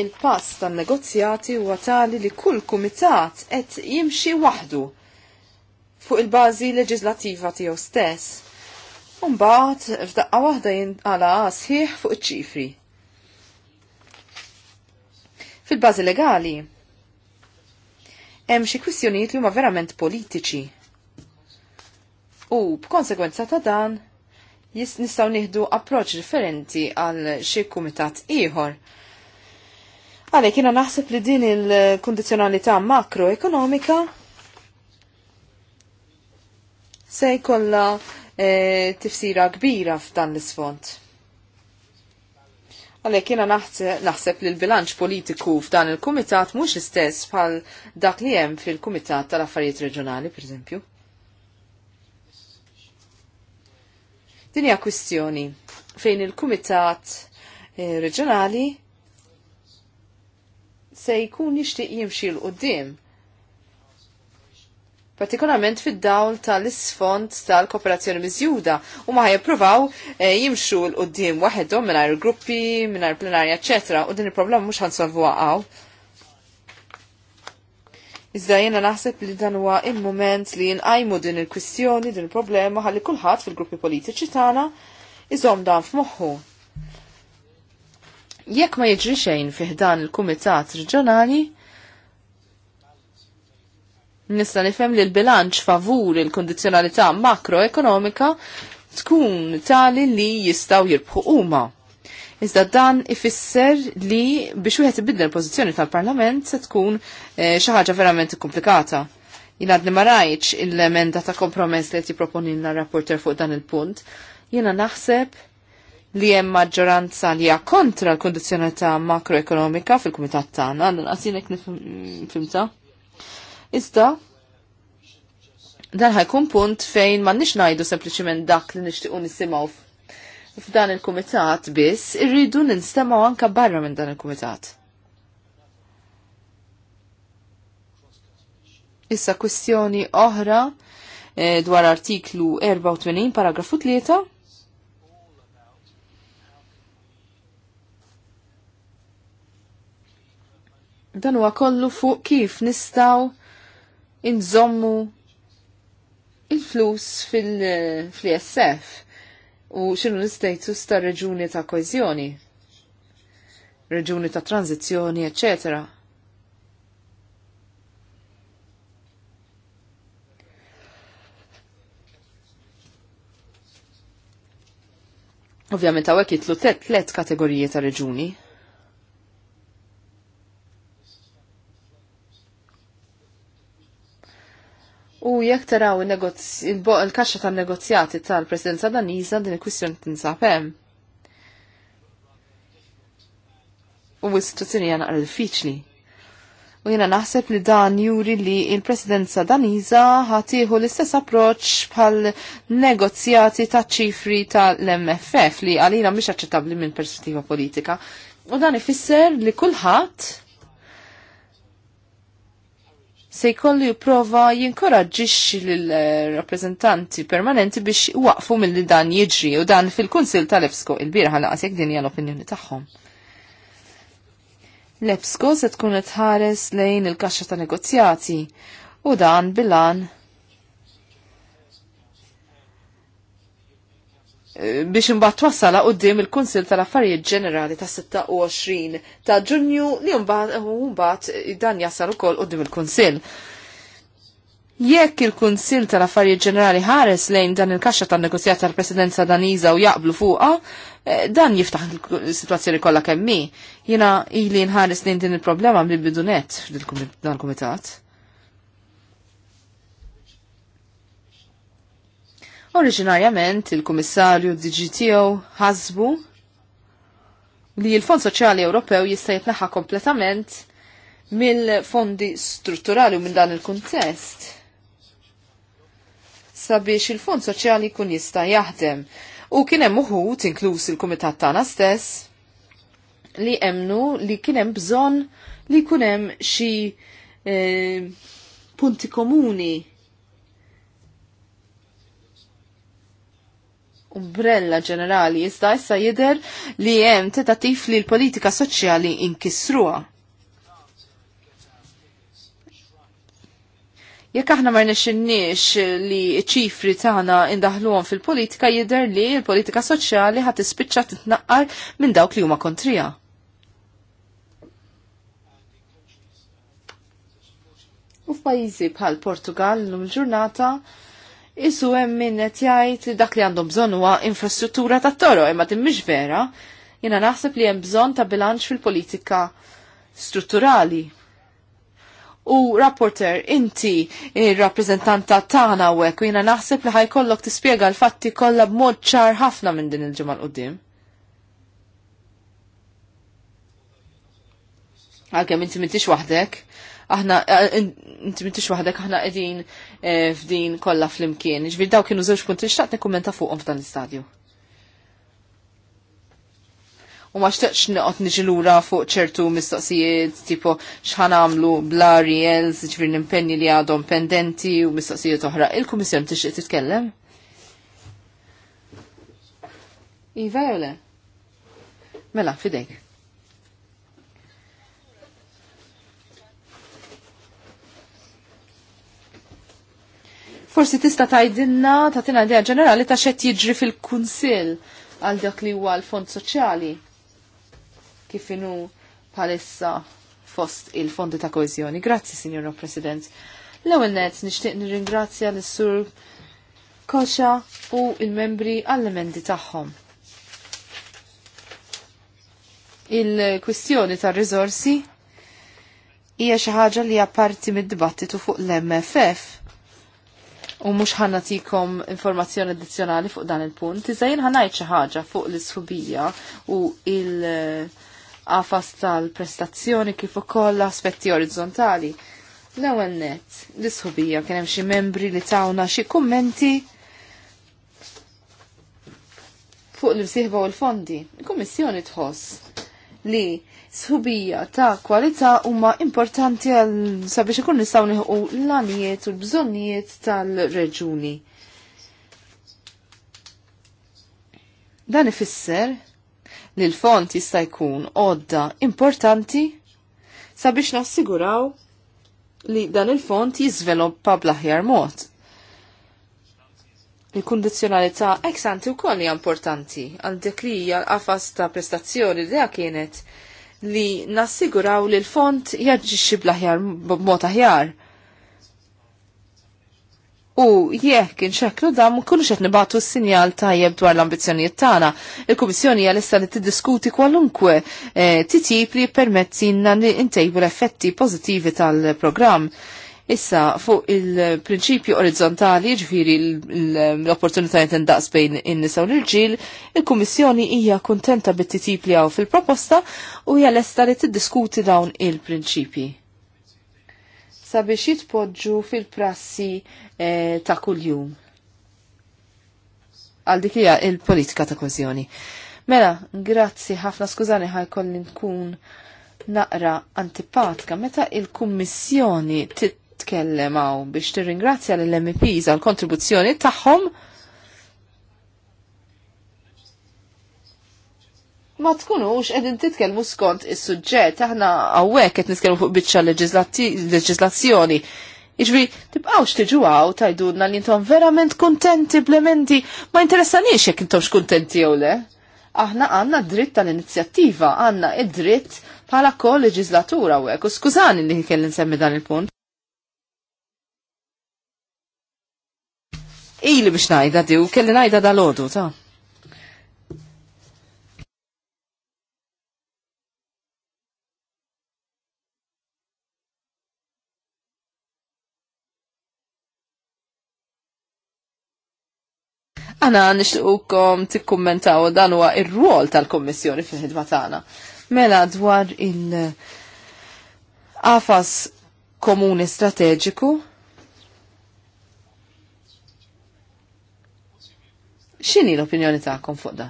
Il-pass tan-negozjati huwa tali li kull kumitat qed jimxi waħdu fuq il-bażi leġislattiva tiegħu stess. Umbagħad f'daqqa waħda jinqala sħiħ fuq iċ-ċifri. Fil-bażi legali, hemm xi kwistjonijiet li huma verament politiċi. U b'konsegwenza ta' dan, nistaw nieħdu approċ differenti għal xi kumitat ieħor. Għalhekk jiena naħseb li din il-kundizzjonalità makroekonomika se jkollha e, tifsira kbira f'dan l-isfond. Għalek jena naħseb li l-bilanċ politiku f'dan il-Kumitat mhux istess bħal dak li hemm fil-Kumitat tal-Affarijiet Reġjonali, per eżempju. Din hija kwistjoni fejn il-Kumitat eh, Reġjonali se jkun jixtieq jimxi l qudiem partikolarment fid-dawl tal-isfond tal-kooperazzjoni miżjuda u ma jippruvaw eh, jimxu l qudiem waħedhom mingħajr gruppi, mingħajr plenarja, eċetera, u din il-problema mhux ħansolvuha hawn. Iżda jena naħseb li dan huwa il-moment li jinqajmu din il-kwistjoni, din il-problema ħalli kulħadd fil-gruppi politiċi tagħna iżom dan f'moħħu. Jekk ma jiġri xejn fih dan il-kumitat reġjonali, nista' nifhem li l-bilanċ favur il-kondizzjonalità makroekonomika tkun tali li jistgħu jirbħu huma. Iżda dan ifisser li biex wieħed ibidda l-pożizzjoni tal-Parlament se tkun eh, xi ħaġa verament komplikata. Jien għadni ma rajtx il-emenda ta' kompromess li qed jipproponilna rapporter fuq dan il-punt. Jiena naħseb li hemm maġġoranza li hija kontra l-kondizzjonalità makroekonomika fil-kumitat tagħna, għandna qasinek nifimta. Iżda, dan ħajkun punt fejn ma nix sempliċement dak li nixtiequ nisimgħu f'dan il-kumitat biss, irridu ninstemaw anka barra minn dan il-kumitat. Issa kwestjoni oħra eh, dwar artiklu 84 paragrafu 3 dan huwa kollu fuq kif nistaw inżommu il-flus fil-ISF u xinu l-status ta' reġuni ta' koezjoni, reġuni ta' tranzizjoni, eccetera. Ovvjament għawek jitlu tlet kategoriji ta' reġuni. U jekk taraw il-kaxxa tan-negozjati tal-Presidenza Daniża din il-kwistjoni tinsab hemm. U l-istituzzjoni hija naqra diffiċli. U jiena naħseb li dan juri li il-Presidenza Daniża ħatiħu l-istess approċċ bħal negozjati ta' ċifri tal-MFF li għalina mhix aċċettabbli minn perspettiva politika. U dan ifisser li kulħadd se jkollu jipprova jinkoraġġixxi lill-rappreżentanti permanenti biex waqfu milli dan jiġri u dan fil-Kunsil tal-EFSCO il-bieraħ laqas jekk din hija l-opinjoni tagħhom. L-EFSCO se tkun qed tħares lejn il-kaxxa ta' negozjati u dan bilan biex imbagħad twassala quddiem il-Kunsill tal-Affarijiet Ġenerali ta' 26 ta' Ġunju li mbagħad dan jasal ukoll quddiem il-Kunsill. Jekk il-Kunsill tal-Affarijiet Ġenerali ħares lejn dan il-kaxxa tan-negozjat tal-Presidenza Daniża u jaqblu fuqha, eh, dan jiftaħ il-sitwazzjoni kollha kemm Jiena ili nħares lejn din il-problema mill-bidunet fil-kumitat Oriġinarjament il-Kummissarju DGTO ħasbu li l-Fond Soċjali Ewropew jista' jitnaħħa kompletament mill-fondi strutturali u minn dan il-kuntest sabiex il-Fond Soċjali kun jista' jaħdem. U kien hemm uħud inkluż il-kumitat tagħna stess li emnu li kien hemm bżonn li jkun hemm xi eh, punti komuni umbrella ġenerali, iżda issa jidher li hemm tentativ li l-politika soċjali inkisruha. Jekk aħna ma rnexxinniex li ċifri tagħna indaħluhom fil-politika jidher li l-politika soċjali ħat tispiċċa titnaqqar minn dawk li huma kontrija. U f'pajjiżi bħal Portugal l-ġurnata Isu hemm min qed jgħid li dak li għandhom bżonn huwa infrastruttura tat-toro, imma din mhix vera. Jiena naħseb li hemm bżonn ta' bilanċ fil-politika strutturali. U rapporter, inti il-rappresentanta tagħna hekk u jiena naħseb li ħajkollok tispjega l-fatti kollha b'mod ċar ħafna minn din il-ġimgħa l-qudiem. Għalkemm inti m'intix waħdek, aħna eh, inti m'intix waħdek aħna qegħdin Eh, f'din kollha flimkien. Ġvir daw kienu żewġ punti xtaqt nikkumenta fuqhom f'dan l-istadju. U ma xtaqx neqgħod niġi lura fuq ċertu mistoqsijiet tipo x'ħan għamlu bla riels, ġvir nimpenni li għadhom pendenti u mistoqsijiet oħra. Il-Kummissjoni tixtieq titkellem? Iva jew le? Mela, fidejk. Forsi tista' ta' tina idea ġenerali ta' xet jiġri fil-kunsill għal dak li huwa l-fond soċjali kif inu bħalissa fost il-fondi ta' koezjoni. Grazzi, Signora President. L-ewwel nett nixtieq nirringrazzja lis-Sur Koxa u il-membri għall-emendi tagħhom. Il-kwistjoni tar rizorsi hija xi ħaġa li apparti mid-dibattitu fuq l-MFF u mhux ħanatikom informazzjoni addizzjonali fuq dan il-punt. Iżda jien ħanajt xi ħaġa fuq l-isħubija u il- għafas tal-prestazzjoni kif ukoll aspetti orizzontali. L-ewwel net, l-isħubija kien hemm xi membri li tawna xi kummenti fuq l-imsieħba u l-fondi. Il-Kummissjoni tħoss li sħubija ta' kwalità huma importanti għal sabiex ikun nistgħu nieħu l-għanijiet u l-bżonnijiet tal-reġuni. Dan ifisser li l-font jista' jkun għodda importanti sabiex nassiguraw li dan il-font jiżveloppa bl-aħjar mod. Il-kondizjonalità ex ante wkoll hija importanti għal dik li hija l-qafas ta' prestazzjoni li kienet li nassiguraw li l-font jaġġixxi blaħjar b'mod aħjar. U jekk inxeklu dam kullu xed nibatu s-sinjal tajjeb dwar l ambizjoniet tagħna. Il-Kummissjoni hija li tiddiskuti kwalunkwe eh, titjib li permezzinna li intejbu l-effetti pożittivi tal-programm. Issa, fuq il-prinċipju orizzontali, ġifiri l-opportunitajiet indaqs bejn in-nisa u l ġil il-Kummissjoni hija kontenta bit-titip li għaw fil-proposta u hija lesta li tiddiskuti dawn il-prinċipji. Sabiex jitpoġġu fil-prassi eh, ta' kuljum. Għal dik hija il-politika ta' kozjoni. Mela, grazzi ħafna skużani ħajkolli nkun naqra antipatika meta il-Kummissjoni tit tkellem għaw biex tirringrazzja l-MPs għal kontribuzzjoni tagħhom ma tkunux edin titkellmu skont is-suġġett aħna għawek qed niskellmu fuq biċċa leġislazzjoni. Iġri, tibqawx tiġu għaw tajdunna li jintom verament kontenti blementi, ma interessanix jekk intomx kontenti jew le. Aħna għanna dritt tal-inizjattiva, għanna id-dritt bħala kol leġislatura u Skużani li kelli nsemmi dan il-punt. Ili biex najda diw, kelli najda dal-ħodu, ta' Għana nishtuqkom tikkummentaw dan huwa ir-rwol tal-Kommissjoni fil-ħidma tagħna. Mela dwar il- qafas komuni strateġiku X'inhi l-opinjoni tagħkom fuq da?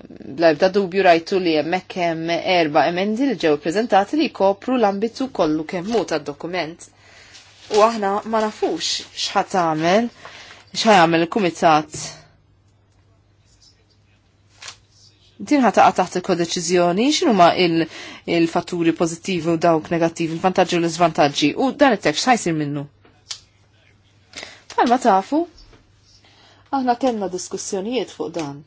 L-ebda dubju rajtu li jemmek hemm erba' emendi li ġew prezentati li kopru l-ambitu kollu kemm hu tad-dokument. U aħna ma nafux x'ħadd tagħmel, għamel il-kumitat din ħata taħt il-kodeċizjoni, xinu ma il-fatturi pozittivi u dawk negativi, il-vantagġi u l svantagġi u dan il-tekst ħajsir minnu ma tafu, aħna kellna diskussjonijiet fuq dan.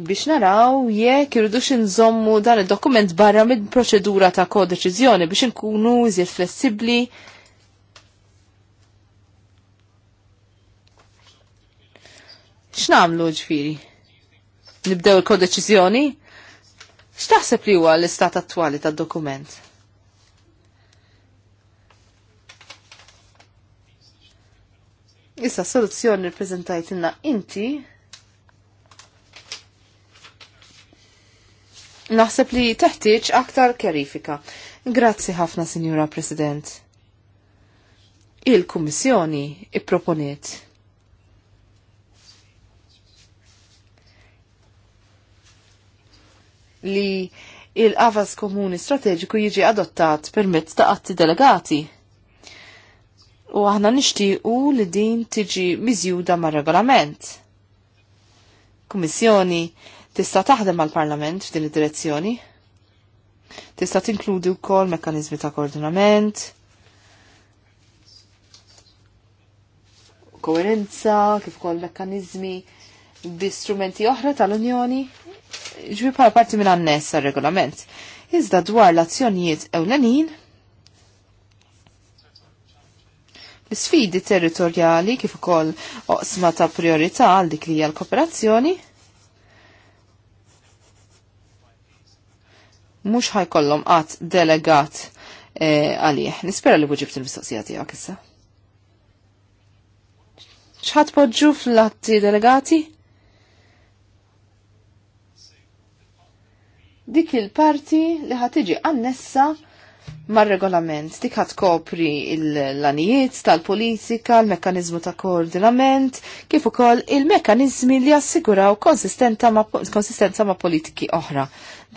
Biex naraw jekk irridu nżommu dan id-dokument barra minn proċedura ta' kodeċiżjoni biex inkunu iżjed flessibbli X'namlu ġifieri? Nibdew il-kodeċiżjoni? X'taħseb li huwa l-istat attwali tad-dokument? Issa soluzzjoni li inna inti naħseb li teħtieġ aktar kjarifika. Grazzi ħafna, Sinjura President. Il-Kummissjoni ipproponiet li il-qafas komuni strateġiku jiġi adottat permezz ta' atti delegati u aħna nixtiequ li din tiġi miżjuda mar regolament Kummissjoni tista' taħdem mal parlament f'din id-direzzjoni? Tista' tinkludi wkoll mekkaniżmi ta' koordinament, koerenza, kif ukoll mekkaniżmi bi strumenti oħra tal-Unjoni, ġbi bħala parti minn annessa regolament. Iżda dwar l-azzjonijiet ewlenin, l-sfidi territorjali kif ukoll oqsma ta' priorità għal dik li hija l-kooperazzjoni mhux ħajkollhom qatt delegat eh, għalih. Nispera li wġibt il-mistoqsija tiegħek issa. X'ħadd poġġu fl-atti delegati? Dik il-parti li ħatiġi annessa mar-regolament. Dik ħad kopri l-lanijiet tal-politika, l-mekkanizmu ta' koordinament, kif ukoll il-mekkanizmi li assiguraw konsistenza ma', politiki oħra.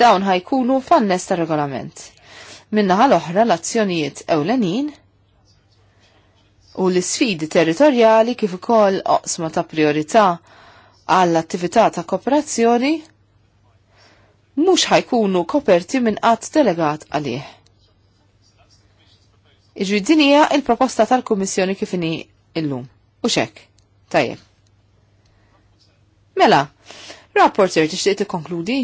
Dawn ħajkunu fan ta' regolament. Minna l-oħra l-azzjonijiet ewlenin u l-sfidi territorjali kif ukoll oqsma ta' priorità għall-attività ta' kooperazzjoni mhux ħajkunu koperti minn qatt delegat għalih Iġri il-proposta tal-Kummissjoni kifini illum. U xek. Tajjeb. Mela, rapporter tixtieq tikkonkludi?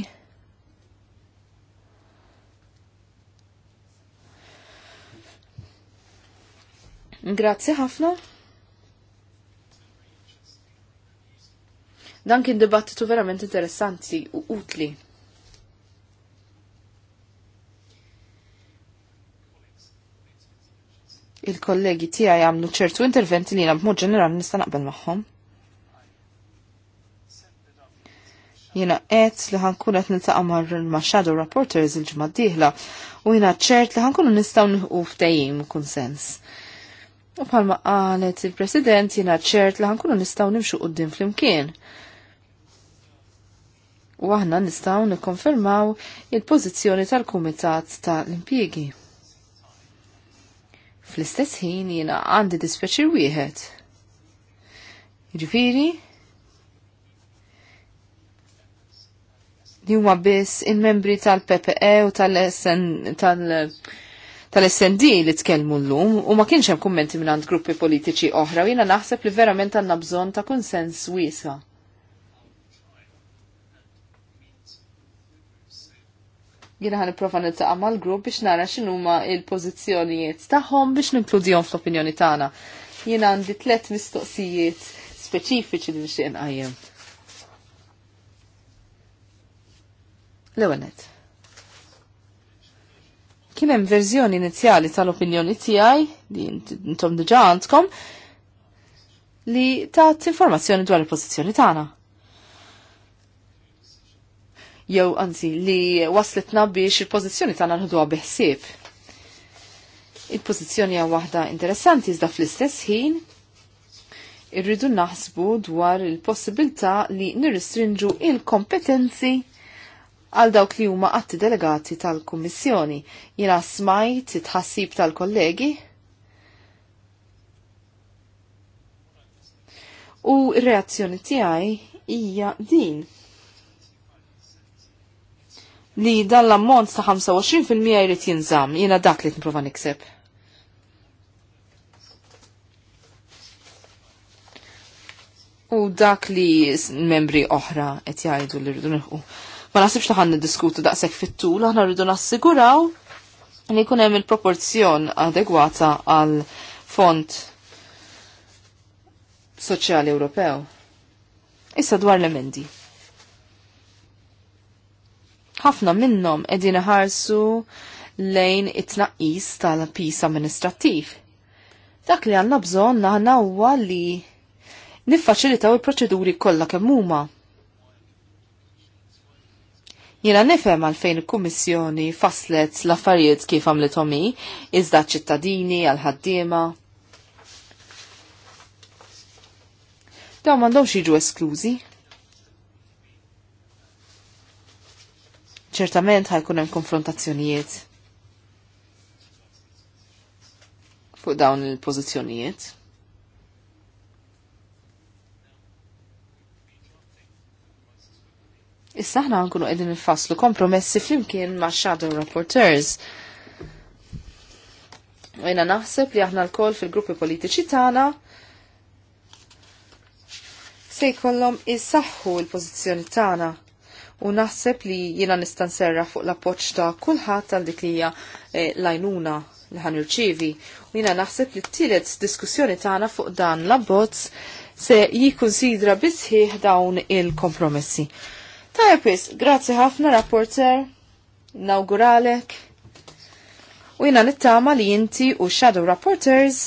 Grazzi ħafna. Dan kien dibattitu verament interessanti u utli. il-kollegi tiegħi għamlu ċertu interventi li nabmu b'mod ġenerali nista' naqbel magħhom. Jiena qed li ħankun qed niltaqa' ma' shadow rapporters il-ġimgħa d-dieħla u jiena ċert li ħankunu nistgħu nħu ftehim kunsens. U bħalma qalet il-President jiena ċert li ħankunu nistgħu nimxu quddiem flimkien. U aħna nistgħu nikkonfermaw il-pożizzjoni tal-Kumitat tal-Impjiegi. Fl-istess ħin jiena għandi dispeċi wieħed. Jiġifieri li huma biss il-membri tal-PPE u tal-SN tal tal-SND li tkellmu l-lum u ma kienx hemm kummenti minn għand gruppi politiċi oħra u jiena naħseb li verament għandna bżonn ta' konsens wiesa' Jiena ħan nipprova niltaqa' mal-grupp biex nara x'inhuma il-pożizzjonijiet tagħhom biex ninkludihom fl-opinjoni tagħna. Jiena għandi tliet mistoqsijiet speċifiċi li nixtieq nqajjem. L-ewwel kien hemm verżjoni inizjali tal-opinjoni tiegħi li intom diġà għandkom li tat informazzjoni dwar il-pożizzjoni tagħna jew anzi li waslitna biex il-pożizzjoni tagħna nħuduha biħsieb. Il-pożizzjoni hija waħda interessanti iżda fl-istess ħin irridu naħsbu dwar il-possibilità li nirristrinġu il-kompetenzi għal dawk li huma atti delegati tal-Kummissjoni. Jiena smajt it-ħassib tal-kollegi u r-reazzjoni tiegħi hija din li dan l-ammont ta' 25% jrid jinżamm, jiena dak li t-nprofa nikseb. U dak li membri oħra qed jgħidu li rridu nilħu. Ma naħsibx li ħan diskutu daqshekk fit-tul, aħna rridu nassiguraw li jkun hemm il-proporzjon adegwata għal fond soċjali Ewropew. Issa dwar l-emendi ħafna minnhom qegħdin iħarsu lejn it-tnaqqis tal-pis amministrattiv. Dak li għandna bżonn naħna huwa li niffaċilitaw il-proċeduri kollha kemm huma. Jiena nifhem għalfejn il-Kummissjoni faslet l-affarijiet kif għamlithom hi, iżda ċittadini għal ħaddiema. Dawn m'għandhomx jiġu esklużi. ċertament ħajkun hemm konfrontazzjonijiet fuq dawn il-pożizzjonijiet. Issa ħna nkunu qegħdin nifasslu kompromessi flimkien ma' shadow rapporteurs. Jena naħseb li aħna l-koll fil-gruppi politiċi tagħna se jkollhom isaħħu l-pożizzjoni tagħna u naħseb li jiena nista' nserra fuq l-appoġġ ta' kulħadd għal dik li hija eh, lajnuna li ħan U jiena naħseb li t-tielet diskussjoni tagħna fuq dan l-abbozz se jikkunsidra bisħiħ dawn il-kompromessi. Tajpis, grazzi ħafna rapporter, nawguralek. U jina nittama li jinti u Shadow Rapporters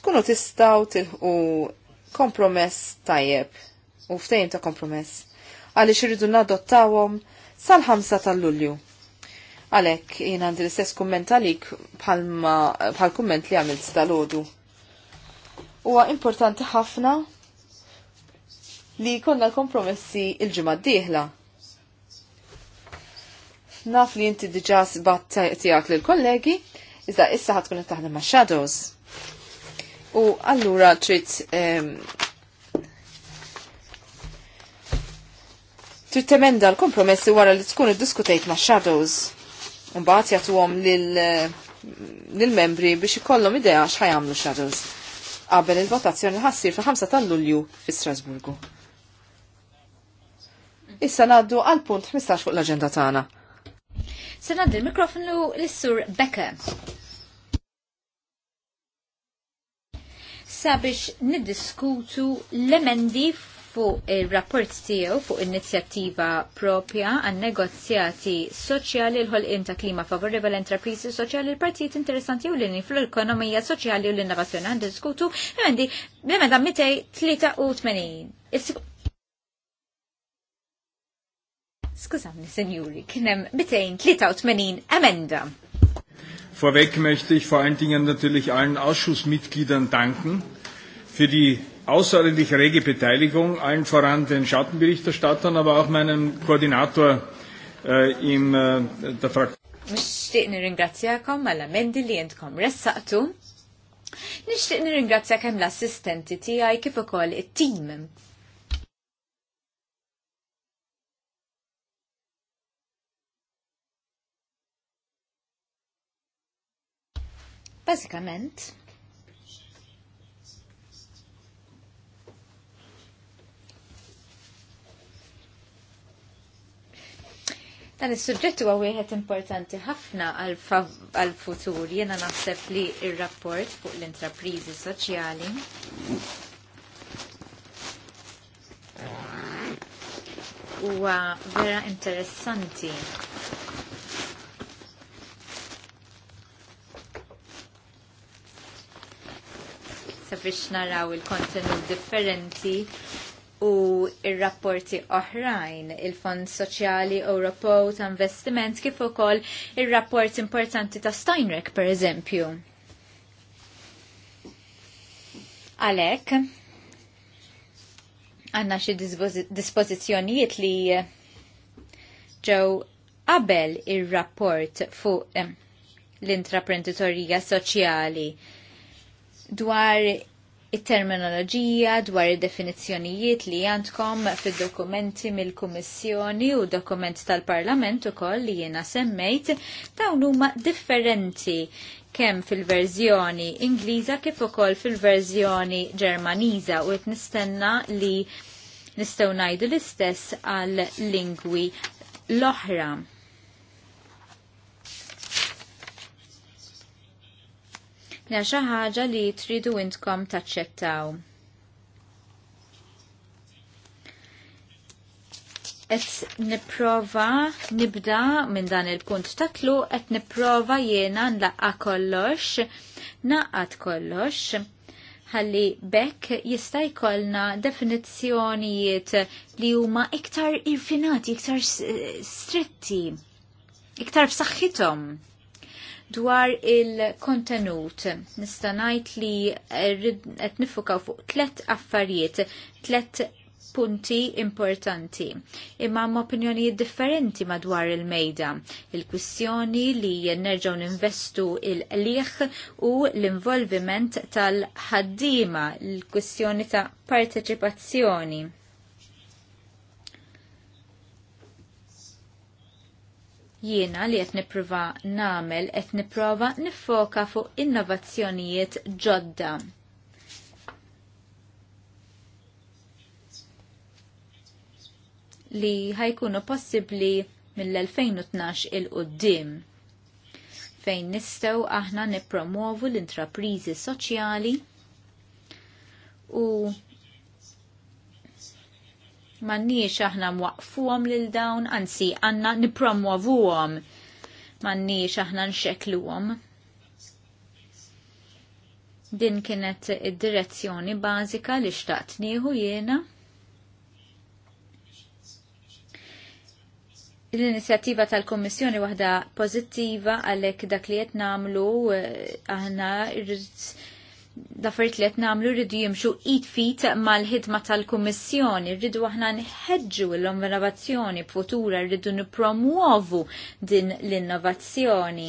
tkunu tistaw tilħu kompromess tajjeb u ftejn ta' kompromess għaliex irridu nadottawhom sal-5 ta' Lulju. Għalhekk jien għandi l-istess kumment għalik bħal kumment li għamilt dal-għodu. Huwa importanti ħafna li konna l-kompromessi il-ġimgħa d-dieħla naf li inti diġa sbat tijak li l-kollegi, iżda issa ħatkun taħdem ma' shadows. U allura trid trid temenda l-kompromessi wara li tkun iddiskutejt ma' shadows. Mbagħad jagħtuhom lill-membri eh, biex ikollhom idea x'ħajamlu shadows qabel il-votazzjoni ħassir fil-5 ta' Lulju fi Strasburgu. Issa naddu għal punt 15 fuq l-aġenda tagħna. Se naddu l-mikrofonu lis-Sur Becker. Sabiex niddiskutu l-emendi fuq il-rapport tiegħu fuq inizjattiva propja għan negozjati soċjali l-ħolqien ta' klima favorevoli entreprizi soċjali l-partijiet interessanti u l-inni fl-ekonomija soċjali u l-innovazzjoni għandu diskutu għandi b'meda 283. Skużamni, senjuri, kienem 283 emenda. Vorweg möchte ich vor allen Dingen natürlich allen Ausschussmitgliedern danken für die außerordentlich rege Beteiligung, allen voran den Schattenberichterstattern, aber auch meinem Koordinator äh, im, äh, der Fraktion. Nishtiq nirringrazzjakom għalla mendi li jentkom ressaqtu. Nishtiq nirringrazzja kemm l-assistenti tiegħi kif ukoll it-tim. Basikament, Dan is-suġġett huwa wieħed importanti ħafna għal futur jiena naħseb li ir-rapport fuq l-intrapriżi soċjali huwa vera interessanti. Sabiex naraw il-kontenut differenti u il rapporti oħrajn, il-Fond Soċjali Ewropew ta' Investiment kif ukoll ir-rapport importanti ta' Steinrek per eżempju. Għalhekk għandna xi dispożizzjonijiet li ġew qabel ir-rapport fuq l-intraprenditorija soċjali dwar it-terminoloġija dwar id-definizzjonijiet li għandkom fid-dokumenti mill-Kummissjoni u dokument tal-Parlament ukoll li jiena semmejt dawn huma differenti kemm fil-verżjoni Ingliża kif ukoll fil-verżjoni Ġermaniża u qed nistenna li nistgħu ngħidu l-istess għal lingwi l-oħra. Mna mela, xi ħaġa li tridu intkom taċċettaw. et niprova nibda minn dan il-punt tatlu et niprova jena nlaqqa kollox, naqqat kollox, ħalli bekk jista' jkollna definizzjonijiet li huma iktar irfinati, iktar stretti, iktar b'saħħithom dwar il-kontenut. Nista' ngħid li qed nifukaw fuq tlet affarijiet, tlet punti importanti. Imma hemm opinjonijiet differenti madwar il-mejda. Il-kwistjoni li nerġgħu ninvestu il-liħ u l-involviment tal ħaddima il-kwistjoni ta' parteċipazzjoni jiena li qed nipprova nagħmel qed nipprova niffoka fuq innovazzjonijiet ġodda. li ħajkunu possibbli mill-2012 il-qoddim fejn nistgħu aħna nippromovu l-intrapriżi soċjali u Mannix aħna mwaqfuhom lil dawn, anzi għanna nipromuovuhom. Mannix aħna nxekluhom. Din kienet id-direzzjoni bażika li xtaqt nieħu jiena. l-inizjattiva tal-Kommissjoni waħda pożittiva għalhekk dak li qed nagħmlu eh, aħna daffert li qed nagħmlu rridu jimxu id fit mal-ħidma tal-Kummissjoni, rridu aħna nħeġġu l-innovazzjoni futura, rridu nippromuovu din l-innovazzjoni.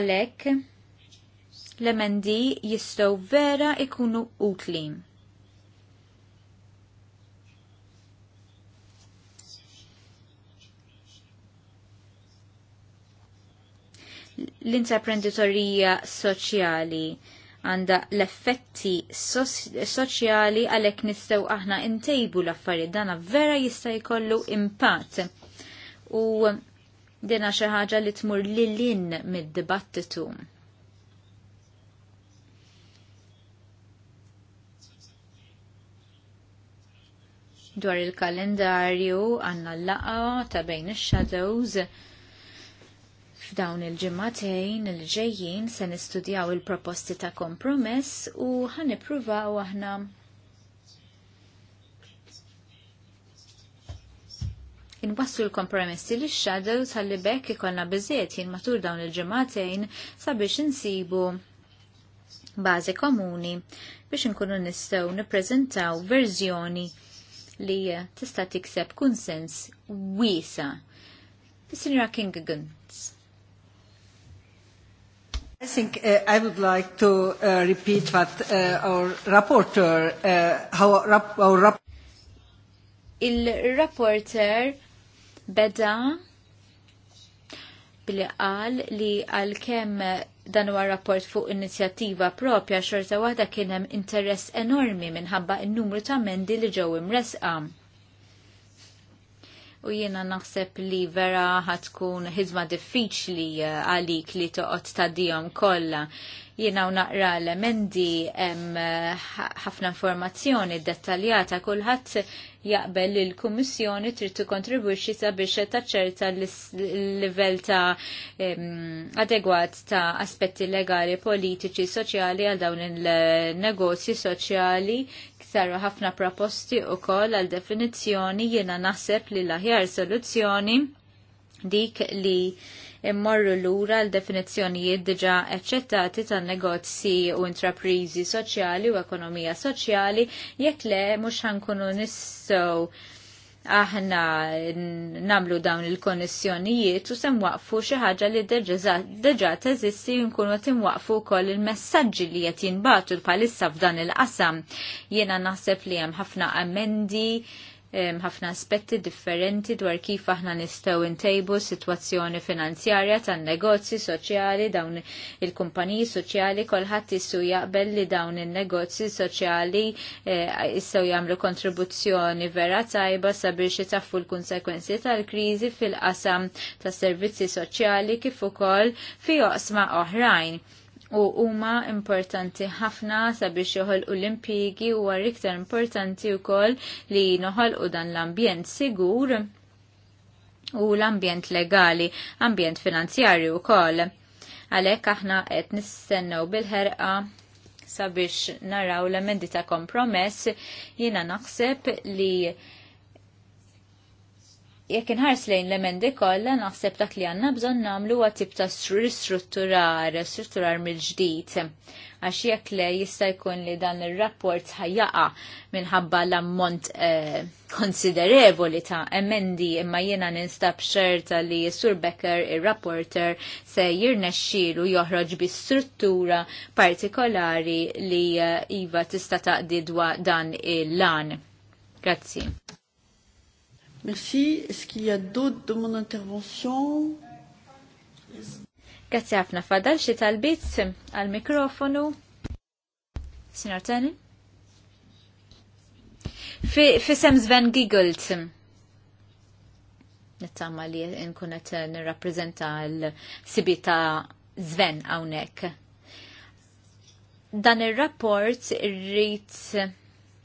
Għalhekk l-emendi jistgħu vera ikunu utli. l-intraprenditorija soċjali għanda l-effetti soċjali għalek nistaw aħna intejbu l-affarijiet dana vera jista' jkollu impatt. U dina xi ħaġa li tmur lilin mid-dibattitu. Dwar il-kalendarju għanna l-laqa ta' bejn ix-shadows F'dawn il-ġimmatejn il-ġejjin se nistudjaw il-proposti ta' kompromess u ħanipruvaw aħna Inwassu l-kompromessi li x-shadow tal-li bekk ikonna biżiet jien matul dawn il ġimagħtejn sabiex insibu bażi komuni biex inkunu nistgħu nippreżentaw verżjoni li tista' tikseb kunsens wiesa. Is-Sinjora I think uh, I would like to uh, repeat what uh, our rapporteur, uh, how rap our rap Il-rapporter beda billi qal li għal kemm dan huwa rapport fuq inizjattiva propja xorta waħda kien hemm interess enormi minħabba n-numru ta' mendi li ġew imresqa u jiena naħseb li vera ħatkun ħidma diffiċli eh, għalik li toqgħod tadihom kollha jina u naqra l-emendi ħafna informazzjoni dettaljata kulħadd jaqbel li l-Kummissjoni trid tikkontribwixxi sabiex taċċerta l-livell ta' adegwat ta' aspetti legali, politiċi, soċjali għal dawn il-negozji soċjali saru ħafna proposti wkoll għal definizzjoni jiena naħseb li l-aħjar soluzzjoni dik li immorru lura l-definizzjonijiet diġa eċċettati tan negozji u intraprizi soċjali u ekonomija soċjali jekk le mhux ħankunu nistgħu aħna namlu dawn il-konnessjonijiet u sem waqfu xi ħaġa li deġa teżisti nkunu qed imwaqfu wkoll il-messaġġi li qed jinbagħtu bħalissa f'dan il-qasam. Jiena naħseb li hemm ħafna ammendi ħafna aspetti differenti dwar kif aħna nistgħu ntejbu s-sitwazzjoni finanzjarja tan-negozji soċjali dawn il-kumpaniji soċjali kolħadd issu jaqbel li dawn in-negozji soċjali jistgħu eh, jagħmlu kontribuzzjoni vera tajba sabiex itaffu l kunsekwenzi tal-kriżi fil-qasam tas-servizzi soċjali kif ukoll fi oqsma oħrajn u huma importanti ħafna sabiex joħolqu l-impjiegi u għar iktar importanti wkoll li u dan l-ambjent sigur u l-ambjent legali, ambjent finanzjarju wkoll. Għalhekk aħna qed nistennew bil-ħerqa sabiex naraw l-emendi ta' kompromess jiena naħseb li jekk inħars lejn l-emendi kollha naħseb dak li għandna bżonn nagħmlu huwa tip ta' ristrutturar, strutturar mill-ġdid. Għax jekk le jista' jkun li dan ir-rapport ħajjaqa minħabba l-ammont eh, konsiderevoli ta' emendi imma jiena ninstab xerta li Sur Becker ir-rapporter se jirnexxielu joħroġ bi struttura partikolari li eh, iva tista' taqdi dan il-lan. Grazzi. Merci. Est-ce qu'il y a d'autres de mon intervention? Grazie ħafna fadal xi talbit għal-mikrofonu. Sinar Tani? sem Sven Giggled. Nittamma li nkunet nirrapprezenta l-sibita Sven għawnek. Dan il-rapport irrit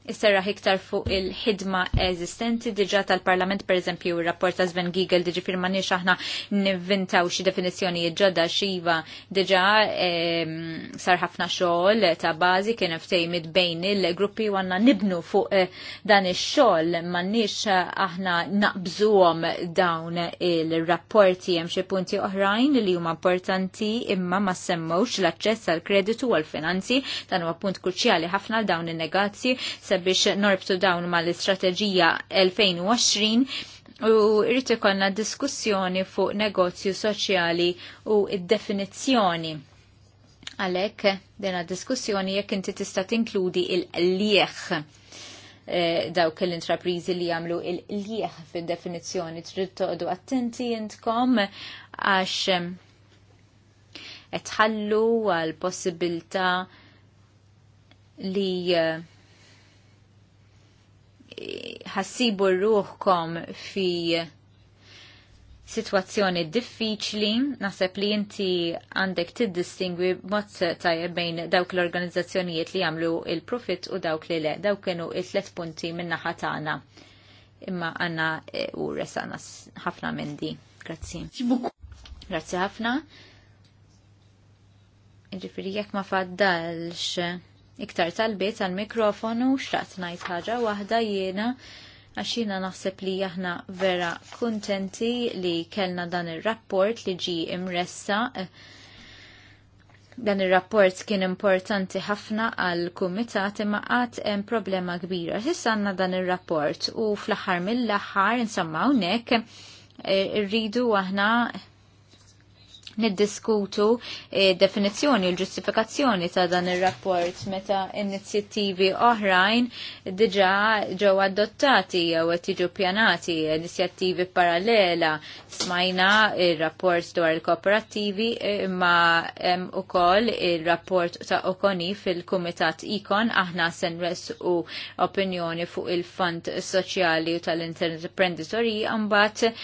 Isserraħ iktar fuq il-ħidma eżistenti diġa tal-Parlament per eżempju il-rapport ta' Sven Giegel diġi firma nix aħna nivvintaw xi definizjoni ġodda xiva diġa sar ħafna xogħol ta' bażi kien ftejmit bejn il-gruppi u għandna nibnu fuq eh, dan ix-xogħol nix eh, aħna naqbżuhom dawn il-rapporti hemm xi punti oħrajn li huma importanti imma ma semmewx l-aċċess għall kreditu għal finanzi dan huwa punt kruċjali ħafna għal dawn in-negazji Biex norbtu dawn mal-istrateġija 2020 u irrid ikollna diskussjoni fuq negozju soċjali u id-definizzjoni. Għalhekk dena diskussjoni jekk inti tista' tinkludi il-lieħ e, dawk l-intraprizi li jagħmlu il-lieħ fid-definizzjoni trid toqdu attenti intkom għax etħallu għal possibilità li e, ħassibu rruħkom fi situazzjoni diffiċli, naħseb li inti għandek tiddistingwi mod tajjeb bejn dawk l-organizzazzjonijiet li jagħmlu il-profit u dawk li le. Dawk kienu il-tlet punti minna naħa tagħna. Imma għanna e, u resana ħafna minn di. Grazzi. Grazzi ħafna. Ġifiri jekk ma faddalx iktar talbiet għal mikrofonu xrat ngħid ħaġa waħda jiena għax jiena naħseb li jahna vera kuntenti li kellna dan ir-rapport li ġi imressa dan ir-rapport kien importanti ħafna għal kumitat imma qatt hemm problema kbira. Issa għandna dan ir-rapport u fl-aħħar mill-aħħar insamma hawnhekk irridu eh, aħna niddiskutu eh, definizzjoni u ġustifikazzjoni ta' dan ir-rapport meta inizjattivi oħrajn diġà ġew adottati jew qed jiġu pjanati inizjattivi parallela smajna il rapport dwar il-kooperattivi imma hemm ukoll ir-rapport ta' Okoni fil-Kumitat Ikon aħna se u opinjoni fuq il-Fond Soċjali u tal-Interprenditorji mbagħad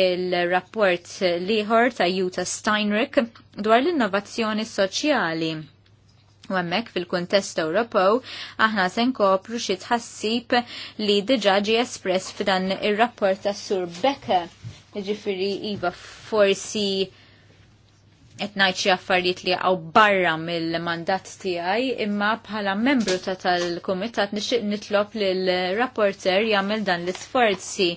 il-rapport liħor ta' ta' Steinrich dwar l-innovazzjoni soċjali. U hemmhekk fil-kuntest Ewropew aħna se nkopru xi tħassib li diġà ġie espress f'dan ir-rapport tas Sur Becker. Ġifiri, Iva, forsi etnajt xie affarijiet li għaw barra mill-mandat tijaj, imma bħala membru ta' tal-komitat nixiq nitlop li l-rapporter jagħmel dan l-sforzi.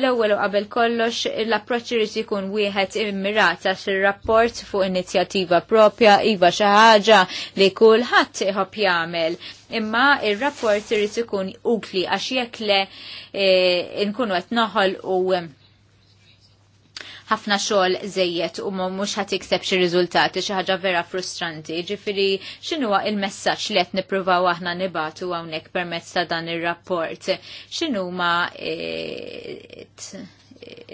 L-ewwel u qabel kollox l-approċċ irid ikun wieħed immirat għax ir-rapport fuq inizjattiva propja iva xi ħaġa li kulħadd iħob jagħmel. Imma ir-rapport irid ikun utli għax jekk le inkunu eh, qed noħol u ħafna xogħol żejjed u mhux ħadd ikseb xi riżultati xi ħaġa vera frustranti. Ġifieri x'inhuwa il-messaġġ li qed nippruvaw aħna nibatu hawnhekk permezz ta' dan ir-rapport? X'inhuma eh,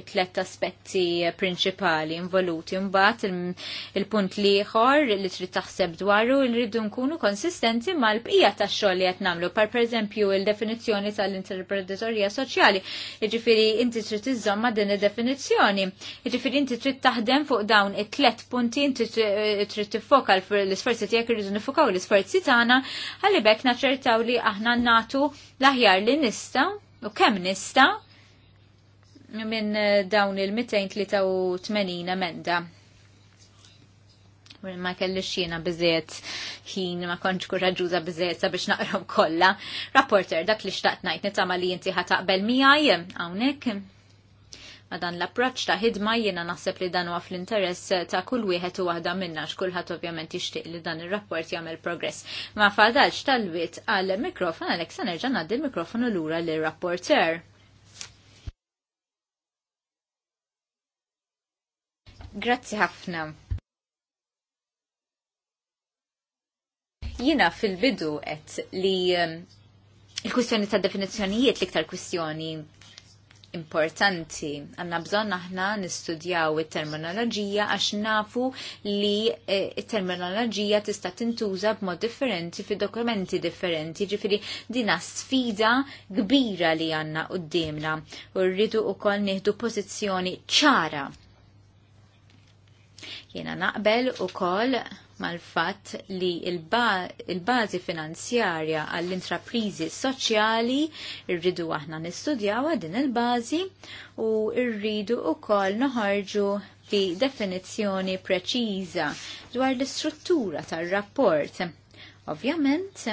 tlet aspetti prinċipali involuti. Imbagħad il-punt liħor li trid taħseb dwaru rridu nkunu konsistenti mal-bqija tax-xogħol li qed nagħmlu. Par pereżempju il-definizzjoni tal-interpretatorija soċjali. Jiġifieri inti trid iżomma din id-definizzjoni. Jiġifieri inti trid taħdem fuq dawn it-tlet punti inti eh, trid tiffokal l-isforzi tiegħek irridu nifokaw l-isforzi tagħna ħalli bekk naċċertaw li aħna nagħtu l-aħjar li nista' u kemm nista' minn eh, dawn il-283 emenda. Ma kellix jiena biżiet ħin ma kontx kuraġuża biżiet sabiex naqrom kollha. Rapporter, dak li xtaqt ngħid nitama li jinti ħataqbel miħaj, hawnhekk. Ma dan l-approċċ ta' ħidma jiena naħseb li dan huwa fl-interess ta' kull wieħed u waħda minna x'kulħadd ovvjament jixtieq li dan ir-rapport jagħmel progress. Ma fadalx tal-wit għal mikrofon għalhekk se nerġa' ngħaddi l-mikrofonu lura lir-rapporter. Grazzi ħafna. Jina fil-bidu et li um, il-kwistjoni ta' definizzjonijiet l-iktar kwistjoni importanti. Għanna bżon aħna nistudjaw it-terminologija għax nafu li eh, il terminologija tista' tintuża b'mod differenti fi dokumenti differenti, ġifiri dina sfida kbira li għanna d-demna. u rridu kol nieħdu pożizzjoni ċara Jena naqbel u kol mal-fat li il-bazi finanzjarja għall-intraprizi soċjali irridu aħna nistudjawa din il-bazi u irridu u kol noħarġu bi definizjoni preċiża dwar l-istruttura tar-rapport. Ovvjament,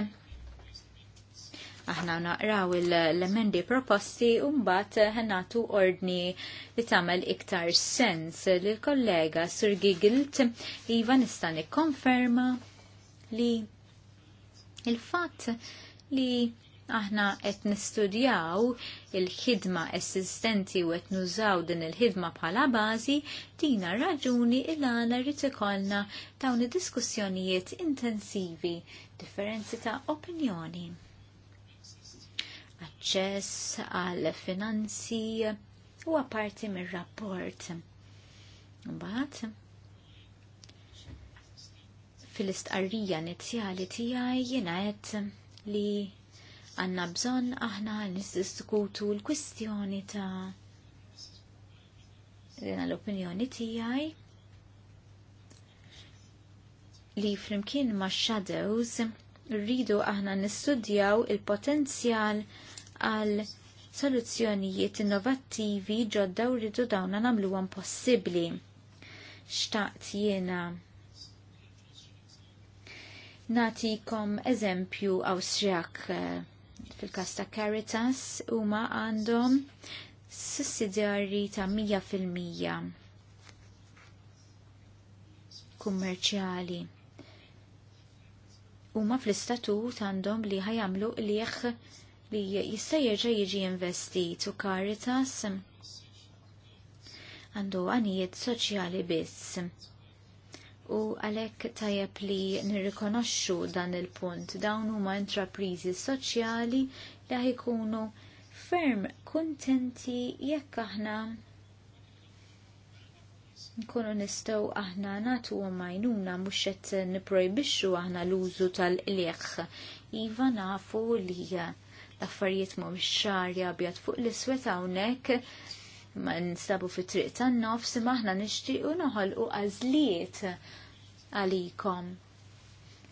Aħna naqraw l-emendi proposti u mbagħad ħennatu ordni li tagħmel iktar sens li kollega Sir Gigilt iva nista' nikkonferma li il-fatt li aħna qed nistudjaw il-ħidma assistenti u qed nużaw din il-ħidma bħala bażi tina raġuni il għana rrid ikollna dawn id-diskussjonijiet intensivi, differenzi ta' opinjoni aċċess għal finanzi u parti mir-rapport. Mbagħad fil-istqarrija inizjali tiegħi jiena għed li għandna bżonn aħna nisdiskutu l-kwistjoni ta' l-opinjoni tiegħi li flimkien ma' shadows rridu aħna nistudjaw il-potenzjal għal soluzzjonijiet innovattivi ġodda u rridu dawna nagħmluhom possibbli. Xtaqt jiena natikom eżempju Awstrijak eh, fil kasta ta' Caritas huma għandhom sussidjarji ta' 100% kummerċjali. Huma fl-istatut għandhom li ħajamlu liħ li jista' jerġa' jiġi investit u Caritas għandu għanijiet soċjali biss. U għalhekk tajjeb li nirrikonoxxu dan il-punt dawn huma intrapriżi soċjali li ħajkunu ferm kuntenti jekk aħna nkunu nistgħu aħna natu għajnuna mhux qed nipprojbixxu aħna l-użu tal-ilieħ. Iva nafu li l-affarijiet mhumiex xarja abjad fuq l iswet hawnhekk ma nstabu fi triq tan-nofs imma aħna nixtiequ u għażliet għalikom.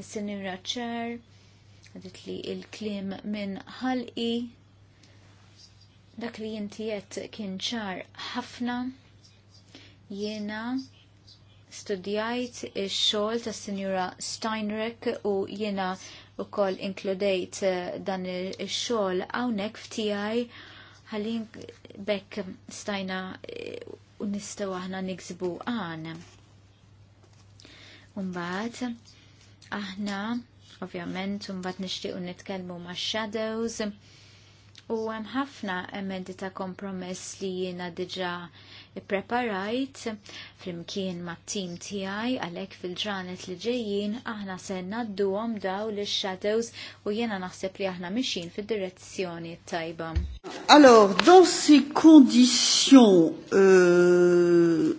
Is-sinjura ċer għadit li il-klim minn ħalqi dak li jintijet kien ċar ħafna jiena studjajt ix-xogħol tas-Sinjura Steinrich u jiena u koll inkludejt eh, dan il-xol għawnek f'tijaj għalin bekk stajna eh, u nistaw aħna niksbu għan. Umbat, aħna, ovvjament, nishtiq u nitkelmu ma' shadows u hemm ħafna emendi ta' kompromess li jiena diġa' ippreparajt flimkien mat tim tiegħi għalhekk fil-ġranet li ġejjin aħna se nadduhom daw l shadows u jiena naħseb li aħna mixin fid-direzzjoni tajba. Alors, dans ces conditions, euh...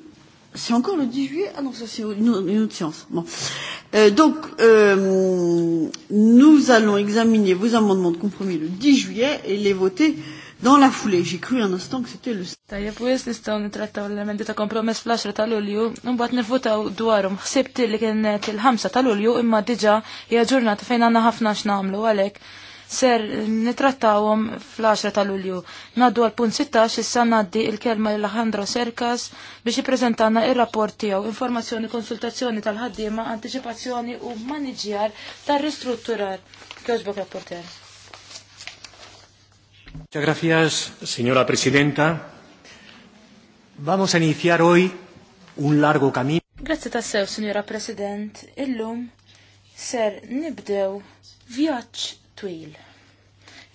C'est encore le 10 juillet Ah non, ça c'est une, une autre séance. Bon. Euh, donc, euh, nous allons examiner vos amendements de compromis le 10 juillet et les voter Dans la foulée, j'ai cru un instant que c'était le... Tajjeb, nistaw nitrattaw l-elementi ta' kompromess fl-10 ta' Lulju. mbagħad nifutaw dwarhom. Ħsibt li kienet il-5 ta' Lulju imma diġà hija ġurnata fejn għandna ħafna x'nagħmlu għalhekk ser nitrattawhom fl-10 ta' Lulju. Naddu għal punt 16 issa naddi il-kelma l Alejandro Serkas biex jippreżentana ir-rapport tiegħu informazzjoni konsultazzjoni tal-ħaddiema, anticipazzjoni u maniġjar tar-ristrutturar. Kjoġbok rapporter. Muchas gracias, señora Presidenta. Vamos a iniciar hoy un largo camino. Grazie tassew, signora President. Illum ser nibdew vjaġġ twil.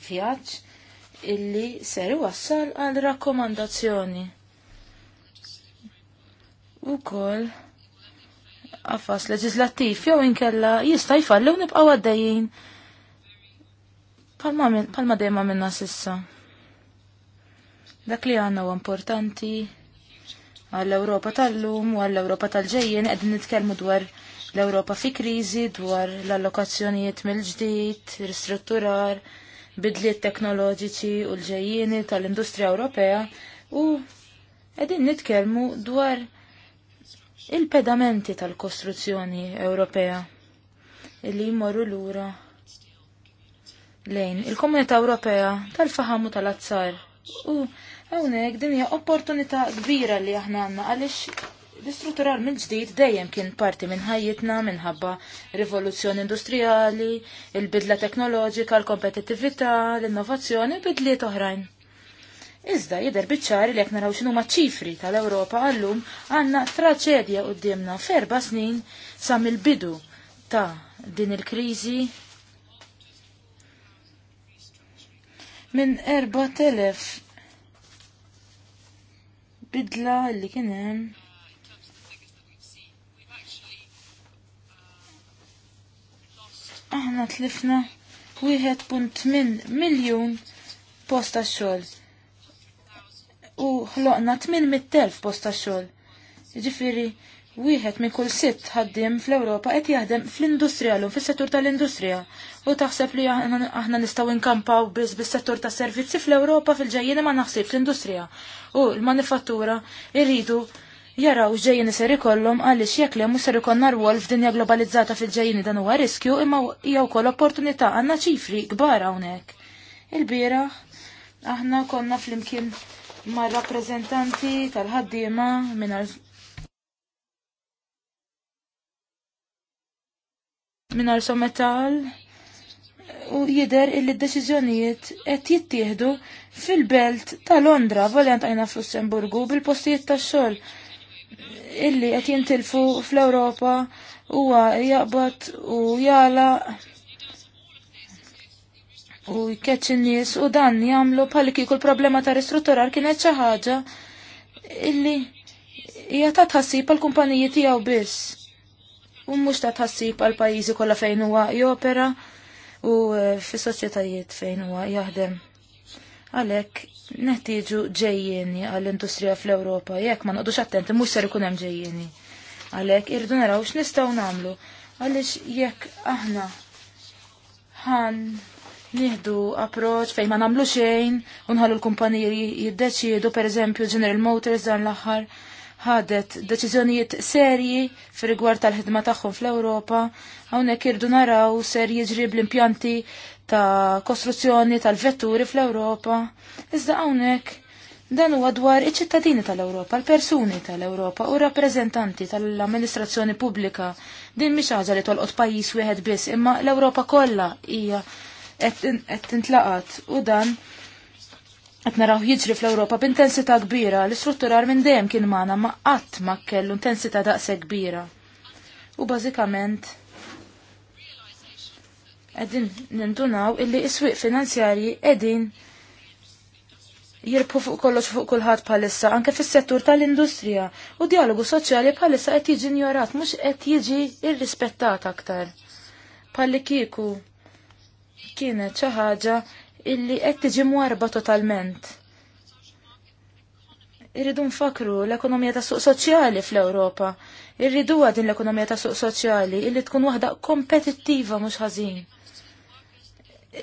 Vjaġġ illi ser iwassal għal rakkomandazzjoni. U kol għafas leġislattiv jew inkella jista' jfallew nibqgħu għaddejjin palma dejma minna sissa. Dak li għanna u importanti għall-Europa tal-lum u għall-Europa tal ġejjen qegħdin nitkellmu dwar l-Europa fi kriżi dwar l-allokazzjonijiet mill-ġdid, ristrutturar, bidliet teknoloġiċi u l ġejjeni tal-Industrija Ewropea u qegħdin nitkellmu dwar il-pedamenti tal-kostruzzjoni Ewropea illi jmorru lura lejn il-Komunità Ewropea tal faħamu tal-azzar. U hawnhekk din hija opportunità kbira li aħna għandna għaliex l-istrutturar minn ġdid dejjem kien parti minn ħajjitna minħabba rivoluzzjoni industrijali, il-bidla teknoloġika, l-kompetittività, l-innovazzjoni, bidliet oħrajn. Iżda jidher biċċari li jekk naraw x'inhu ċifri tal-Ewropa għallum għandna traċedja quddiemna f'erba' snin sa mill-bidu ta' din il-kriżi minn 4000 bidla li kien hemm. Aħna tlifna 1.8 miljun posta xogħol. U ħloqna 800,000 posta xogħol. Ġifieri Wieħed minn kull sitt ħaddiem fl-Ewropa qed jaħdem fl-industrija l fis-settur tal-industrija. U taħseb li aħna nistgħu nkampaw biss bis-settur tas servizzi fl-Ewropa fil-ġejjien ma naħsibx l-industrija. U l-manifattura irridu jaraw ġejjien iser ikollhom għaliex jekk le mhux ser ikollna rwol f'dinja globalizzata fil-ġejjien dan huwa riskju imma hija wkoll opportunità għandna ċifri kbar hawnhekk. Il-bieraħ aħna konna flimkien ma' rappreżentanti tal-ħaddiema minn minar sometal u jider illi d-deċizjonijiet qed jittieħdu fil-belt ta' Londra volent għajna f'Lussemburgu bil-postijiet ta' xogħol illi qed jintilfu fl-Ewropa huwa jaqbad u jala u jkeċ in-nies u dan jagħmlu bħalli kieku l-problema ta' ristrutturar kienet xi ħaġa illi hija ta' tħassib għall-kumpaniji tiegħu biss u mhux ta' tħassib għal pajjiżi kollha fejn huwa jopera u eh, fis-soċjetajiet fejn huwa jaħdem. Għalhekk neħtieġu ġejjeni għall-industrija fl-Ewropa jekk ma noqdux attenti mhux ser ikun hemm ġejjieni. Għalhekk irdu naraw x'nistgħu nagħmlu għaliex jekk aħna ħan nieħdu approċ fejn ma nagħmlu xejn u nħallu l-kumpaniji jiddeċiedu pereżempju General Motors dan l-aħħar ħadet deċiżjonijiet serji fir-rigward tal-ħidma tagħhom fl-Ewropa, hawnhekk irdu naraw ser jiġri bl-impjanti ta' kostruzzjoni tal-vetturi fl-Ewropa. Iżda hawnhekk dan huwa dwar iċ-ċittadini tal-Ewropa, l-persuni tal-Ewropa u rappreżentanti tal-amministrazzjoni pubblika. Din mhix ħaġa li tolqot pajjiż wieħed biss, imma l-Ewropa kollha hija qed tintlaqat u dan Qed naraw jiġri fl-Ewropa b'intensità kbira, l-istrutturar minn dejjem kien maħna ma qatt ma kellu intensità daqse kbira. U bażikament qegħdin nindunaw illi s-swieq finanzjarji qegħdin jirpu fuq kollox fuq kulħadd bħalissa anke fis-settur tal-industrija u dialogu soċjali bħalissa qed jiġi ignorat mhux qed jiġi irrispettat aktar. Palli kieku kienet xi ħaġa illi qed tiġi mwarba totalment. Irridu nfakru l-ekonomija ta' suq soċjali fl-Ewropa. Irridu din l-ekonomija ta' suq soċjali illi tkun waħda kompetittiva mhux ħażin.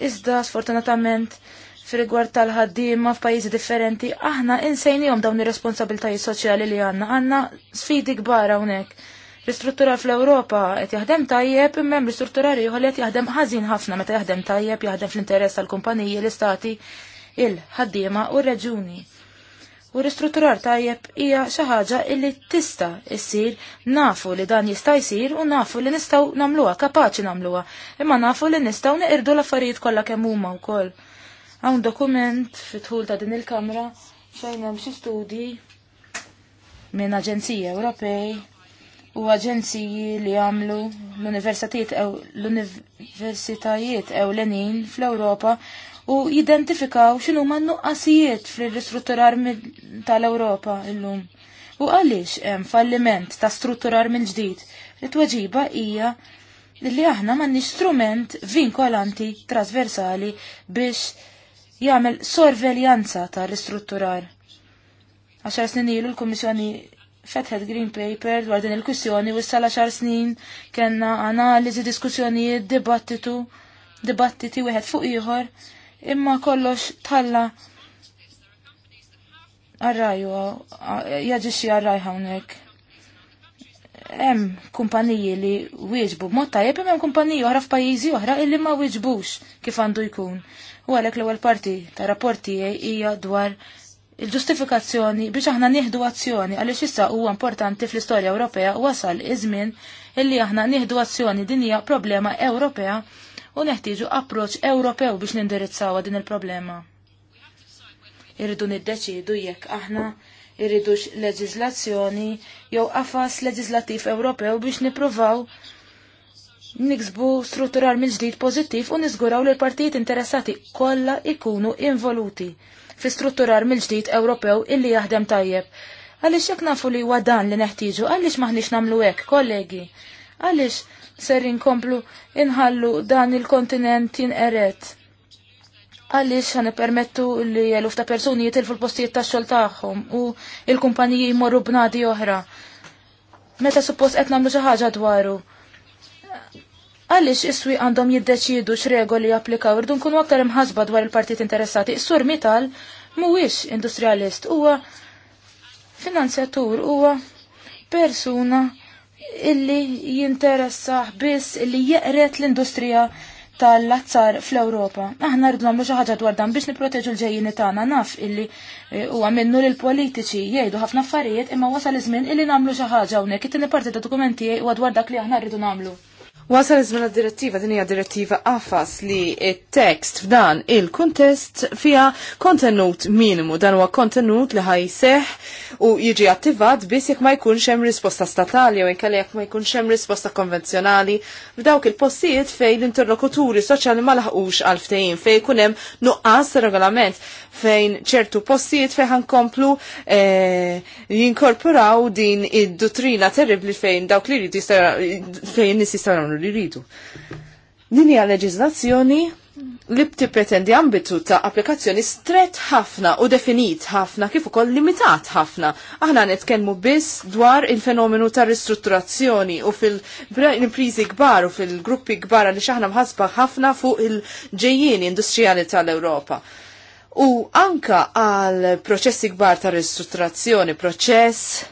Iżda sfortunatament fil-rigward tal-ħaddiema f'pajjiżi differenti, aħna insejnihom dawn ir-responsabiltajiet soċjali li għandna, għandna sfidi kbar hawnhekk L-istruttura fl-Ewropa qed jaħdem tajjeb imma l-istruttura rieħu qed jaħdem ħażin ħafna meta jaħdem tajjeb jaħdem fl-interess tal-kumpaniji l-istati il-ħaddiema u r-reġuni. U l-istrutturar tajjeb hija xi ħaġa li tista' issir nafu li dan jista' jsir u nafu li nistgħu nagħmluha kapaċi nagħmluha, imma nafu li nistgħu neqirdu l-affarijiet kollha kemm huma wkoll. Hawn dokument fit-tħul ta' din il-kamra fejn hemm xi studji minn aġenziji Ewropej u aġenziji li għamlu l-universitajiet ew l-universitajiet ew l-enin fl-Ewropa u jidentifikaw xinu ma nuqqasijiet fl-ristrutturar tal-Ewropa illum. U għaliex hemm falliment ta' strutturar minn ġdid li tweġiba hija li aħna ma strument vinkolanti trasversali biex jagħmel sorveljanza ta' ristrutturar. Għaxar snin ilu l-Kummissjoni fetħet Green Paper dwar din il-kwissjoni u s-sala xar snin kena analizi, diskussjonijiet, dibattitu, dibattiti wieħed fuq ieħor, imma kollox talla għarraju, jaġiċi għarraj hawnhekk. Hemm kumpaniji li wieġbu mod tajjeb hemm kumpaniji oħra f'pajjiżi oħra illi ma wieġbux kif għandu jkun. U għalhekk l-ewwel parti ta' rapporti hija dwar il-ġustifikazzjoni biex aħna nieħdu azzjoni għaliex issa huwa importanti fl-istorja Ewropea wasal iż-żmien illi aħna nieħdu azzjoni din hija problema Ewropea u neħtieġu approċċ Ewropew biex nindirizzaw din il-problema. Irridu niddeċidu jekk aħna irridux leġiżlazzjoni jew qafas leġislattiv Ewropew biex nippruvaw niksbu strutturar minn ġdid pożittiv u niżguraw li l-partijiet interessati kollha ikunu involuti fi strutturar mill-ġdid Ewropew illi jaħdem tajjeb. Għaliex jekk nafu li huwa dan li neħtieġu, għaliex maħniex nagħmlu hekk, kollegi? Għaliex serin komplu inħallu dan il-kontinent jinqeret? Għaliex għan permettu li jelluf ta' persuni jitilfu l-postijiet ta' xol tagħhom u il-kumpaniji jmorru b'nadi oħra. Meta suppost qed nagħmlu xi ħaġa dwaru għaliex iswi għandhom jiddeċidu x'regoli japplikaw irdu kun aktar imħasba dwar il-partit interessati. Sur Mital mhuwiex industrialist, huwa finanzjatur, huwa persuna illi jinteressa biss illi jeqret l-industrija tal-azzar fl-Europa. Aħna rridu nagħmlu xi ħaġa dwar dan biex nipproteġu l-ġejjini tagħna naf illi eh, huwa minnu lill politiċi jgħidu ħafna affarijiet imma wasal iż-żmien illi nagħmlu xi ħaġa hawnhekk it-tieni parti ta' dokumenti huwa dwar dak li aħna rridu nagħmlu. Wasal iżmin direttiva din hija direttiva għafas li t-tekst f'dan il-kuntest fija kontenut minimu dan huwa kontenut li ħajseħ u jiġi attivat biss jekk ma jkunx hemm risposta statali jew inkella jekk ma jkunx hemm risposta konvenzjonali f'dawk il-postijiet fejn l-interlokuturi soċjali ma laħqux għal ftehim fejn jkun hemm nuqqas regolament fejn ċertu postijiet fejn komplu eh, jinkorporaw din id-dottrina terribli fejn dawk li rridu fejn nis jistarawnu li rridu. Din hija leġiżlazzjoni li pretendi ambitu ta' applikazzjoni stret ħafna u definit ħafna kif ukoll limitat ħafna. Aħna nitkellmu biss dwar il-fenomenu ta' ristrutturazzjoni u fil-imprizi kbar u fil-gruppi kbar li xaħna mħasba ħafna fuq il-ġejjieni industrijali tal-Ewropa u anka għal proċessi kbar ta' ristrutturazzjoni, proċess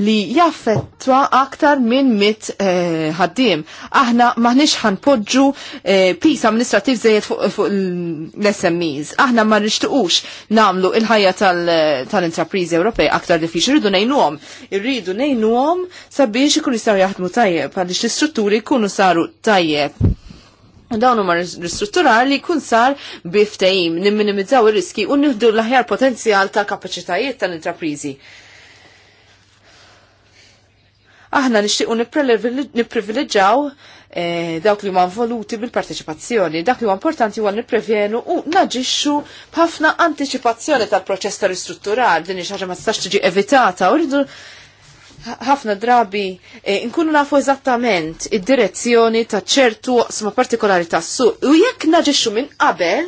li jaffettwa aktar minn mit eh, ħaddim. Eh, Aħna maħniex ħanpoġġu eh, pis amministrativ zejed fuq fu l-SMEs. Aħna ma tuqux namlu il-ħajja tal-intraprizi tal Ewropej aktar diffiċli. Irridu nejnuhom. Irridu nejnuhom sabiex ikun jistgħu jaħdmu tajjeb għaliex l-istrutturi jkunu saru tajjeb U dawn huma ristrutturar li jkun sar biftejim nimminimizzaw ir-riski u nieħdu l-aħjar potenzjal ta' kapaċitajiet tal-intrapriżi. Aħna nixtiequ nipprivileġġaw eh, dawk li huma involuti bil-parteċipazzjoni. Dak li huwa importanti huwa nipprevjenu u naġixxu b'ħafna antiċipazzjoni tal-proċess ta' ristrutturar din xi ħaġa ma tistax tiġi evitata u rridu ħafna drabi e, nkunu nafu eżattament id-direzzjoni ta' ċertu sma partikolari ta' suq u jekk naġixxu minn qabel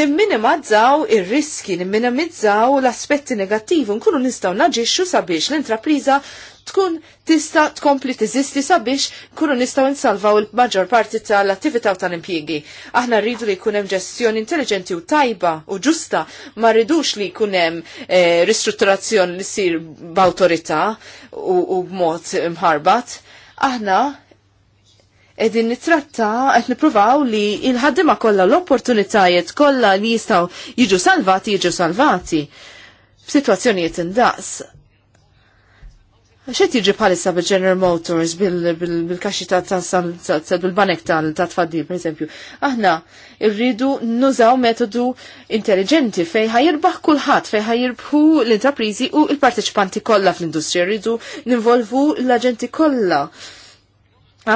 nimminimizzaw ir-riski, nimminimizzaw l-aspetti negattivi, nkunu nistgħu naġixxu sabiex l-intrapriża tkun tista' tkompli tiżisti sabiex kunu nistgħu nsalvaw il-maġġor parti tal-attività u tal-impjiegi. Aħna rridu li jkun hemm ġestjoni intelligenti u tajba u ġusta ma rridux li jkun hemm eh, ristrutturazzjoni li ssir b'awtorità u, u b'mod mħarbat. Aħna edin nitratta, għet nipruvaw li il-ħaddima kolla l-opportunitajiet kolla li jistaw jiġu salvati, jiġu salvati. Situazzjonijiet indaqs, Xet jiġi palissa bil-General Motors, bil-kaxi bil-banek ta' tfaddi per esempio. Aħna irridu nużaw metodu intelligenti fej ħajirbaħ kulħadd, fej ħajirbħu l-intraprizi u il-parteċipanti kollha fl-industrija, irridu nivolvu l-aġenti kollha.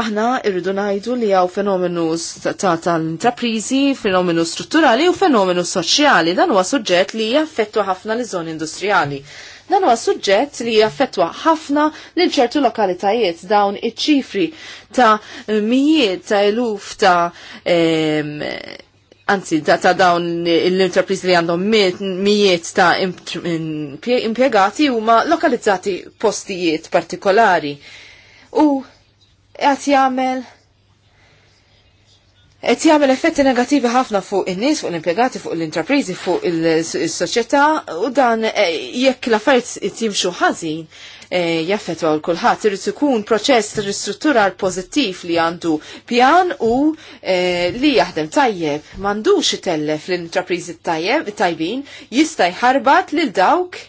Aħna irridu najdu li għaw fenomenu tal-intraprizi, fenomenu strutturali u fenomenu soċjali, dan huwa suġġett li jaffettu ħafna l-żoni industrijali. Dan huwa suġġett li jaffettwa ħafna lil ċertu lokalitajiet dawn iċ-ċifri ta' mijiet ta' eluf ta' anzi ta', ta dawn l-interpriz li għandhom mijiet ta' impjegati huma lokalizzati postijiet partikolari. U għat jagħmel Et jagħmel effetti negativi ħafna fuq in-nies, fuq l-impjegati, fuq l-intrapriżi, fuq il-soċjetà u dan eh, jekk l-affarijiet jimxu ħażin eh, jaffetwa l kulħadd irid ikun proċess ristrutturar pożittiv li għandu pjan u eh, li jaħdem tajjeb, m'għandux itellef l-intrapriżi tajjeb tajbin jista' jħarbat lil dawk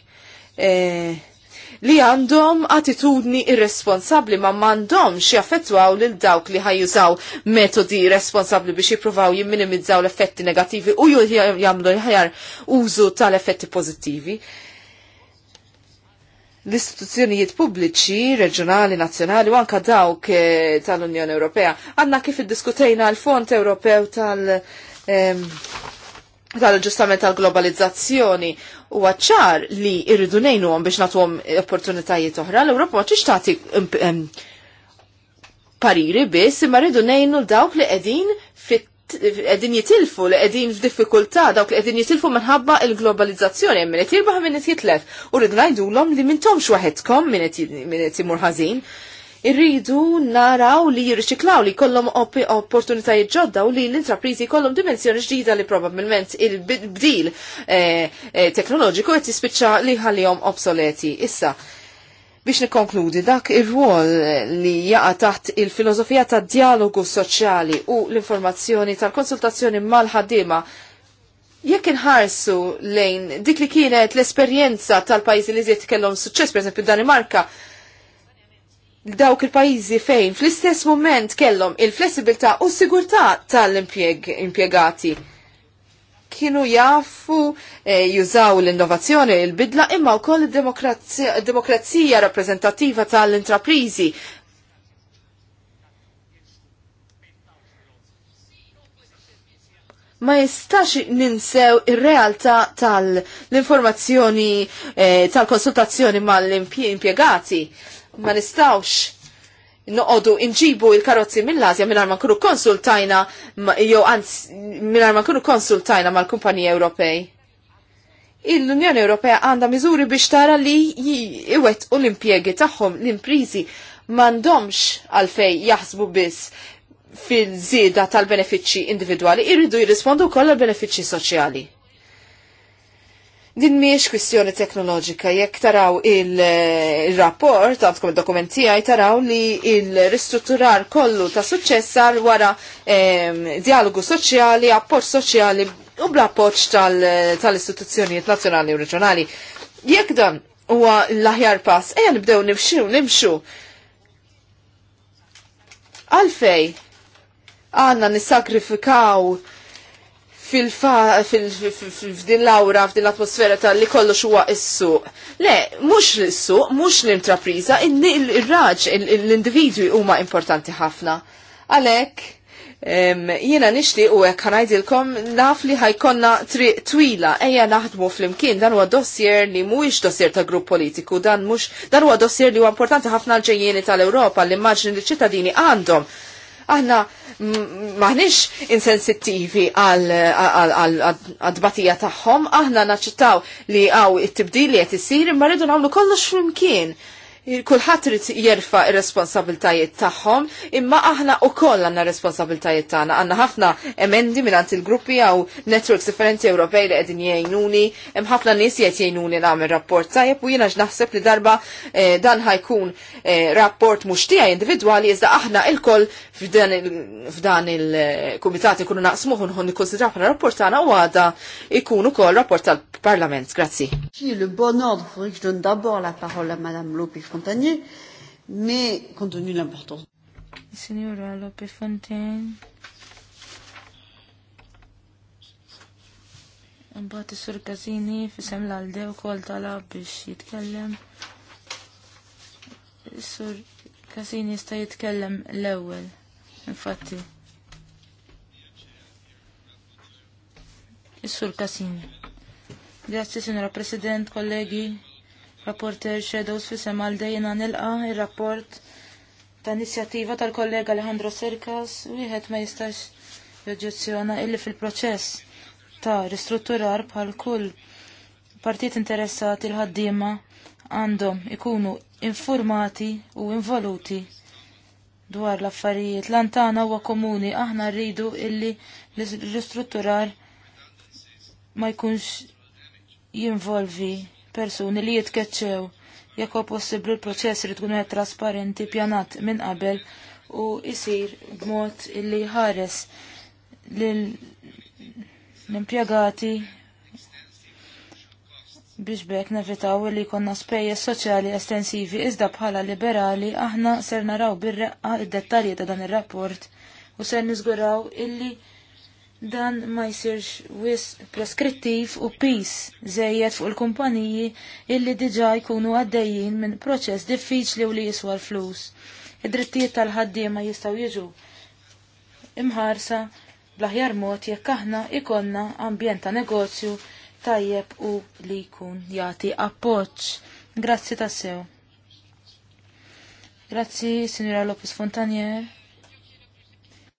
li għandhom attitudni irresponsabli ma mandom jaffettwaw lil dawk li ħajużaw metodi responsabli biex jippruvaw jimminimizzaw l-effetti negativi u ju jamlu ħajar użu tal-effetti pozittivi. L-istituzzjonijiet pubbliċi, reġjonali, nazzjonali u anka dawk eh, tal-Unjoni Ewropea għandna kif iddiskutejna l-Fond Ewropew tal- tal-ġustament tal-globalizzazzjoni u għacċar li irridu nejnu għom biex natuħom opportunitajiet oħra, l-Europa maċiċ tati pariri biss, imma rridu nejnu dawk li edin fit edin jitilfu, li edin f'diffikultà, dawk li edin jitilfu minħabba il-globalizzazzjoni, minn qed jirbaħ minn qed jitlef. U rridu ngħidulhom li m'intomx waħedkom minn qed imur ħażin, irridu naraw li jirriċiklaw li kollom opportunitajiet ġodda u li l-intraprizi kollom dimensjoni ġdida li probabilment il-bdil eh, eh, teknoloġiku qed jispicċa li ħallihom obsoleti. Issa, biex nikonkludi dak il rwol eh, li jaqa taħt il-filosofija ta' dialogu soċjali u l-informazzjoni tal-konsultazzjoni mal-ħaddiema jekk inħarsu lejn dik li kienet l-esperjenza tal-pajjiżi li ziet kellhom suċċess pereżempju Danimarka, dawk il-pajizi fejn fl-istess moment kellhom il-flessibilità u s-sigurtà tal-impjegati. Kienu jafu e, jużaw l-innovazzjoni il-bidla imma wkoll id-demokrazija demokrazija rappreżentattiva tal-intraprizi. Ma jistax ninsew il realtà tal-informazzjoni e, tal-konsultazzjoni mal-impjegati. -impie ma nistawx noqodu inġibu il-karozzi mill-Azja minar ma kunu konsultajna, jew għanz minar ma kunu konsultajna mal-kumpaniji Ewropej. Il-Unjoni Ewropea għanda miżuri biex tara li iwet u l-impjegi tagħhom l-imprizi mandomx għalfej jaħsbu biss fil zida tal-benefiċċji individwali, irridu jirrispondu kollha l-benefiċċji soċjali. Din miex kwistjoni teknoloġika, jekk taraw il-rapport, il eh, għandkom il-dokumenti għaj, taraw li il-ristrutturar kollu ta' suċessar wara ehm, dialogu soċjali, apport soċjali u bla poċ tal-istituzzjonijiet tal nazjonali u reġjonali. Jekk dan huwa l-aħjar pass, eja nibdew nimxu, nimxu. Għalfej, għanna nisakrifikaw fil-fa, fil-din l-awra, f'din l-atmosfera tal-li kollox huwa is-suq. Le, mhux l-suq, mhux l-intrapriża, il-raġ, l-individwi huma importanti ħafna. Għalhekk, jiena nishti u hekk għanajdilkom, naf li ħajkonna twila ejja naħdmu flimkien dan huwa dossier li mhuwiex dossier ta' grupp politiku dan mhux dan huwa dossier li huwa importanti ħafna l-ġejjieni tal-Ewropa l-immaġni li ċittadini għandhom Aħna maħnix insensittivi għal-dbatija tagħhom, aħna naċċittaw li għaw it tibdili li qed isir imma rridu nagħmlu kollox flimkien kulħadd irid jerfa' ir-responsabiltajiet tagħhom, imma aħna wkoll għandna responsabiltajiet tagħna. Għandna ħafna emendi mingħand il-gruppi għaw networks differenti Ewropej li qegħdin jgħinuni, hemm ħafna nies qed jgħinuni nagħmel rapport tajjeb u jiena naħseb li darba eh, dan ħajkun eh, rapport mhux tiegħi individwali iżda aħna lkoll f'dan il-kumitat ikunu naqsmuh nħon nikkonsidraw bħala rapport tagħna u għada ikun ukoll rapport tal-Parlament. Grazzi. je donne d'abord la parole à Madame Lopi accompagner, mais compte tenu de l'importance. Signora Lopez Fontaine. Mbagħad is-sur Kazini fisem l-għalde kol talab biex jitkellem. Is-sur Kazini sta jitkellem l-ewwel, infatti. Is-sur Kazini. Grazie, Sinjora President, kollegi rapporter Shadows fi semal nilqa il-rapport ta' inizjattiva tal-kollega Alejandro Serkas wieħed ma jistax joġġezzjona illi fil-proċess ta' ristrutturar bħal kull partit interessati l-ħaddiema għandhom ikunu informati u involuti dwar l-affarijiet. Lantana huwa komuni, aħna rridu illi l ristrutturar ma jkunx jinvolvi persuni li jitkeċċew jekk possibli l-proċess li tkun qed trasparenti pjanat minn qabel u jsir b'mod li ħares l-impjegati biex bekk nevitaw li konna spejjeż soċjali estensivi iżda bħala liberali aħna ser naraw bir-reqqa id-dettalji ta' dan ir-rapport u ser niżguraw illi dan ma jsirx wis preskrittiv u pis zejjed fuq il-kumpaniji illi diġa jkunu għaddejjin minn proċess diffiċli u li jiswa l-flus. Id-drittijiet tal ma jistaw jiġu imħarsa blaħjar mod jekk aħna ikonna ambjent ta' negozju tajjeb u li jkun jati appoġġ. Grazzi tassew. Grazzi, Signora Lopez Fontanier.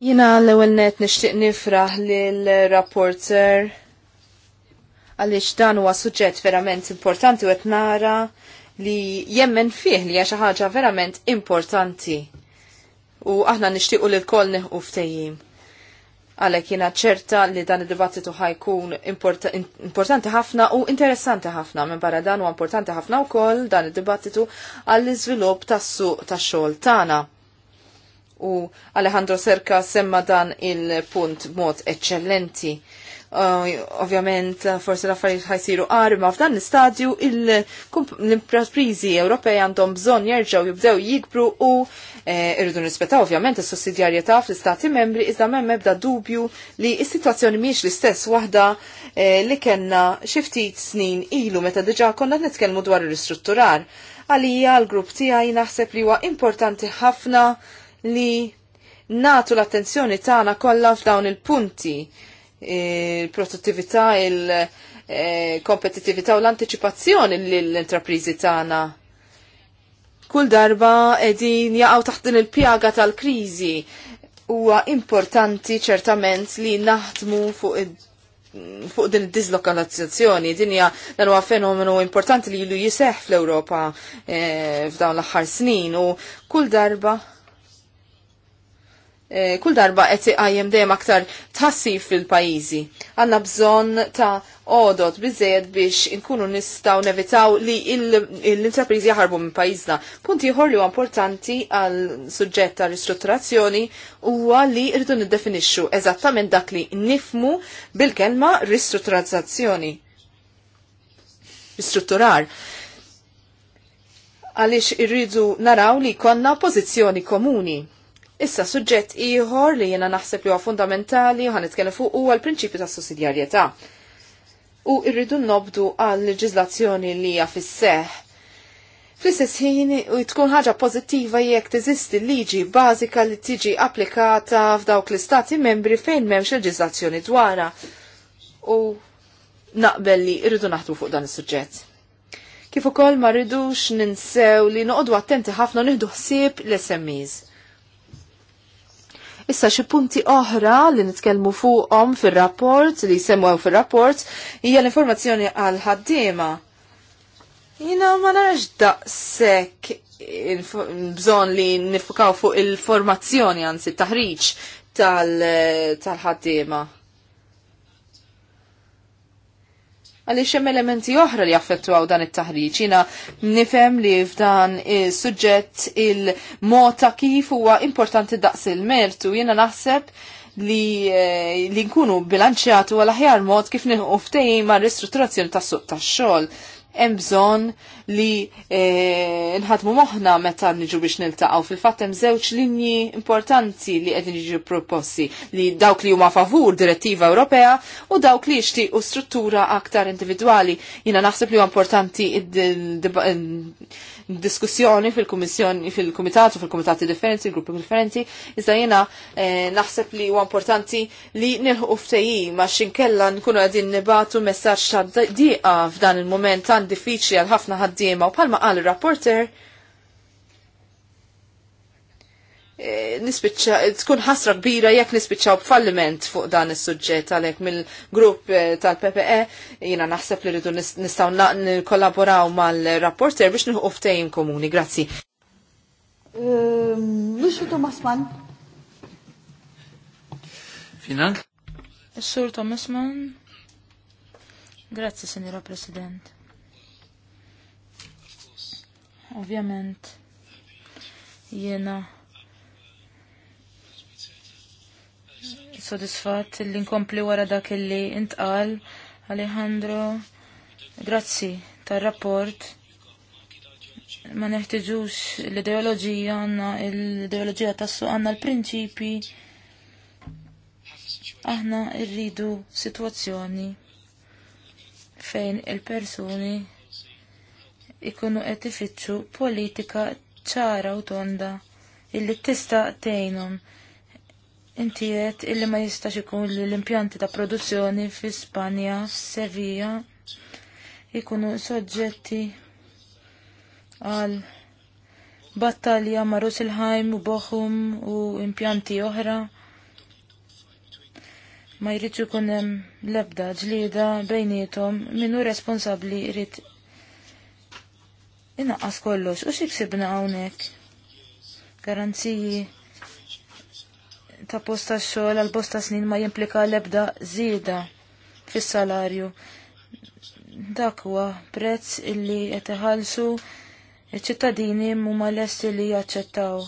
Jina l-ewel net nishtiq nifraħ l-rapporter għalix dan huwa suġġett verament importanti u qed nara li jemmen fih li xi ħaġa verament importanti. U aħna nixtiequ li l-koll neħu ftejjim. Għalek jina ċerta li dan id-dibattitu ħajkun importanti ħafna u interessanti ħafna. Minn barra dan u importanti ħafna u koll dan id-dibattitu għall-izvilup tas-suq tax-xogħol tagħna u Alejandro Serka semma dan il-punt mod eccellenti. Uh, ovvjament, forse l-affarijiet ħajsiru qari ma f'dan l-istadju l imprasprizi Ewropej għandhom bżonn jerġgħu jibdew jikbru u eh, irridu nispettaw ovvjament is-sussidjarjetà fl-istati membri iżda m'hemm ebda dubju li s-sitwazzjoni mhijiex l-istess waħda eh, li kellna xi ftit snin ilu meta diġà konna nitkellmu dwar ir-ristrutturar. Għalija l-grupp tiegħi naħseb li huwa importanti ħafna li natu l-attenzjoni tagħna kollha f'dawn il-punti il-produttività, il-kompetitività eh, u l-antiċipazzjoni l-intraprizi tagħna. Kull darba edin jaqgħu taħt din il-pjaga tal-kriżi huwa importanti ċertament li naħdmu fuq id fuq din id-dislokalizzazzjoni, din hija dan huwa fenomenu importanti li jilu jiseħ fl-Ewropa eh, f'dawn l-aħħar snin u kull darba Eh, kull darba qed iqajjem dejjem aktar tassif fil-pajjiżi. Għandna bżonn ta' odot biżejjed biex inkunu nistgħu nevitaw li l-intrapriżi jaħarbu minn pajjiżna. Punt ieħor li huwa importanti għal suġġett ta' ristrutturazzjoni huwa li rridu niddefinixxu eżattament dak li nifmu bil-kelma ristrutturazzazzjoni. Ristrutturar għaliex irridu naraw li konna pożizzjoni komuni Issa suġġett ieħor li jiena naħseb li huwa fundamentali u ħanitkellem fuq huwa l-prinċipju tas sussidjarjetà. U rridu nobdu għal leġiżlazzjoni li hija fis-seħ. Fl-istess ħin tkun ħaġa pożittiva jekk teżisti liġi bażika li tiġi applikata f'dawk l-istati membri fejn m'hemmx leġiżlazzjoni dwarha. U naqbel li rridu naħdu fuq dan is-suġġett kif ukoll ma rridux ninsew li noqogħdu attenti ħafna nieħdu ħsieb l-SMEs. Issa xi punti oħra li nitkellmu fuqhom fir-rapport li semmew fir-rapport hija l-informazzjoni għal ħaddiema. Jina ma narax daqshekk bżon li nifukaw fuq il-formazzjoni anzi taħriġ tal-ħaddiema. Tal għaliex hemm elementi oħra li jaffettwaw dan it-taħriġ. Jiena nifhem li f'dan is-suġġett il-mota kif huwa importanti daqs il-mertu jiena naħseb li, eh, li nkunu bilanċjatu għal aħjar mod kif nilħu ftehim ma' ristrutturazzjoni tas-suq tax-xogħol hemm bżonn li eh, nħadmu moħħna meta niġu biex niltaqgħu. Fil-fatt hemm żewġ linji importanti li qegħdin jiġu proposti li dawk li huma favur direttiva Ewropea u dawk li jixtiequ struttura aktar individwali. Jiena naħseb li huwa importanti diskussjoni fil-kummissjoni fil-kumitat u fil-kumitati differenti, gruppi differenti, iżda jiena eh, naħseb li huwa importanti li nilħu ftejji għax inkella nkunu għadin nibatu messaġġ ta' diqa f'dan il-moment tan diffiċli għal ħafna ħaddiema u bħalma qal ir-rapporter Eh, nispiċċa tkun ħasra kbira jekk nispiċċaw b'falliment fuq dan is-suġġett għalhekk mill-grupp eh, tal-PPE jiena naħseb li rridu nistgħu nikkollaboraw mal-rapporter biex nilħu ftehim komuni. Grazzi. Mux ehm, Thomas Mann. is Sur Thomas Mann. Grazzi, Sinjora President. Ovvjament, jena sodisfatt li nkompli wara dak illi intqal Alejandro. Grazzi tar-rapport. Ma neħtiġux l-ideoloġija għanna l-ideoloġija tassu għanna l-prinċipi. Aħna rridu situazzjoni fejn il-persuni ikunu qed politika ċara u tonda illi tista' tgħinhom Inti qed illi ma jistax ikun li l-impjanti ta' produzzjoni fi Spanja, Sevilla ikunu soġġetti għal battalja ma' Rosilheim u Bochum u impjanti oħra ma jridx ikun hemm l-ebda ġlieda bejnietom min hu responsabbli jrid inaqqas kollox u xi ksibna hawnhekk. Garanziji ta' posta xogħol għal bosta snin ma jimplika l-ebda żieda fis-salarju. Dak huwa prezz illi qed iħallsu iċ-ċittadini huma lesti li jaċċettaw.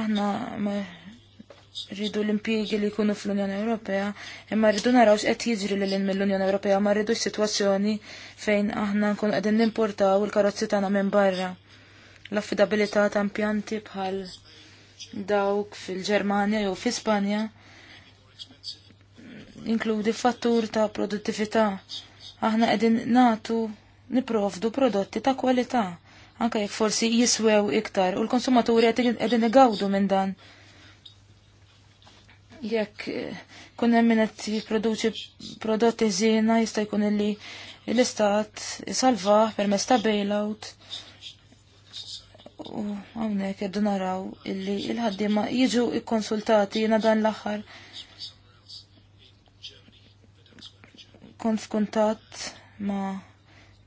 Aħna ma rridu l-impjiegi li jkunu fl-Unjoni Ewropea, imma rridu naraw x'qed jiġri lil mill-Unjoni Ewropea, ma rridu situazzjoni fejn aħna nkun qegħdin nimportaw il-karozzi tagħna minn barra. L-affidabilità ta' impjanti bħal dawk fil-Ġermanja jew fl-Ispanja inkludi fattur ta' produttività. Aħna qegħdin natu niprofdu prodotti ta' kwalità anke jekk forsi jiswew iktar u l-konsumaturi qegħdin igawdu minn dan. Jekk eh, kun hemm min qed jipproduċi prodotti żiena jista' jkun illi l-istat salva permezz ta' bailout U għamnek jeddu naraw illi il-ħaddima jiġu ikkonsultati jina dan l-axar. Kont f'kuntat ma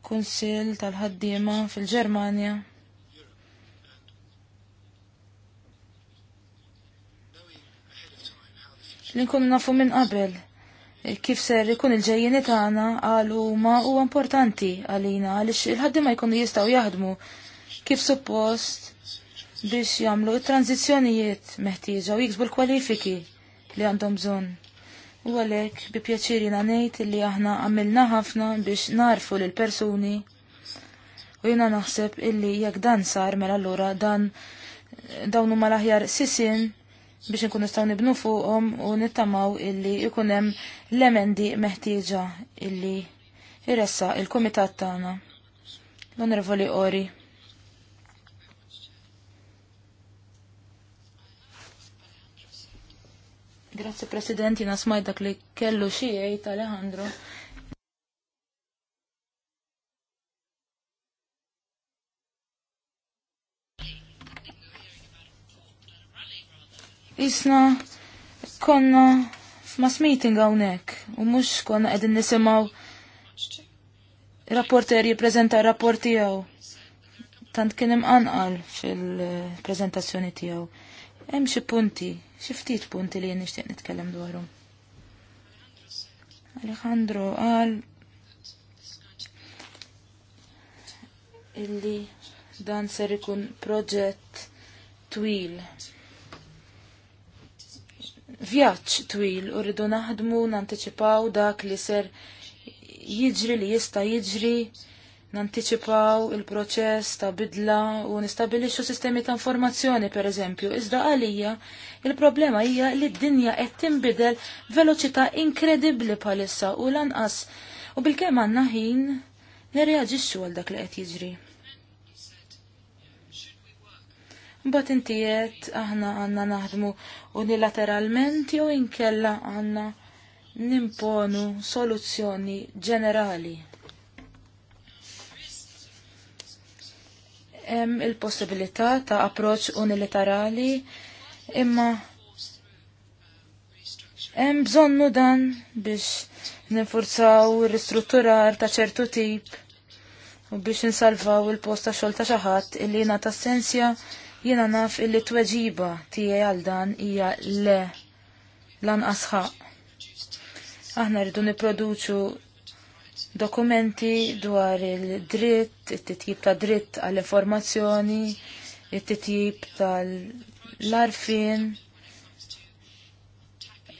kunsil tal-ħaddima fil-Ġermanja. Li nkunu nafu minn qabel kif ser ikun il-ġejjeni tagħna għal huma huwa importanti għalina għaliex il-ħaddima jkunu jistgħu jaħdmu kif suppost biex jagħmlu t-tranzizzjonijiet meħtieġa u jiksbu l-kwalifiki li għandhom bżonn. U għalhekk bi pjaċiri ngħid li aħna għamilna ħafna biex narfu l persuni u jiena naħseb illi jekk dan sar mela allura dan dawn huma l-aħjar sisin biex nkun nistgħu nibnu fuqhom u nittamaw illi ikun hemm l-emendi meħtieġa illi jressa il-kumitat tagħna. L-Onorevoli Ori. Grazie President, jina dak li kellu xiejt Alejandro. Isna konna f'mas meeting għawnek u mux konna edin nisimaw rapporter jiprezenta rapporti għaw. Tant kienem anqal fil-prezentazzjoni tijaw. Hemm xi punti, xi ftit punti li nixtieq nitkellem dwarhom. Alejandro qal illi dan ser ikun proġett twil. Vjaġġ twil u rridu naħdmu nanticipaw dak li ser jiġri li jista' jiġri nanticipaw il-proċess ta' bidla u nistabilixxu sistemi ta' informazzjoni per eżempju. Iżda għalija il-problema hija li d-dinja qed tinbidel veloċità inkredibbli bħalissa u lanqas u bilkemm għandna ħin nirreaġixxu għal dak li qed jiġri. Mbagħad inti qed aħna għandna naħdmu unilateralment jew inkella għandna nimponu soluzzjoni ġenerali. hemm il-possibilità ta' approċċ unilaterali imma hemm bżonnu dan biex ninfurzaw ristrutturar ta' ċertu tip u biex insalvaw il-post ta' xogħol ta' xi ħadd illi jiena sensja jiena naf illi tweġiba tiegħi għal dan hija le lanqas ħaq. Aħna rridu nipproduċu dokumenti dwar il-dritt, it-titjib ta' dritt għall-informazzjoni, it-titjib tal-arfin,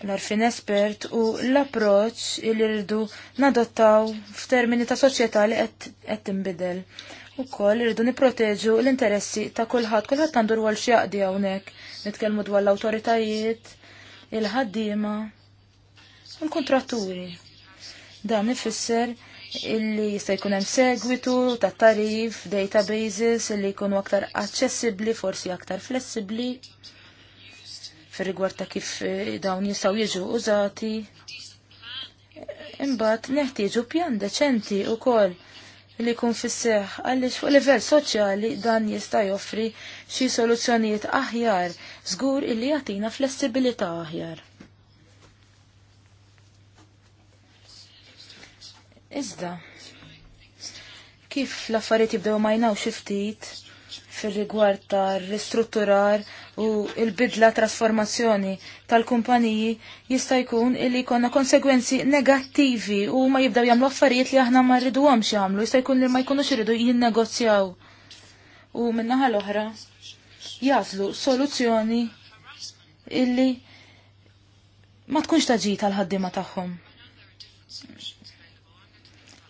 l-arfin espert u l-approċ il rridu nadottaw f'termini ta' soċjetà li qed tinbidel. U koll irridu niproteġu l-interessi ta' kulħadd, kulħadd għandu rwol x'jaqdi hawnhekk. Nitkellmu dwar l-awtoritajiet, il-ħaddiema, u l-kontratturi. Dan ifisser illi jista' jkun hemm segwitu ta' tarif, databases illi jkunu aktar aċċessibbli, forsi aktar flessibbli fir-rigward ta' kif eh, dawn jistgħu jiġu użati. Imbagħad neħtieġu pjan deċenti wkoll li jkun fis-seħħ għaliex fuq livell soċjali dan jista' joffri xi soluzzjonijiet aħjar żgur illi jagħtina flessibilità aħjar. Iżda, kif l-affarijiet jibdew majnaw xi ftit fir-rigward tar-ristrutturar u l-bidla trasformazzjoni tal-kumpaniji jista' jkun illi jkollna konsegwenzi negattivi u ma jibdew jagħmlu affarijiet li aħna ma rriduhomx jagħmlu, jista' jkun li ma jkunux iridu jinnegozjaw. U min-naħa l-oħra jażlu soluzzjoni illi ma tkunx taġi tal-ħaddiema tagħhom.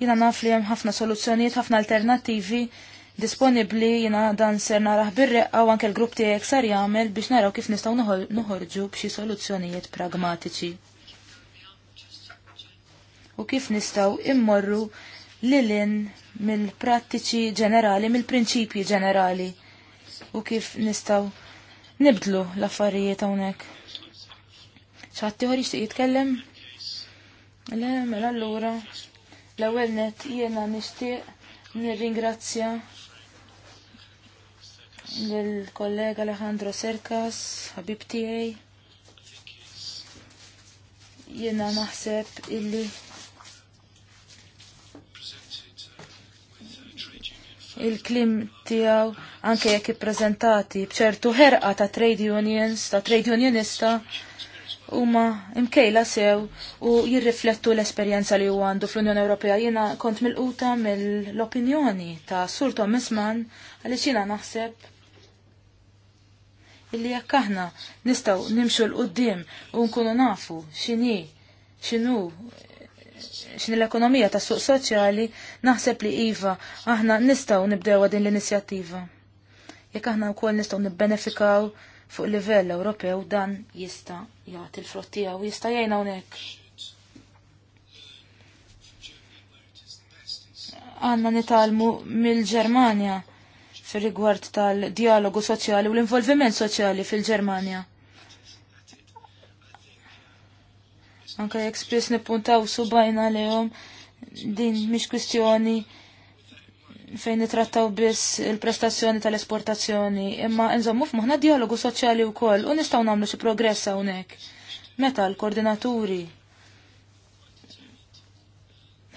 Jina naf li hemm ħafna soluzzjonijiet, ħafna alternattivi disponibbli jina dan ser naraħ birreqqa u anke l-grupp tiegħek sar jagħmel biex naraw kif nistgħu noħorġu b'xi soluzzjonijiet pragmatiċi. U kif nistgħu immorru lilin mill-prattiċi ġenerali, mill-prinċipji ġenerali u kif nistaw nibdlu l-affarijiet hawnhekk. ċatti ħor jixtieq jitkellem? Le, mela allura. L-ewwel net jiena nixtieq nirringrazzja lill-kollega Alejandro Serkas, ħabib tiegħi. Jiena naħseb illi il-klim tijaw anke jekk ippreżentati bċertu ħerqa ta' trade unions, ta' trade unionista, huma imkejla sew u jirriflettu l-esperjenza li huwa għandu fl-Unjoni Ewropea. Jiena kont mill-quta mill-opinjoni ta' Sur Thomas Mann għaliex jiena naħseb illi jekk aħna nistgħu nimxu l qudiem u nkunu nafu x'inhi x'inhu xin l-ekonomija ta' suq soċjali, naħseb li Iva, aħna nistaw nibdew din l-inizjattiva. Jekk aħna wkoll nistgħu nibbenefikaw fuq livell Ewropew dan jista' jagħti l-frott tiegħu jista' jgħin hawnhekk. Għanna nitalmu mill-Ġermanja fir-rigward tal-dialogu soċjali u l-involviment soċjali fil-Ġermanja. Anka jekk spiss nippuntaw subajna lehom din mhix kwistjoni fejn nitrattaw biss il-prestazzjoni tal-esportazzjoni, imma nżommu f'moħna dialogu soċjali u koll u nistaw namlu xi progress hawnhekk. Meta l-koordinaturi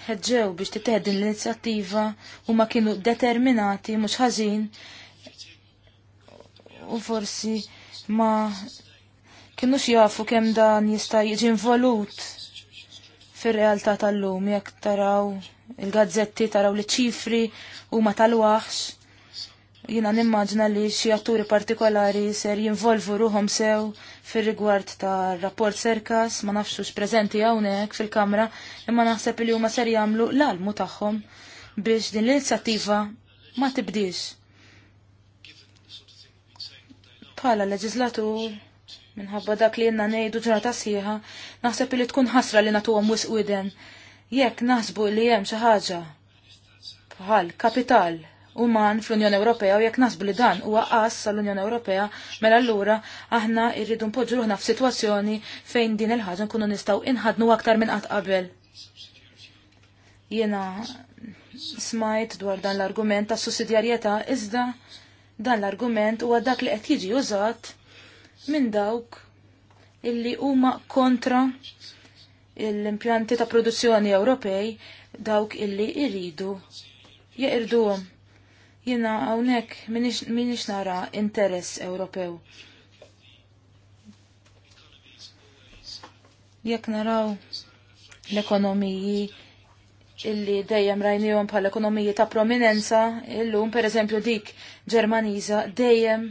ħeġġew biex titeħed l-inizjattiva u ma kienu determinati mhux ħażin u forsi ma kienu jafu kemm dan jista' jiġi involut fir-realtà tal-lum jekk taraw il-gazzetti taraw li ċifri u ma tal-waħx. Jina nimmaġna li xi atturi partikolari ser jinvolvu ruhom sew fir-rigward ta' rapport serkas, ma nafxux preżenti hawnhekk fil-kamra, imma naħseb li huma ser jagħmlu l-almu tagħhom biex din l-inizjattiva ma tibdix. Bħala leġislatur minħabba dak li jenna nejdu ġrata sieħa, naħseb li tkun ħasra li natu għom wisq widen jekk naħsbu li hemm xi ħaġa bħal kapital uman fl-Unjoni Ewropea u jekk nasbu li dan huwa qas għall-Unjoni Ewropea, mela allura aħna rridu npoġġu ruħna f'sitwazzjoni fejn din il-ħaġa nkunu nistgħu inħadnu aktar minn qatt qabel. Jiena smajt dwar dan l-argument ta' sussidjarjetà iżda dan l-argument huwa dak li qed jiġi użat minn dawk illi huma kontra l-impjanti ta' produzzjoni Ewropej dawk illi irridu jeqirduhom. Jiena hawnhekk minix nara interess Ewropew. Jekk naraw l-ekonomiji illi dejjem rajnijom l ekonomiji ta' prominenza, illum per eżempju dik Ġermaniża dejjem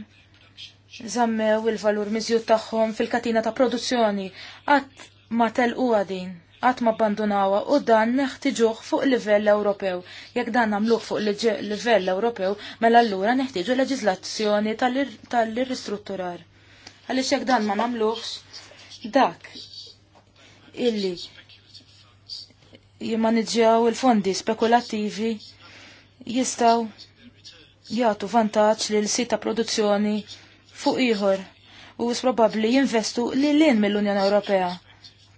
zammew il-valur miżjut tagħhom fil-katina ta' produzzjoni. Qatt ma telqu din, għat ma bandunawa u dan neħtiġuħ fuq livell Ewropew. Jekk dan namluħ fuq livell Ewropew, mela allura neħtiġu leġizlazzjoni tal-ristrutturar. Għalix jekk dan ma namluħx, dak illi jimmanġġjaw il-fondi spekulattivi jistaw jgħatu vantaġġ l sita produzzjoni fuq ieħor u s-probabli jinvestu li lin mill-Unjoni Ewropea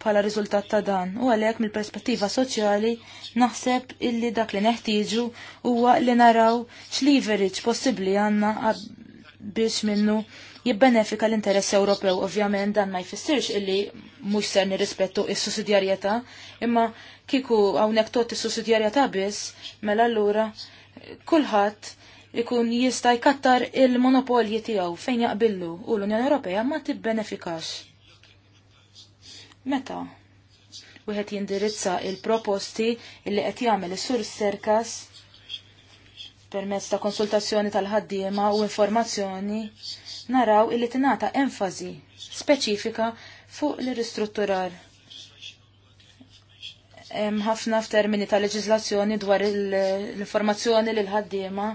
bħala riżultat ta' dan u għalhekk mill-perspettiva soċjali naħseb illi dak li neħtieġu huwa li naraw x'leverage possibbli għandna biex minnu jibbenefika l-interess Ewropew ovvjament dan ma jfissirx illi mhux ser nirrispettu is-sussidjarjetà imma kieku hawnhekk tot is-sussidjarjetà biss mela allura kulħadd ikun jista' jkattar il-monopolji tiegħu fejn jaqbillu u l-Unjoni Ewropea ma tibbenefikax Meta wieħed jindirizza il-proposti illi qed jagħmel is-sur serkas permezz ta' konsultazzjoni tal-ħaddiema u informazzjoni naraw illi tingħata enfasi speċifika fuq l-ristrutturar. Hemm ħafna f'termini ta' leġiżlazzjoni dwar l-informazzjoni lil ħaddiema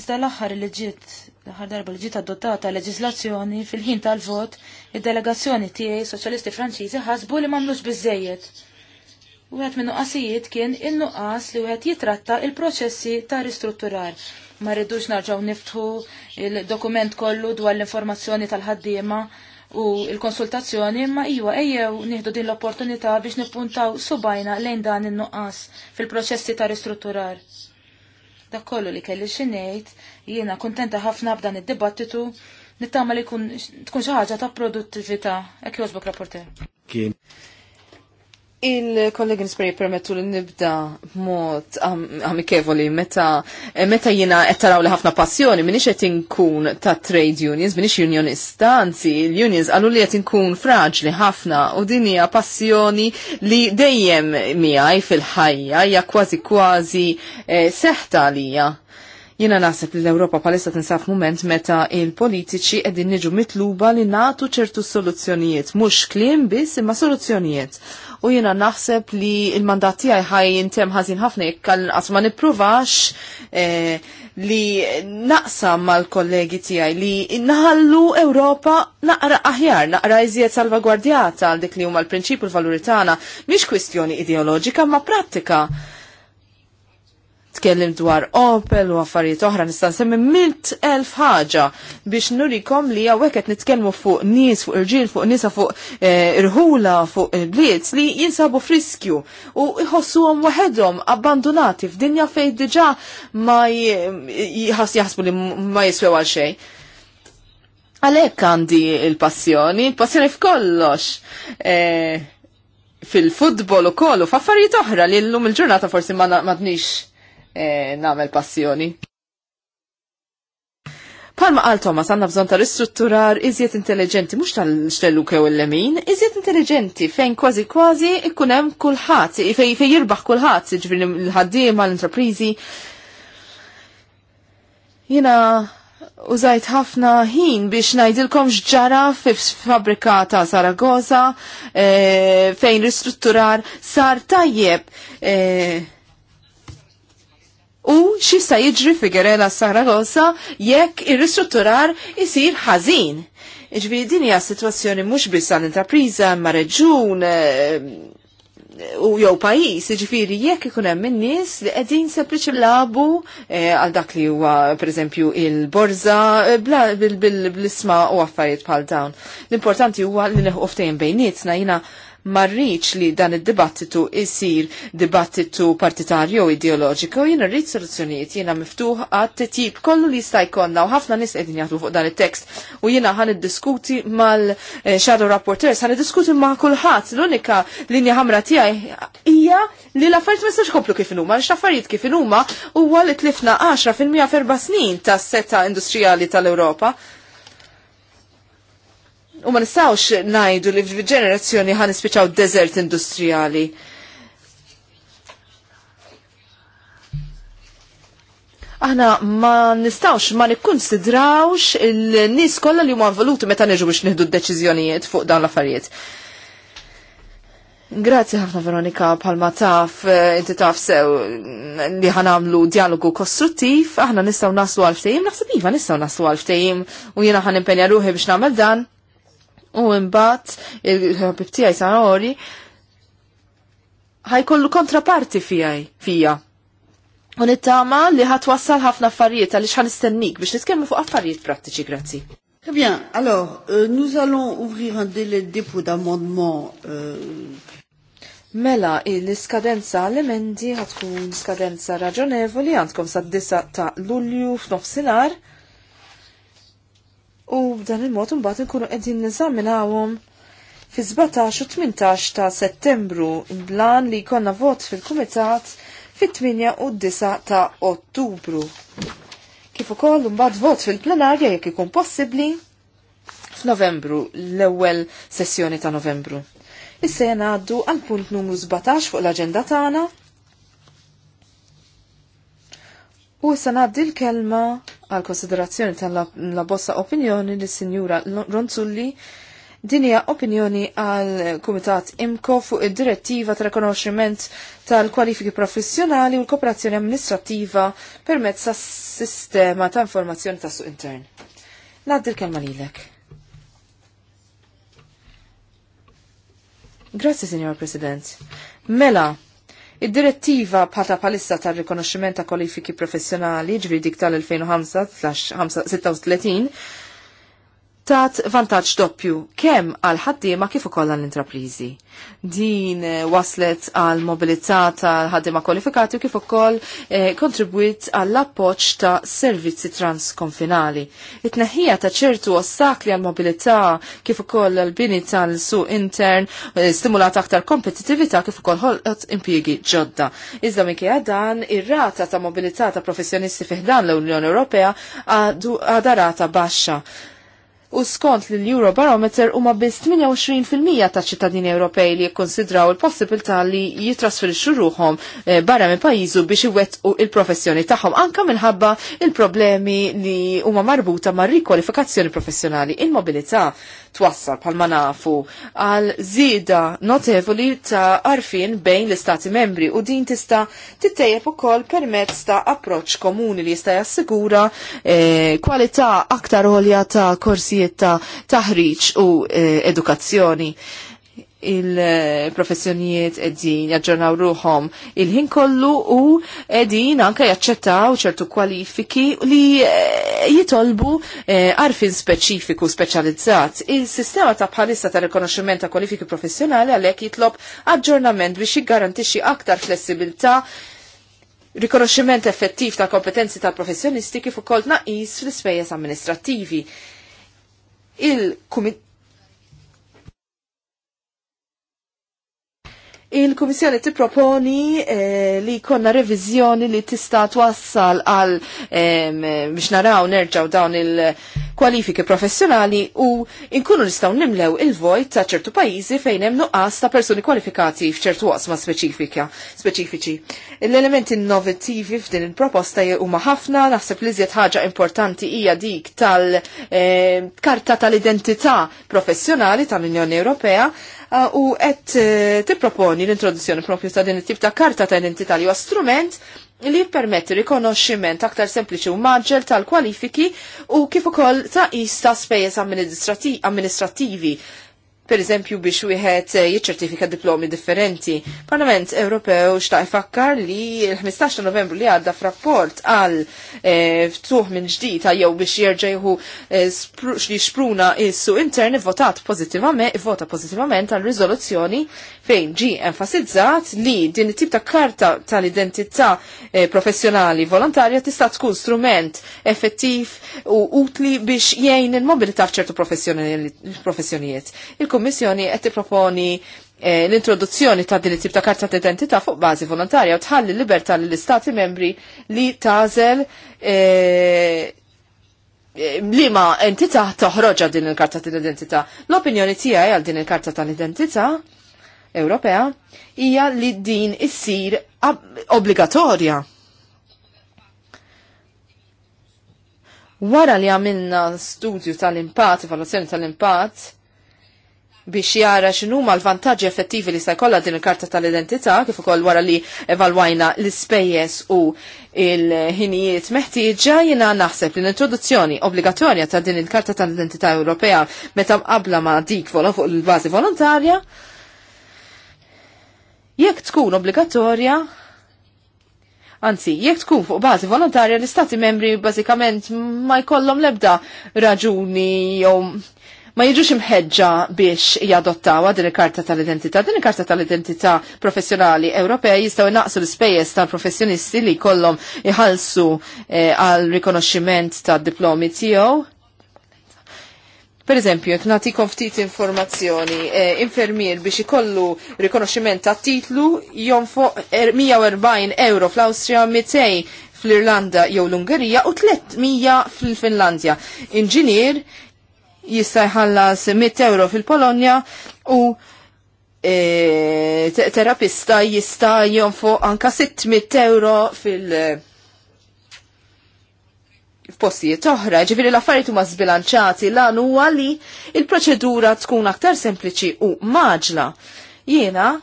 Iżda l-aħħar li ġiet l-aħħar darba li ġiet adottata leġislazzjoni fil-ħin tal-vot, id-delegazzjoni tiegħi soċjalisti Franċiżi ħasbu li m'għamlux biżejjed. Wieħed minn nuqqasijiet kien in-nuqqas li wieħed jitratta il-proċessi ta' ristrutturar. Ma rridux narġaw niftħu il-dokument kollu dwar l-informazzjoni tal-ħaddiema u il-konsultazzjoni imma iwa ejjew nieħdu din l-opportunità biex nippuntaw subajna lejn dan in-nuqqas fil-proċessi ta' ristrutturar. Dak kollu li kelli xinejt, ngħid, jiena kuntenta ħafna b'dan id-dibattitu nittama li tkun xi ħaġa ta' produttività. Hekk jogħġbok rapporter. Kien. Il-kollegi nisperi permettu li nibda mod amikevoli meta, meta jina ettaraw li ħafna passjoni minix qed inkun ta' trade unions, minix unionista, anzi l-unions għallu li qed inkun fraġli ħafna u din hija passjoni li dejjem miegħi fil-ħajja hija kważi kważi eh, seħta għalija. Jina naħseb li l-Europa palissa tinsaf moment meta il-politiċi edin niġu mitluba li natu ċertu soluzzjonijiet, mux klim biss imma soluzzjonijiet u jena naħseb li il-mandat tiegħi ħaj jintem ħażin ħafna jekk għas ma nippruvax eh, li naqsam mal-kollegi tiegħi li naħallu Ewropa naqra aħjar, naqra iżjed salvagwardjata għal dik li huma l-prinċipju l-valuri tagħna, kwistjoni ideoloġika ma prattika tkellim dwar Opel u affarijiet oħra nista' nsemmi mint elf ħaġa biex nurikom li hawnhekk qed nitkellmu fuq nies, fuq irġiel, fuq nisa, fuq eh, irħula, fuq bliet li jinsabu friskju u jħossuhom waħedhom abbandonati f'dinja fejn diġà ma jaħsbu li ma jiswew għal xejn. Għalhekk għandi il-passjoni, il-passjoni f'kollox. Eh, fil-futbol u kollu, faffarijiet oħra li l-lum il-ġurnata forsi ma nadnix e, namel passjoni. Palma għal Thomas għanna bżon ta' ristrutturar iżjed intelligenti, mux tal-xtellu kew l lemin iżjed intelligenti fejn kważi kważi ikkunem kullħat, fejn fej jirbaħ kullħat, ġvini l-ħaddim għal-intraprizi. Jena użajt ħafna ħin biex najdilkom xġara fabrika ta' Zaragoza e, fejn ristrutturar sar tajjeb. E, U xista jiġri figurela Saragossa jekk ir-ristrutturar isir ħażin. Iġbiri din hija sitwazzjoni mhux biss għal intrapriża ma' reġun eh, u jew pajjiż, jiġifieri jekk ikun hemm in-nies li qegħdin sempliċi labu eh, għal dak li huwa pereżempju il-borża eh, bl-isma' u affarijiet bħal dawn. L-importanti huwa li neħu ftehim bejnietna jiena marriċ li dan id-dibattitu isir dibattitu partitarju ideologiku, jina rrit soluzzjonijiet, jina miftuħ għat t-tip kollu li jista' jkollna u ħafna nis qegħdin jaħdmu fuq dan it-tekst u jina ħan id-diskuti mal-shadow eh, rapporteurs, ħan id-diskuti ma' kulħadd. L-unika linja ħamra tiegħi hija li l-affarijiet ma jistax komplu kif inhuma, għax affarijiet kif inhuma huwa li tlifna 10% f'erba' snin tas-seta industrijali tal-Ewropa. U ma nistawx najdu li f'ġenerazzjoni ħan ispiċaw desert industrijali. Aħna ma nistawx ma nikkonsidrawx il-nies kollha li huma involuti meta niġu biex nieħdu d-deċiżjonijiet fuq dawn l-affarijiet. Grazzi ħafna Veronika bħalma taf, eh, inti taf sew li ħanamlu dialogu kostruttiv, aħna nistaw naslu għal-ftejim, naħseb iva nistaw naslu għal-ftejim u jiena ħan impenja ruħi biex nagħmel dan u mbagħad il-ħabib tiegħi sarori ħajkollu kontraparti fijaj fija. U nittama li ħatwassal ħafna affarijiet għaliex ħanistennik biex nitkellmu fuq affarijiet prattiċi, grazzi. Très bien. Alors, euh, nous allons ouvrir un délai de dépôt d'amendement. Euh... Mela, l-iskadenza l-emendi ħatkun skadenza raġonevoli għandkom sa' 9 ta' lulju f'nofsinar u b'dan il-mod imbagħad inkunu qegħdin neżaminawhom fi 17 u 18 ta' settembru blan li jkollna vot fil-kumitat fit-8 u 9 ta' ottubru. Kif ukoll mbagħad vot fil-plenarja jekk ikun possibbli f'Novembru l-ewwel sessjoni ta' Novembru. Issa jgħaddu għall għal punt numru 17 fuq l-agenda tagħna U issa ngħaddi l-kelma għal konsiderazzjoni tal-la bossa opinjoni li sinjura Ronzulli din hija opinjoni għal Kumitat Imko fuq id-direttiva tal rikonoxximent tal-kwalifiki professjonali u l-kooperazzjoni amministrativa permezz tas-sistema ta' informazzjoni tas suq intern. Naddi l-kelma lilek. Grazzi, Signor President. Mela, Id-direttiva bħata palissa tar rikonoxximent ta' kwalifiki professjonali ġviri dik tal 36 tat vantaġġ doppju kemm għal ħaddiema kif ukoll għall intraprizi Din eh, waslet għal mobilità tal ħaddiema kwalifikati kif ukoll eh, kontribwit għall appoġġ ta' servizzi transkonfinali. It-tneħħija ta' ċertu ostakli għal mobilità kif ukoll għal bini tal-suq intern eh, stimulat aktar kompetitività kif ukoll ħolqot impjiegi ġodda. Iżda minkejja dan ir-rata ta' mobilità ta' professjonisti fiħdan l-Unjoni Ewropea għadarata rata baxxa u skont li l-Eurobarometer huma biss 28% ta' ċittadini Ewropej li jikkonsidraw il-possibilità li jitrasferixxu ruhom eh, barra minn pajjiżu biex iwettqu il-professjoni tagħhom anke minħabba il-problemi li huma marbuta mar rikwalifikazzjoni professjonali. Il-mobilità twassal bħalma nafu għal zida notevoli ta' arfin bejn l-istati membri u din tista' tittejjeb ukoll permezz ta' approċċ komuni li jista' jassigura eh, kwalità aktar għolja ta' korsijiet ta' taħriġ u eh, edukazzjoni il-professjonijiet edin jaġġornaw ruħom il-ħin kollu u edin anka jaċċettaw ċertu kwalifiki li eh, jitolbu eh, għarfin speċifiku speċjalizzat. Il-sistema ta' bħalissa ta' rikonoxximent ta' kwalifiki professjonali għalhekk jitlob aġġornament biex jiggarantixxi aktar flessibilità rikonoxximent effettiv ta' kompetenzi ta' professjonisti kif ukoll naqis fl-ispejjeż amministrattivi. Il-Kumitat Il-Kummissjoni tipproponi eh, li konna reviżjoni li tista' twassal għal eh, biex naraw nerġaw dawn il-kwalifiki professjonali u inkunu nistgħu nimlew il-vojt ta' ċertu pajjiżi fejn hemm nuqqas ta' persuni kwalifikati f'ċertu waqsma speċifika speċifiċi. L-elementi innovattivi f'din il-proposta huma ħafna, naħseb li żjed ħaġa importanti hija dik tal-karta eh, tal-identità professjonali tal-Unjoni Ewropea Ah, u qed eh, tipproponi l-introduzzjoni propju ta' din it-tip ta' karta ta' identità li huwa strument li jippermetti rikonoxximent aktar sempliċi u maġġel tal-kwalifiki u kif ukoll ta' ista spejjeż amministrativi per eżempju biex wieħed eh, jiċċertifika diplomi differenti. Parlament Ewropew xtaq ifakkar li l-15 novembru li għadda f'rapport għal eh, ftuħ minn ġdita jew biex jerġejħu eh, li xpruna issu intern votat pozittivament, vota pozittivament għal riżoluzzjoni fejn ġi enfasizzat li din it-tip ta' karta tal-identità professjonali volontarja tista' tkun strument effettiv u utli biex jgħin il-mobilità f'ċertu professjonijiet. il il-Kummissjoni qed tipproponi eh, l-introduzzjoni ta' din it-tip ta' karta ta' identità fuq bażi volontarja u tħalli libertà lill-Istati membri li tażel eh, eh, ma' entità toħroġa din il-karta ta' identità L-opinjoni tiegħi għal din il-karta tal-identità Ewropea hija li din issir obbligatorja. Wara li għamilna studju tal-impatt, evaluazzjoni tal-impatt, biex jara x'inhuma l-vantaġġi effettivi li se jkollha din il-karta tal-identità kif ukoll wara li evalwajna l-ispejjeż u il-ħinijiet meħtieġa jina naħseb li l-introduzzjoni obbligatorja ta' din il-Karta tal-Identità Ewropea meta qabla ma' dik fuq il-bażi volontarja jekk tkun obbligatorja Anzi, jekk tkun fuq bażi volontarja l-istati membri bażikament ma jkollhom lebda raġuni jew ma jiġux imħeġġa biex jadottawa din il-karta tal-identità. Din il-karta tal-identità professjonali Ewropea jistgħu naqsu l-ispejjeż tal-professjonisti li kollhom iħalsu eh, għal eh, rikonoxximent tad-diplomi tiegħu. Per eżempju, nagħtikom ftit informazzjoni, eh, infermier biex ikollu rikonoxximent ta' titlu jonfoq 140 er, euro fl-Awstrija 200 fl-Irlanda jew l-Ungerija u 300 fil-Finlandja. Inġinier jista' jħallas 100 euro fil-Polonja u e, terapista jista' jonfoq anka 600 euro fil- postijiet oħra, ġifiri l-affarijiet huma zbilanċati lan huwa li il-proċedura tkun aktar sempliċi u maġla. Jiena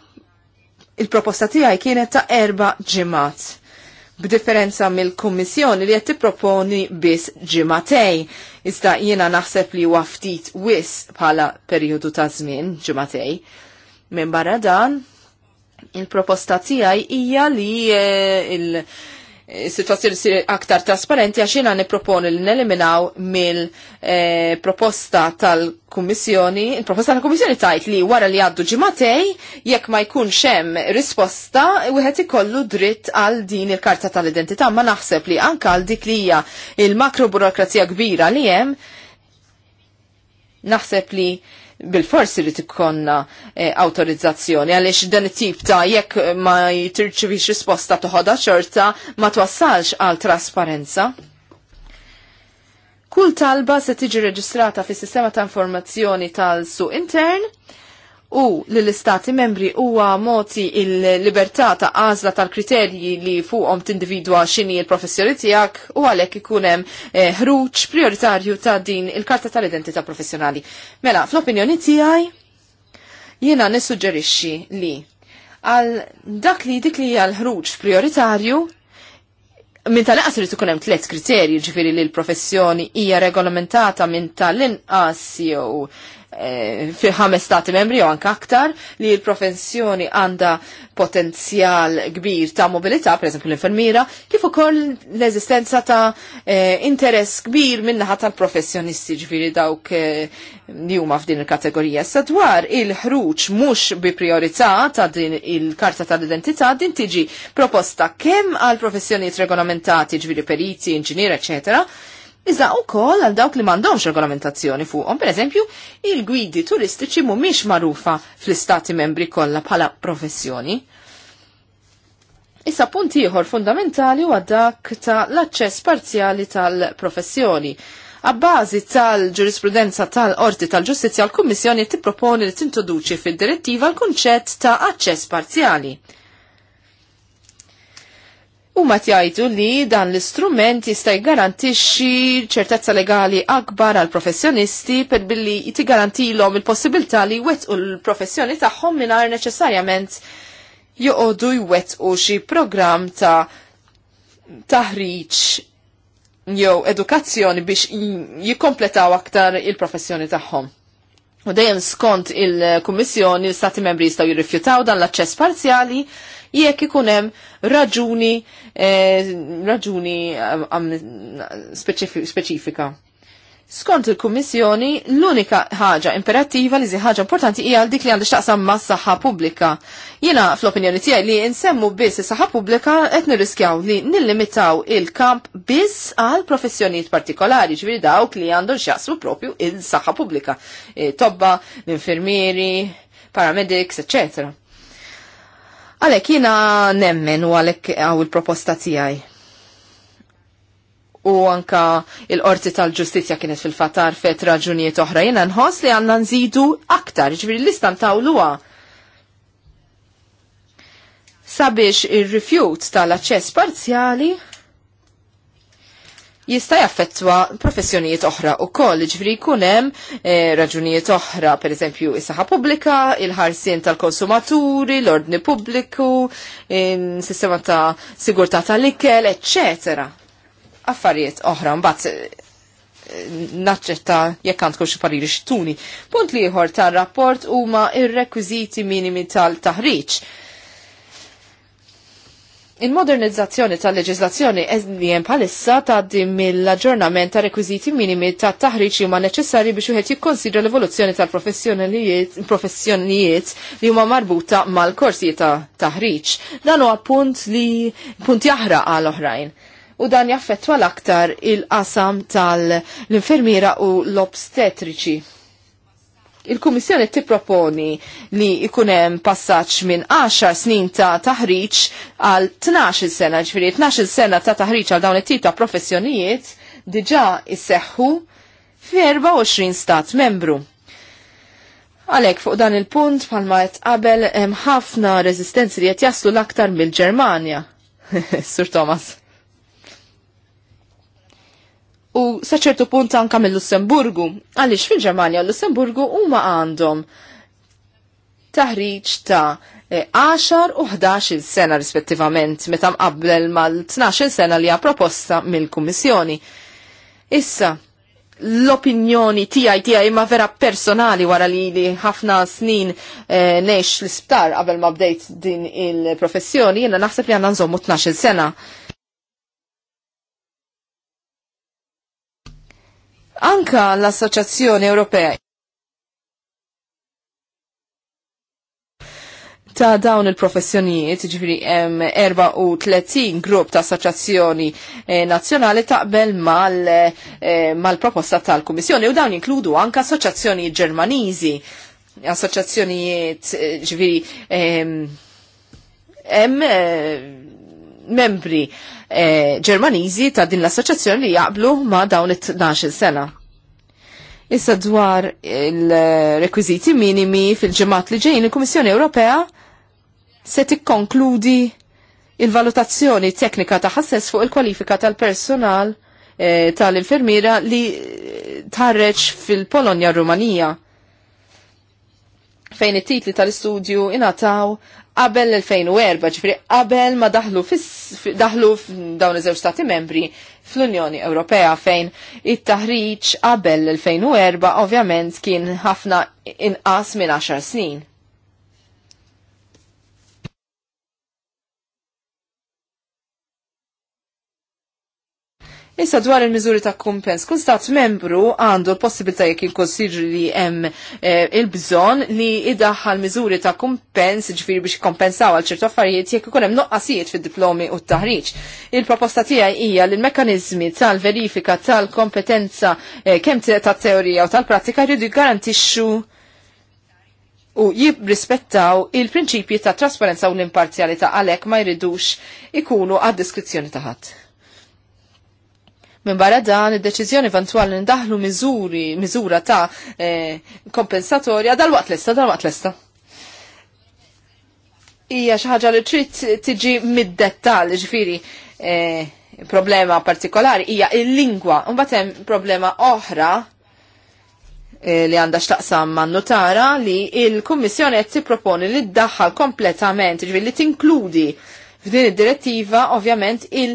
il-proposta tiegħi kienet ta' erba' ġimgħat b'differenza mill-Kummissjoni li qed tipproponi biss ġimatej. Iżda jiena naħseb li huwa ftit wis bħala perjodu ta' żmien ġimatej. Minn barra dan, il-proposta tiegħi hija li eh, il- situazzjoni sir aktar trasparenti għax jiena nipproponi li neliminaw mill-proposta eh, tal-Kummissjoni. Il-proposta tal-Kummissjoni tajt li wara li għaddu ġimatej jekk ma jkunx hemm risposta wieħed ikollu dritt għal din il-karta tal-identità ma naħseb li anka għal dik li hija il-makro burokrazija kbira li hemm naħseb li bil fors li ikkonna eh, autorizzazzjoni għaliex dan it-tip ta' jekk ma jitirċivix risposta toħodha xorta ma twassalx għal trasparenza. Kull talba se tiġi reġistrata fis sistema ta' informazzjoni tal-su intern u li l-istati membri huwa moti il-libertà ta' għażla tal-kriterji li fuqhom tindividwa x'inhi l-professjoni tiegħek u għalhekk ikun hemm eh, ħruġ eh, prioritarju ta' din il-karta tal-identità professjonali. Mela, fl-opinjoni tiegħi jiena nissuġġerixxi li għal dak li dik li għal ħruċ prioritarju Min tal-inqas irid ikun hemm tliet kriterji ġifiri li l-professjoni hija regolamentata minn tal-inqas jew Eh, fi ħames stati membri u anka aktar li l-professjoni għanda potenzjal kbir ta' mobilità, per eżempju l-infermira, kif ukoll l-eżistenza ta' eh, interess kbir minnaħa tal-professjonisti ġifiri dawk eh, li huma f'din il-kategorija. Sa dwar il-ħruġ mhux bi priorità ta' din il-karta tal-identità din tiġi proposta kemm għal professjonijiet regolamentati ġifiri periti, inġinier, eccetera, Iżda u koll għal dawk li mandomx regolamentazzjoni fuqhom, per eżempju, il-gwidi turistiċi mhumiex marufa fl-istati membri kollha bħala professjoni. Issa punt ieħor fundamentali huwa dak ta' l-aċċess parzjali tal-professjoni. A' bażi tal-ġurisprudenza tal-Orti tal-Ġustizzja l-Kummissjoni tipproponi li tintroduċi fid-direttiva l-kunċett ta' aċċess parzjali. U ma tjajdu li dan l-istrument jista' jgarantixxi ċertezza legali akbar għal professjonisti per billi tigarantilhom il-possibilità li jwettqu l-professjoni tagħhom mingħajr neċessarjament joqogħdu jwettqu xi programm ta' taħriġ jew edukazzjoni biex jikkompletaw aktar il-professjoni tagħhom. U dejjem skont il-Kummissjoni l-Stati Membri jistgħu jirrifjutaw dan l-aċċess parzjali jekk ikun hemm raġuni eh, raġuni eh, speċifika. Skont il-Kummissjoni, l-unika ħaġa imperattiva li ħaġa importanti hija dik li għandix taqsam ma' s-saħħa pubblika. Jiena fl-opinjoni tiegħi li nsemmu biss is-saħħa pubblika qed nirriskjaw li nillimitaw il-kamp biss għal professjonijiet partikolari, ġifieri dawk li għandhom x'jaqsmu propju il-saħħa pubblika. E, tobba, l-infirmieri, paramedics, eccetera. Għalek jina nemmen u għalek għaw il-proposta tijaj. U anka il-qorti tal-ġustizja kienet fil-fatar fet raġunijiet oħra jina nħos li għanna nżidu aktar, ġviri l-istan tawluwa. Sabiex il-refute tal-aċċess parzjali jista' jaffettwa professjonijiet oħra u koll, ġifri kunem e, eh, raġunijiet oħra, per eżempju, is-saħħa pubblika, il-ħarsien tal-konsumaturi, l-ordni pubbliku, sistema ta' sigurtà tal-ikel, ecc. Affarijiet oħra, mbagħad eh, naċċetta jekk għandku xi pariri xtuni. Punt li ieħor tar-rapport huma ir-rekwiżiti minimi tal-taħriġ Il-modernizzazzjoni tal-leġizlazzjoni hemm bħalissa tgħaddi mill-aġġornament ta' rekwiżiti minimi ta' taħriġ huma neċessarji biex wieħed jikkonsidra l-evoluzzjoni tal-professjonijiet li huma marbuta mal korsi ta' taħriġ. Dan huwa punt li punt jaħraq għal oħrajn. U dan jaffettwa l-aktar il-qasam tal-infermiera u l-obstetriċi il-Kummissjoni tipproponi li ikun hemm passaġġ minn 10 snin ta' taħriġ għal 12 sena, ġifieri 12 sena ta' taħriġ għal dawn it-tip ta' professjonijiet diġà isseħħu fi 24 stat membru. Għalek fuq dan il-punt palma qed qabel hemm ħafna reżistenzi li qed jaslu l-aktar mill-Ġermanja. Sur Thomas u saċertu punt anka mill-Lussemburgu. Għalix fil-Ġermanja l-Lussemburgu huma għandhom taħriġ ta' 10 eh, u 11 sena rispettivament meta mqabbel mal-12 sena li proposta mill-Kummissjoni. Issa, l-opinjoni tijaj tijaj ma vera personali wara li li ħafna snin eh, nex l-isptar qabel ma bdejt din il-professjoni, jena naħseb li għanna nżommu 12 sena. anka l-Assoċjazzjoni Ewropea ta' dawn il-professjonijiet, ġifiri 34 grupp ta' assoċjazzjoni eh, nazjonali taqbel eh, mal-proposta tal-Kummissjoni u dawn inkludu anka assoċjazzjoni ġermaniżi, assoċjazzjonijiet eh, ġifiri hemm eh, membri Eh, Ġermaniżi ta' din l-assoċjazzjoni li jaqblu ma' dawn it-12 sena. Issa dwar il-rekwiziti minimi fil-ġemat li ġejn il-Kummissjoni Ewropea se tikkonkludi il-valutazzjoni teknika ta' ħassess fuq il-kwalifika tal-personal eh, tal-infermiera li tarreċ fil-Polonja Rumanija fejn it-titli tal-istudju inataw qabel l-2004, ġifri qabel ma daħlu daħlu dawn iż-żewġ stati membri fl-Unjoni Ewropea fejn it-taħriġ qabel l-2004 ovvjament kien ħafna inqas minn 10 snin. Issa dwar il-miżuri ta' kumpens, kull stat membru għandu l-possibilità jekk jikkonsidri li hemm eh, il-bżonn li idaħħal miżuri ta' kumpens, ġifiri biex kompensaw għal ċertu affarijiet jekk ikun hemm noqqasijiet fid-diplomi u t-taħriġ. Il-proposta tiegħi hija li l-mekkaniżmi tal-verifika tal-kompetenza kem eh, kemm tat-teorija u tal-prattika jridu jgarantixxu u jibrispettaw il-prinċipji ta' trasparenza u l-imparzjalità għalhekk ma jridux ikunu għad diskrizzjoni ta' ħadd. Minn barra dan id-deċiżjoni eventwali ndaħlu miżuri, miżura ta' eh, kompensatorja dal-waqt lesta, dal-waqt lesta. Ija xi ħaġa li trid tiġi mid-dettall, ġifiri, eh, problema partikolari hija il-lingwa. Mbagħad hemm problema oħra eh, li għandha xtaqsam man notara li il-Kummissjoni qed tipproponi li ddaħħal kompletament, ġifieri li tinkludi F'din id-direttiva, ovvjament, eh,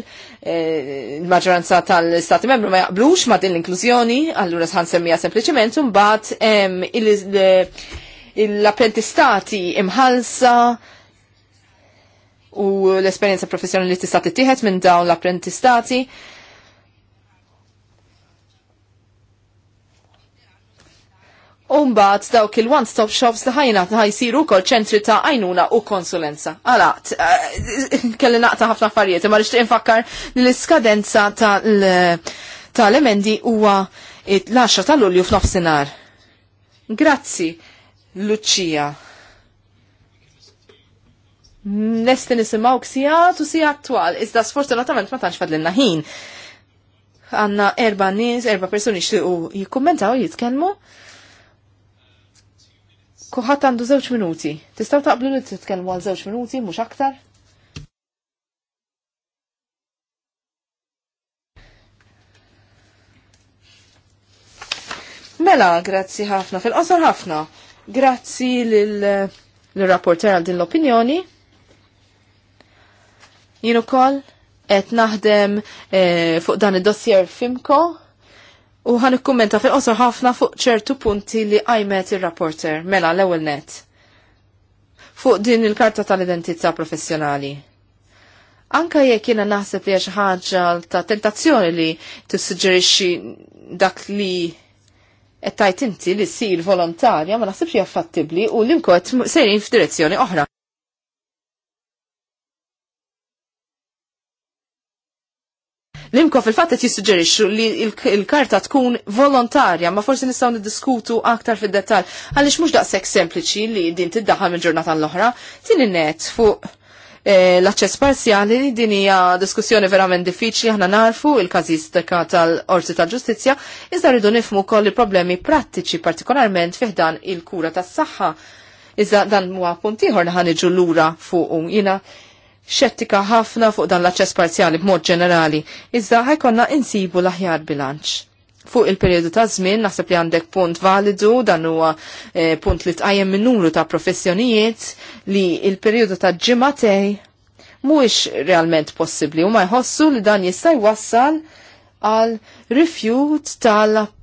il-maġġoranza tal-Stati membru ma jaqblux ma din l-inklużjoni, allura sħan semmija sempliciment, mbagħad l-apprentistati imħalsa u l-esperjenza professjonali tista' tittieħed minn dawn l-apprentistati. Umbat dawk il-one-stop shops li ħajna ħajsiru kol ċentri ta' għajnuna u konsulenza. Għala, eh, kelli naqta ħafna affarijiet, ma rixtieq infakkar li l-iskadenza tal-emendi huwa l-10 ta' Lulju f'nofsinhar. Grazzi, Lucia. Nesti nisimaw k'sija tu sija attwal, iżda sfortunatament ma tantx fadlinna ħin. Għanna erba nies, erba persuni xtiqu jikkommentaw, jitkenmu. Kuħat għandu żewġ minuti. Tistaw taqblu li titkellmu għal żewġ minuti, mhux aktar? Mela, grazzi ħafna, fil-qosor ħafna. Grazzi l-rapporter għal din l-opinjoni. Jien ukoll qed naħdem eh, fuq dan id-dossier Fimko U ħan ikkummenta fil-qosor ħafna fuq ċertu punti li għajmet il-rapporter, mela l ewwel net. Fuq din il-karta tal-identità professjonali. Anka jekk jiena naħseb li xi ħaġa ta' tentazzjoni li tissuġġerixxi dak li qed tajt inti li ssir volontarja ma naħsibx hija fattibbli u l-imkot sejrin f'direzzjoni oħra. Limko fil-fatt qed jissuġġerixxu li l-karta tkun volontarja, ma forsi nistgħu niddiskutu aktar fid-dettall għaliex mhux daqshekk sempliċi li din tiddaħħal minn ġurnata l-oħra, tieni net fuq eh, l-aċċess parzjali din hija diskussjoni verament diffiċli aħna narfu il-każistika tal-Qorti tal-Ġustizzja, iżda rridu nifmu koll il-problemi prattiċi partikolarment fiħdan il-kura tas-saħħa. Iżda dan huwa punt ieħor naħan iġu lura fuq jiena xettika ħafna fuq dan l-aċċess parzjali b'mod ġenerali, iżda ħajkonna insibu l-aħjar bilanċ. Fuq il-periodu ta' żmien naħseb li għandek punt validu dan huwa e, punt li tqajjem minn numru ta' professjonijiet li il-periodu ta' ġimatej mhuwiex realment possibbli u ma jħossu li dan jista' jwassal għal rifjut tal-appoġġ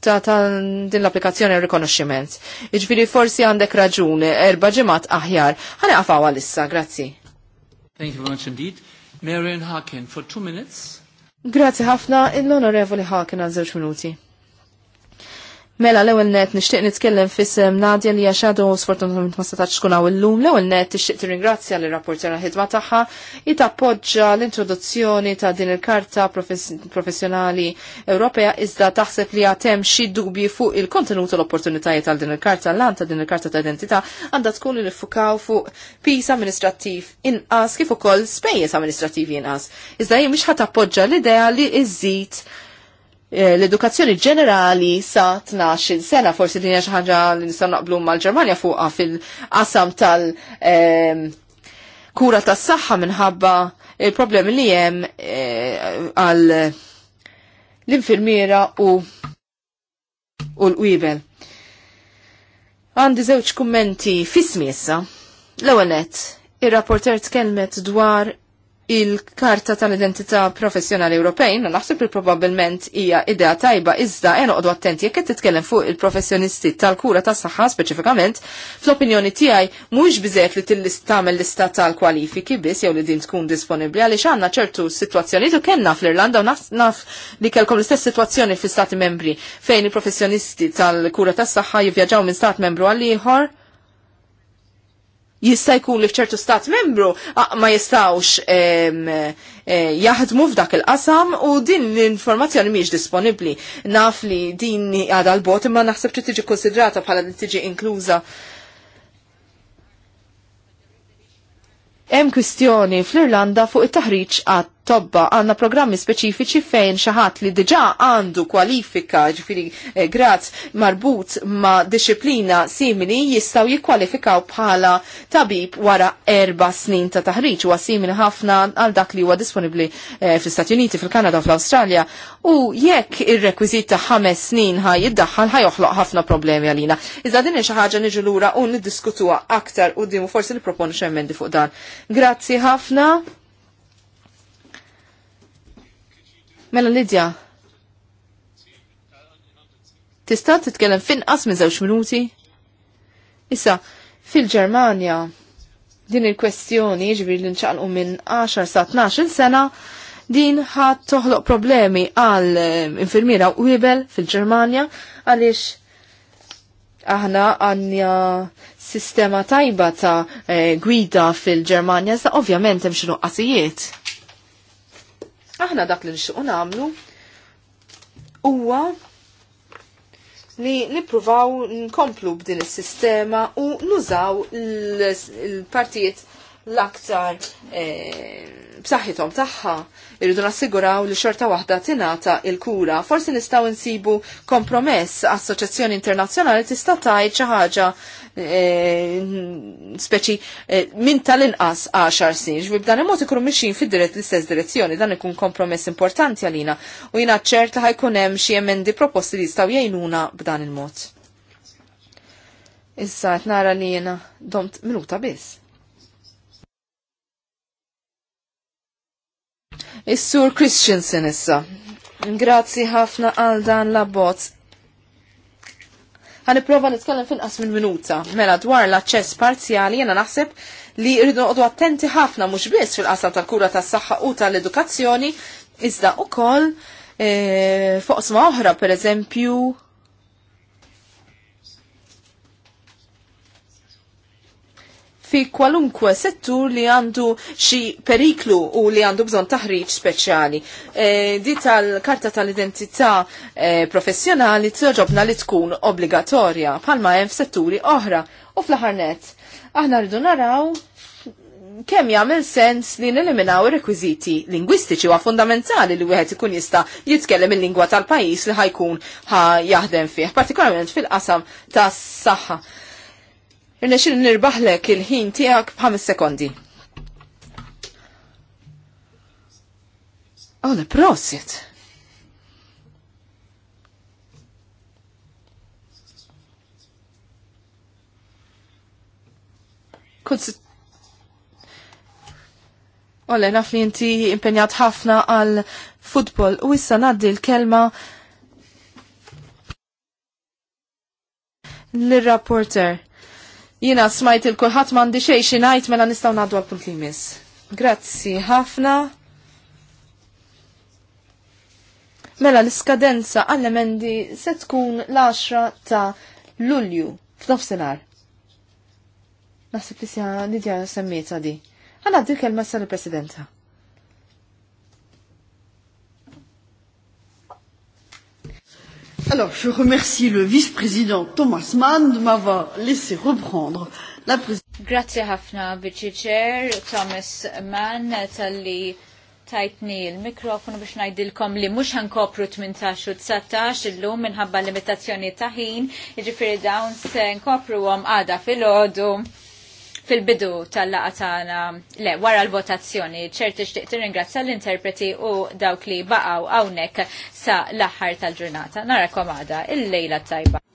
ta', ta din l-applikazzjoni il rikonoxximent. Iġviri forsi għandek raġuni, erba ġemat aħjar. Ħana għafaw għalissa, grazzi. Thank you very much indeed. Marian Harkin, for two minutes. Grazzi ħafna, l-onorevoli Harkin għal zewġ minuti. Mela l-ewwel net nixtieq nitkellem fissem sem Nadja li għaxadu sfortunatament ma setax tkun hawn illum. L-ewwel net tixtieq tirringrazzja l rapporter ħidma tagħha li tappoġġa l-introduzzjoni ta' din il-karta professjonali Ewropea iżda taħseb li għatem xi dubji fuq il-kontenut u l-opportunitajiet għal din il-karta l-għan ta' din il-karta ta' identità għandha tkun li nifukaw fuq pis amministrattiv inqas kif ukoll spejjeż amministrativi inqas. Iżda jien mhix ħadd appoġġa l-idea li iżid Eh, l-edukazzjoni ġenerali sa 12 sena, forsi din hija xi ħaġa li nistgħu naqblu mal-Ġermanja fuqha fil-qasam tal- ehm, kura tas saħħa minħabba il-problemi li hemm eh, għal l-infirmiera u l-qwibel. Għandi żewġ kummenti fis-smiesa. L-ewwel nett, ir-rapporter tkellmet dwar il-karta tal-identità professjonali Ewropejn, naħseb li probabbilment hija idea tajba iżda għen oqdu attenti jekk qed titkellem fuq il-professjonisti tal-kura tas-saħħa speċifikament, fl-opinjoni tiegħi mhux biżejjed li tillist tagħmel lista tal-kwalifiki biss jew li din tkun disponibbli għaliex għandna ċertu sitwazzjonijiet u kellna fl-Irlanda u naf li kellkom l-istess sitwazzjoni fl-Stati membri fejn il-professjonisti tal-kura tas-saħħa jivvjaġġaw minn stat membru għal ieħor jista' jkun li f'ċertu stat membru ma jistawx eh, jaħdmu f'dak il-qasam u din l-informazzjoni mhijiex disponibbli. Naf li din għadha l-bot imma naħseb li tiġi konsidrata bħala li tiġi inkluża. Hemm kwistjoni fl-Irlanda fuq it-taħriġ għat tobba għanna programmi speċifiċi fejn xaħat li diġa għandu kwalifika ġifiri eh, graz marbut ma disciplina simili jistaw jikwalifikaw bħala tabib wara erba snin ta' taħriġ huwa simili ħafna għal dak li huwa disponibli eh, fl-Istati Uniti, fil-Kanada u fl-Awstralja u jekk ir-rekwiżit ta' ħames snin ħaj jiddaħħal ħajoħloq ħafna problemi għalina. Iżda din xi ħaġa niġu lura u niddiskutuha aktar u dimu forsi niproponu xi fuq dan. Grazzi ħafna. Mela Lidja, tista' titkellem finqas minn żewġ minuti? Issa, fil-Ġermanja, din il-kwestjoni jiġri li nċaqlqu minn 10 sa 12 sena, din ħadd toħloq problemi għal eh, infirmiera u ibel fil-Ġermanja għaliex aħna għandna sistema tajba ta' eh, gwida fil-Ġermanja, sa' ovvjament hemm xi nuqqasijiet Aħna dak li nixtiequ nagħmlu huwa li nippruvaw nkomplu b'din is-sistema u nużaw l-partijiet l-aktar eh, b'saħħithom tagħha irridu nassiguraw li xorta waħda tingħata il-kura. Forsi nistgħu nsibu kompromess assoċjazzjoni internazzjonali tista' tgħid xi ħaġa Eh, speċi eh, minn tal-inqas 10 snin. b'dan dan imot ikunu mixin fid-dirett l-istess direzzjoni, dan ikun kompromess importanti għalina u jina ċert li ħajkun hemm xi emendi proposti li jistgħu jgħinuna b'dan il-mod. Issa qed nara li jiena domt minuta biss. Is-Sur Christiansen issa. Grazzi ħafna għal dan la bozz Ħaniprofa nitkellem finqas minn minuta. Mela dwar l-aċċess parzjali jiena naħseb li rridu noqogħdu attenti ħafna mhux biss fil-qasam tal-kura tas-saħħa u tal-edukazzjoni, iżda wkoll e, eh, fuq oħra pereżempju fi kwalunkwe settur li għandu xi periklu u li għandu bżon taħriġ speċjali. E, di tal-karta tal-identità e, professjonali t-ġobna li tkun obbligatorja palma hemm f'setturi oħra u fl-ħarnet. Aħna rridu naraw kemm jagħmel sens li neliminaw ir-rekwiżiti lingwistiċi huwa fundamentali li wieħed ikun jista' jitkellem il-lingwa tal-pajjiż li ħajkun ħa jaħdem fih, partikolarment fil-qasam tas-saħħa. Irna xil nirbaħlek il-ħin tijak b'5 sekondi. Ole, oh, prosit. Kont Ole, oh, naf li inti impenjat ħafna għal futbol u issa naddi l-kelma l-rapporter. Jina smajt il-kulħat mandi xej xinajt mela nistaw naddu għal-punt li mis. Grazzi ħafna. Mela l-iskadenza għall-emendi se tkun l-10 ta' Lulju f'nofsinhar. Naħseb li sja Lidja semmieta di. Għanna dir kelma sal-Presidenta. Alors, je remercie le vice-président Thomas Mann de m'avoir laissé reprendre la présidence. Grazie ħafna, vice-chair Thomas Mann, tal-li tajtni l-mikrofonu biex najdilkom li mux ħankopru 18 u 19 illum minħabba limitazzjoni taħin, iġifiri dawn se nkopru għom għada fil-ħodu fil-bidu tal-laqa tagħna le wara l-votazzjoni ċerti xtieq tirringrazzja l-interpreti u dawk li baqgħu hawnhekk sa l-aħħar tal-ġurnata. Narakom għada il-lejla tajba.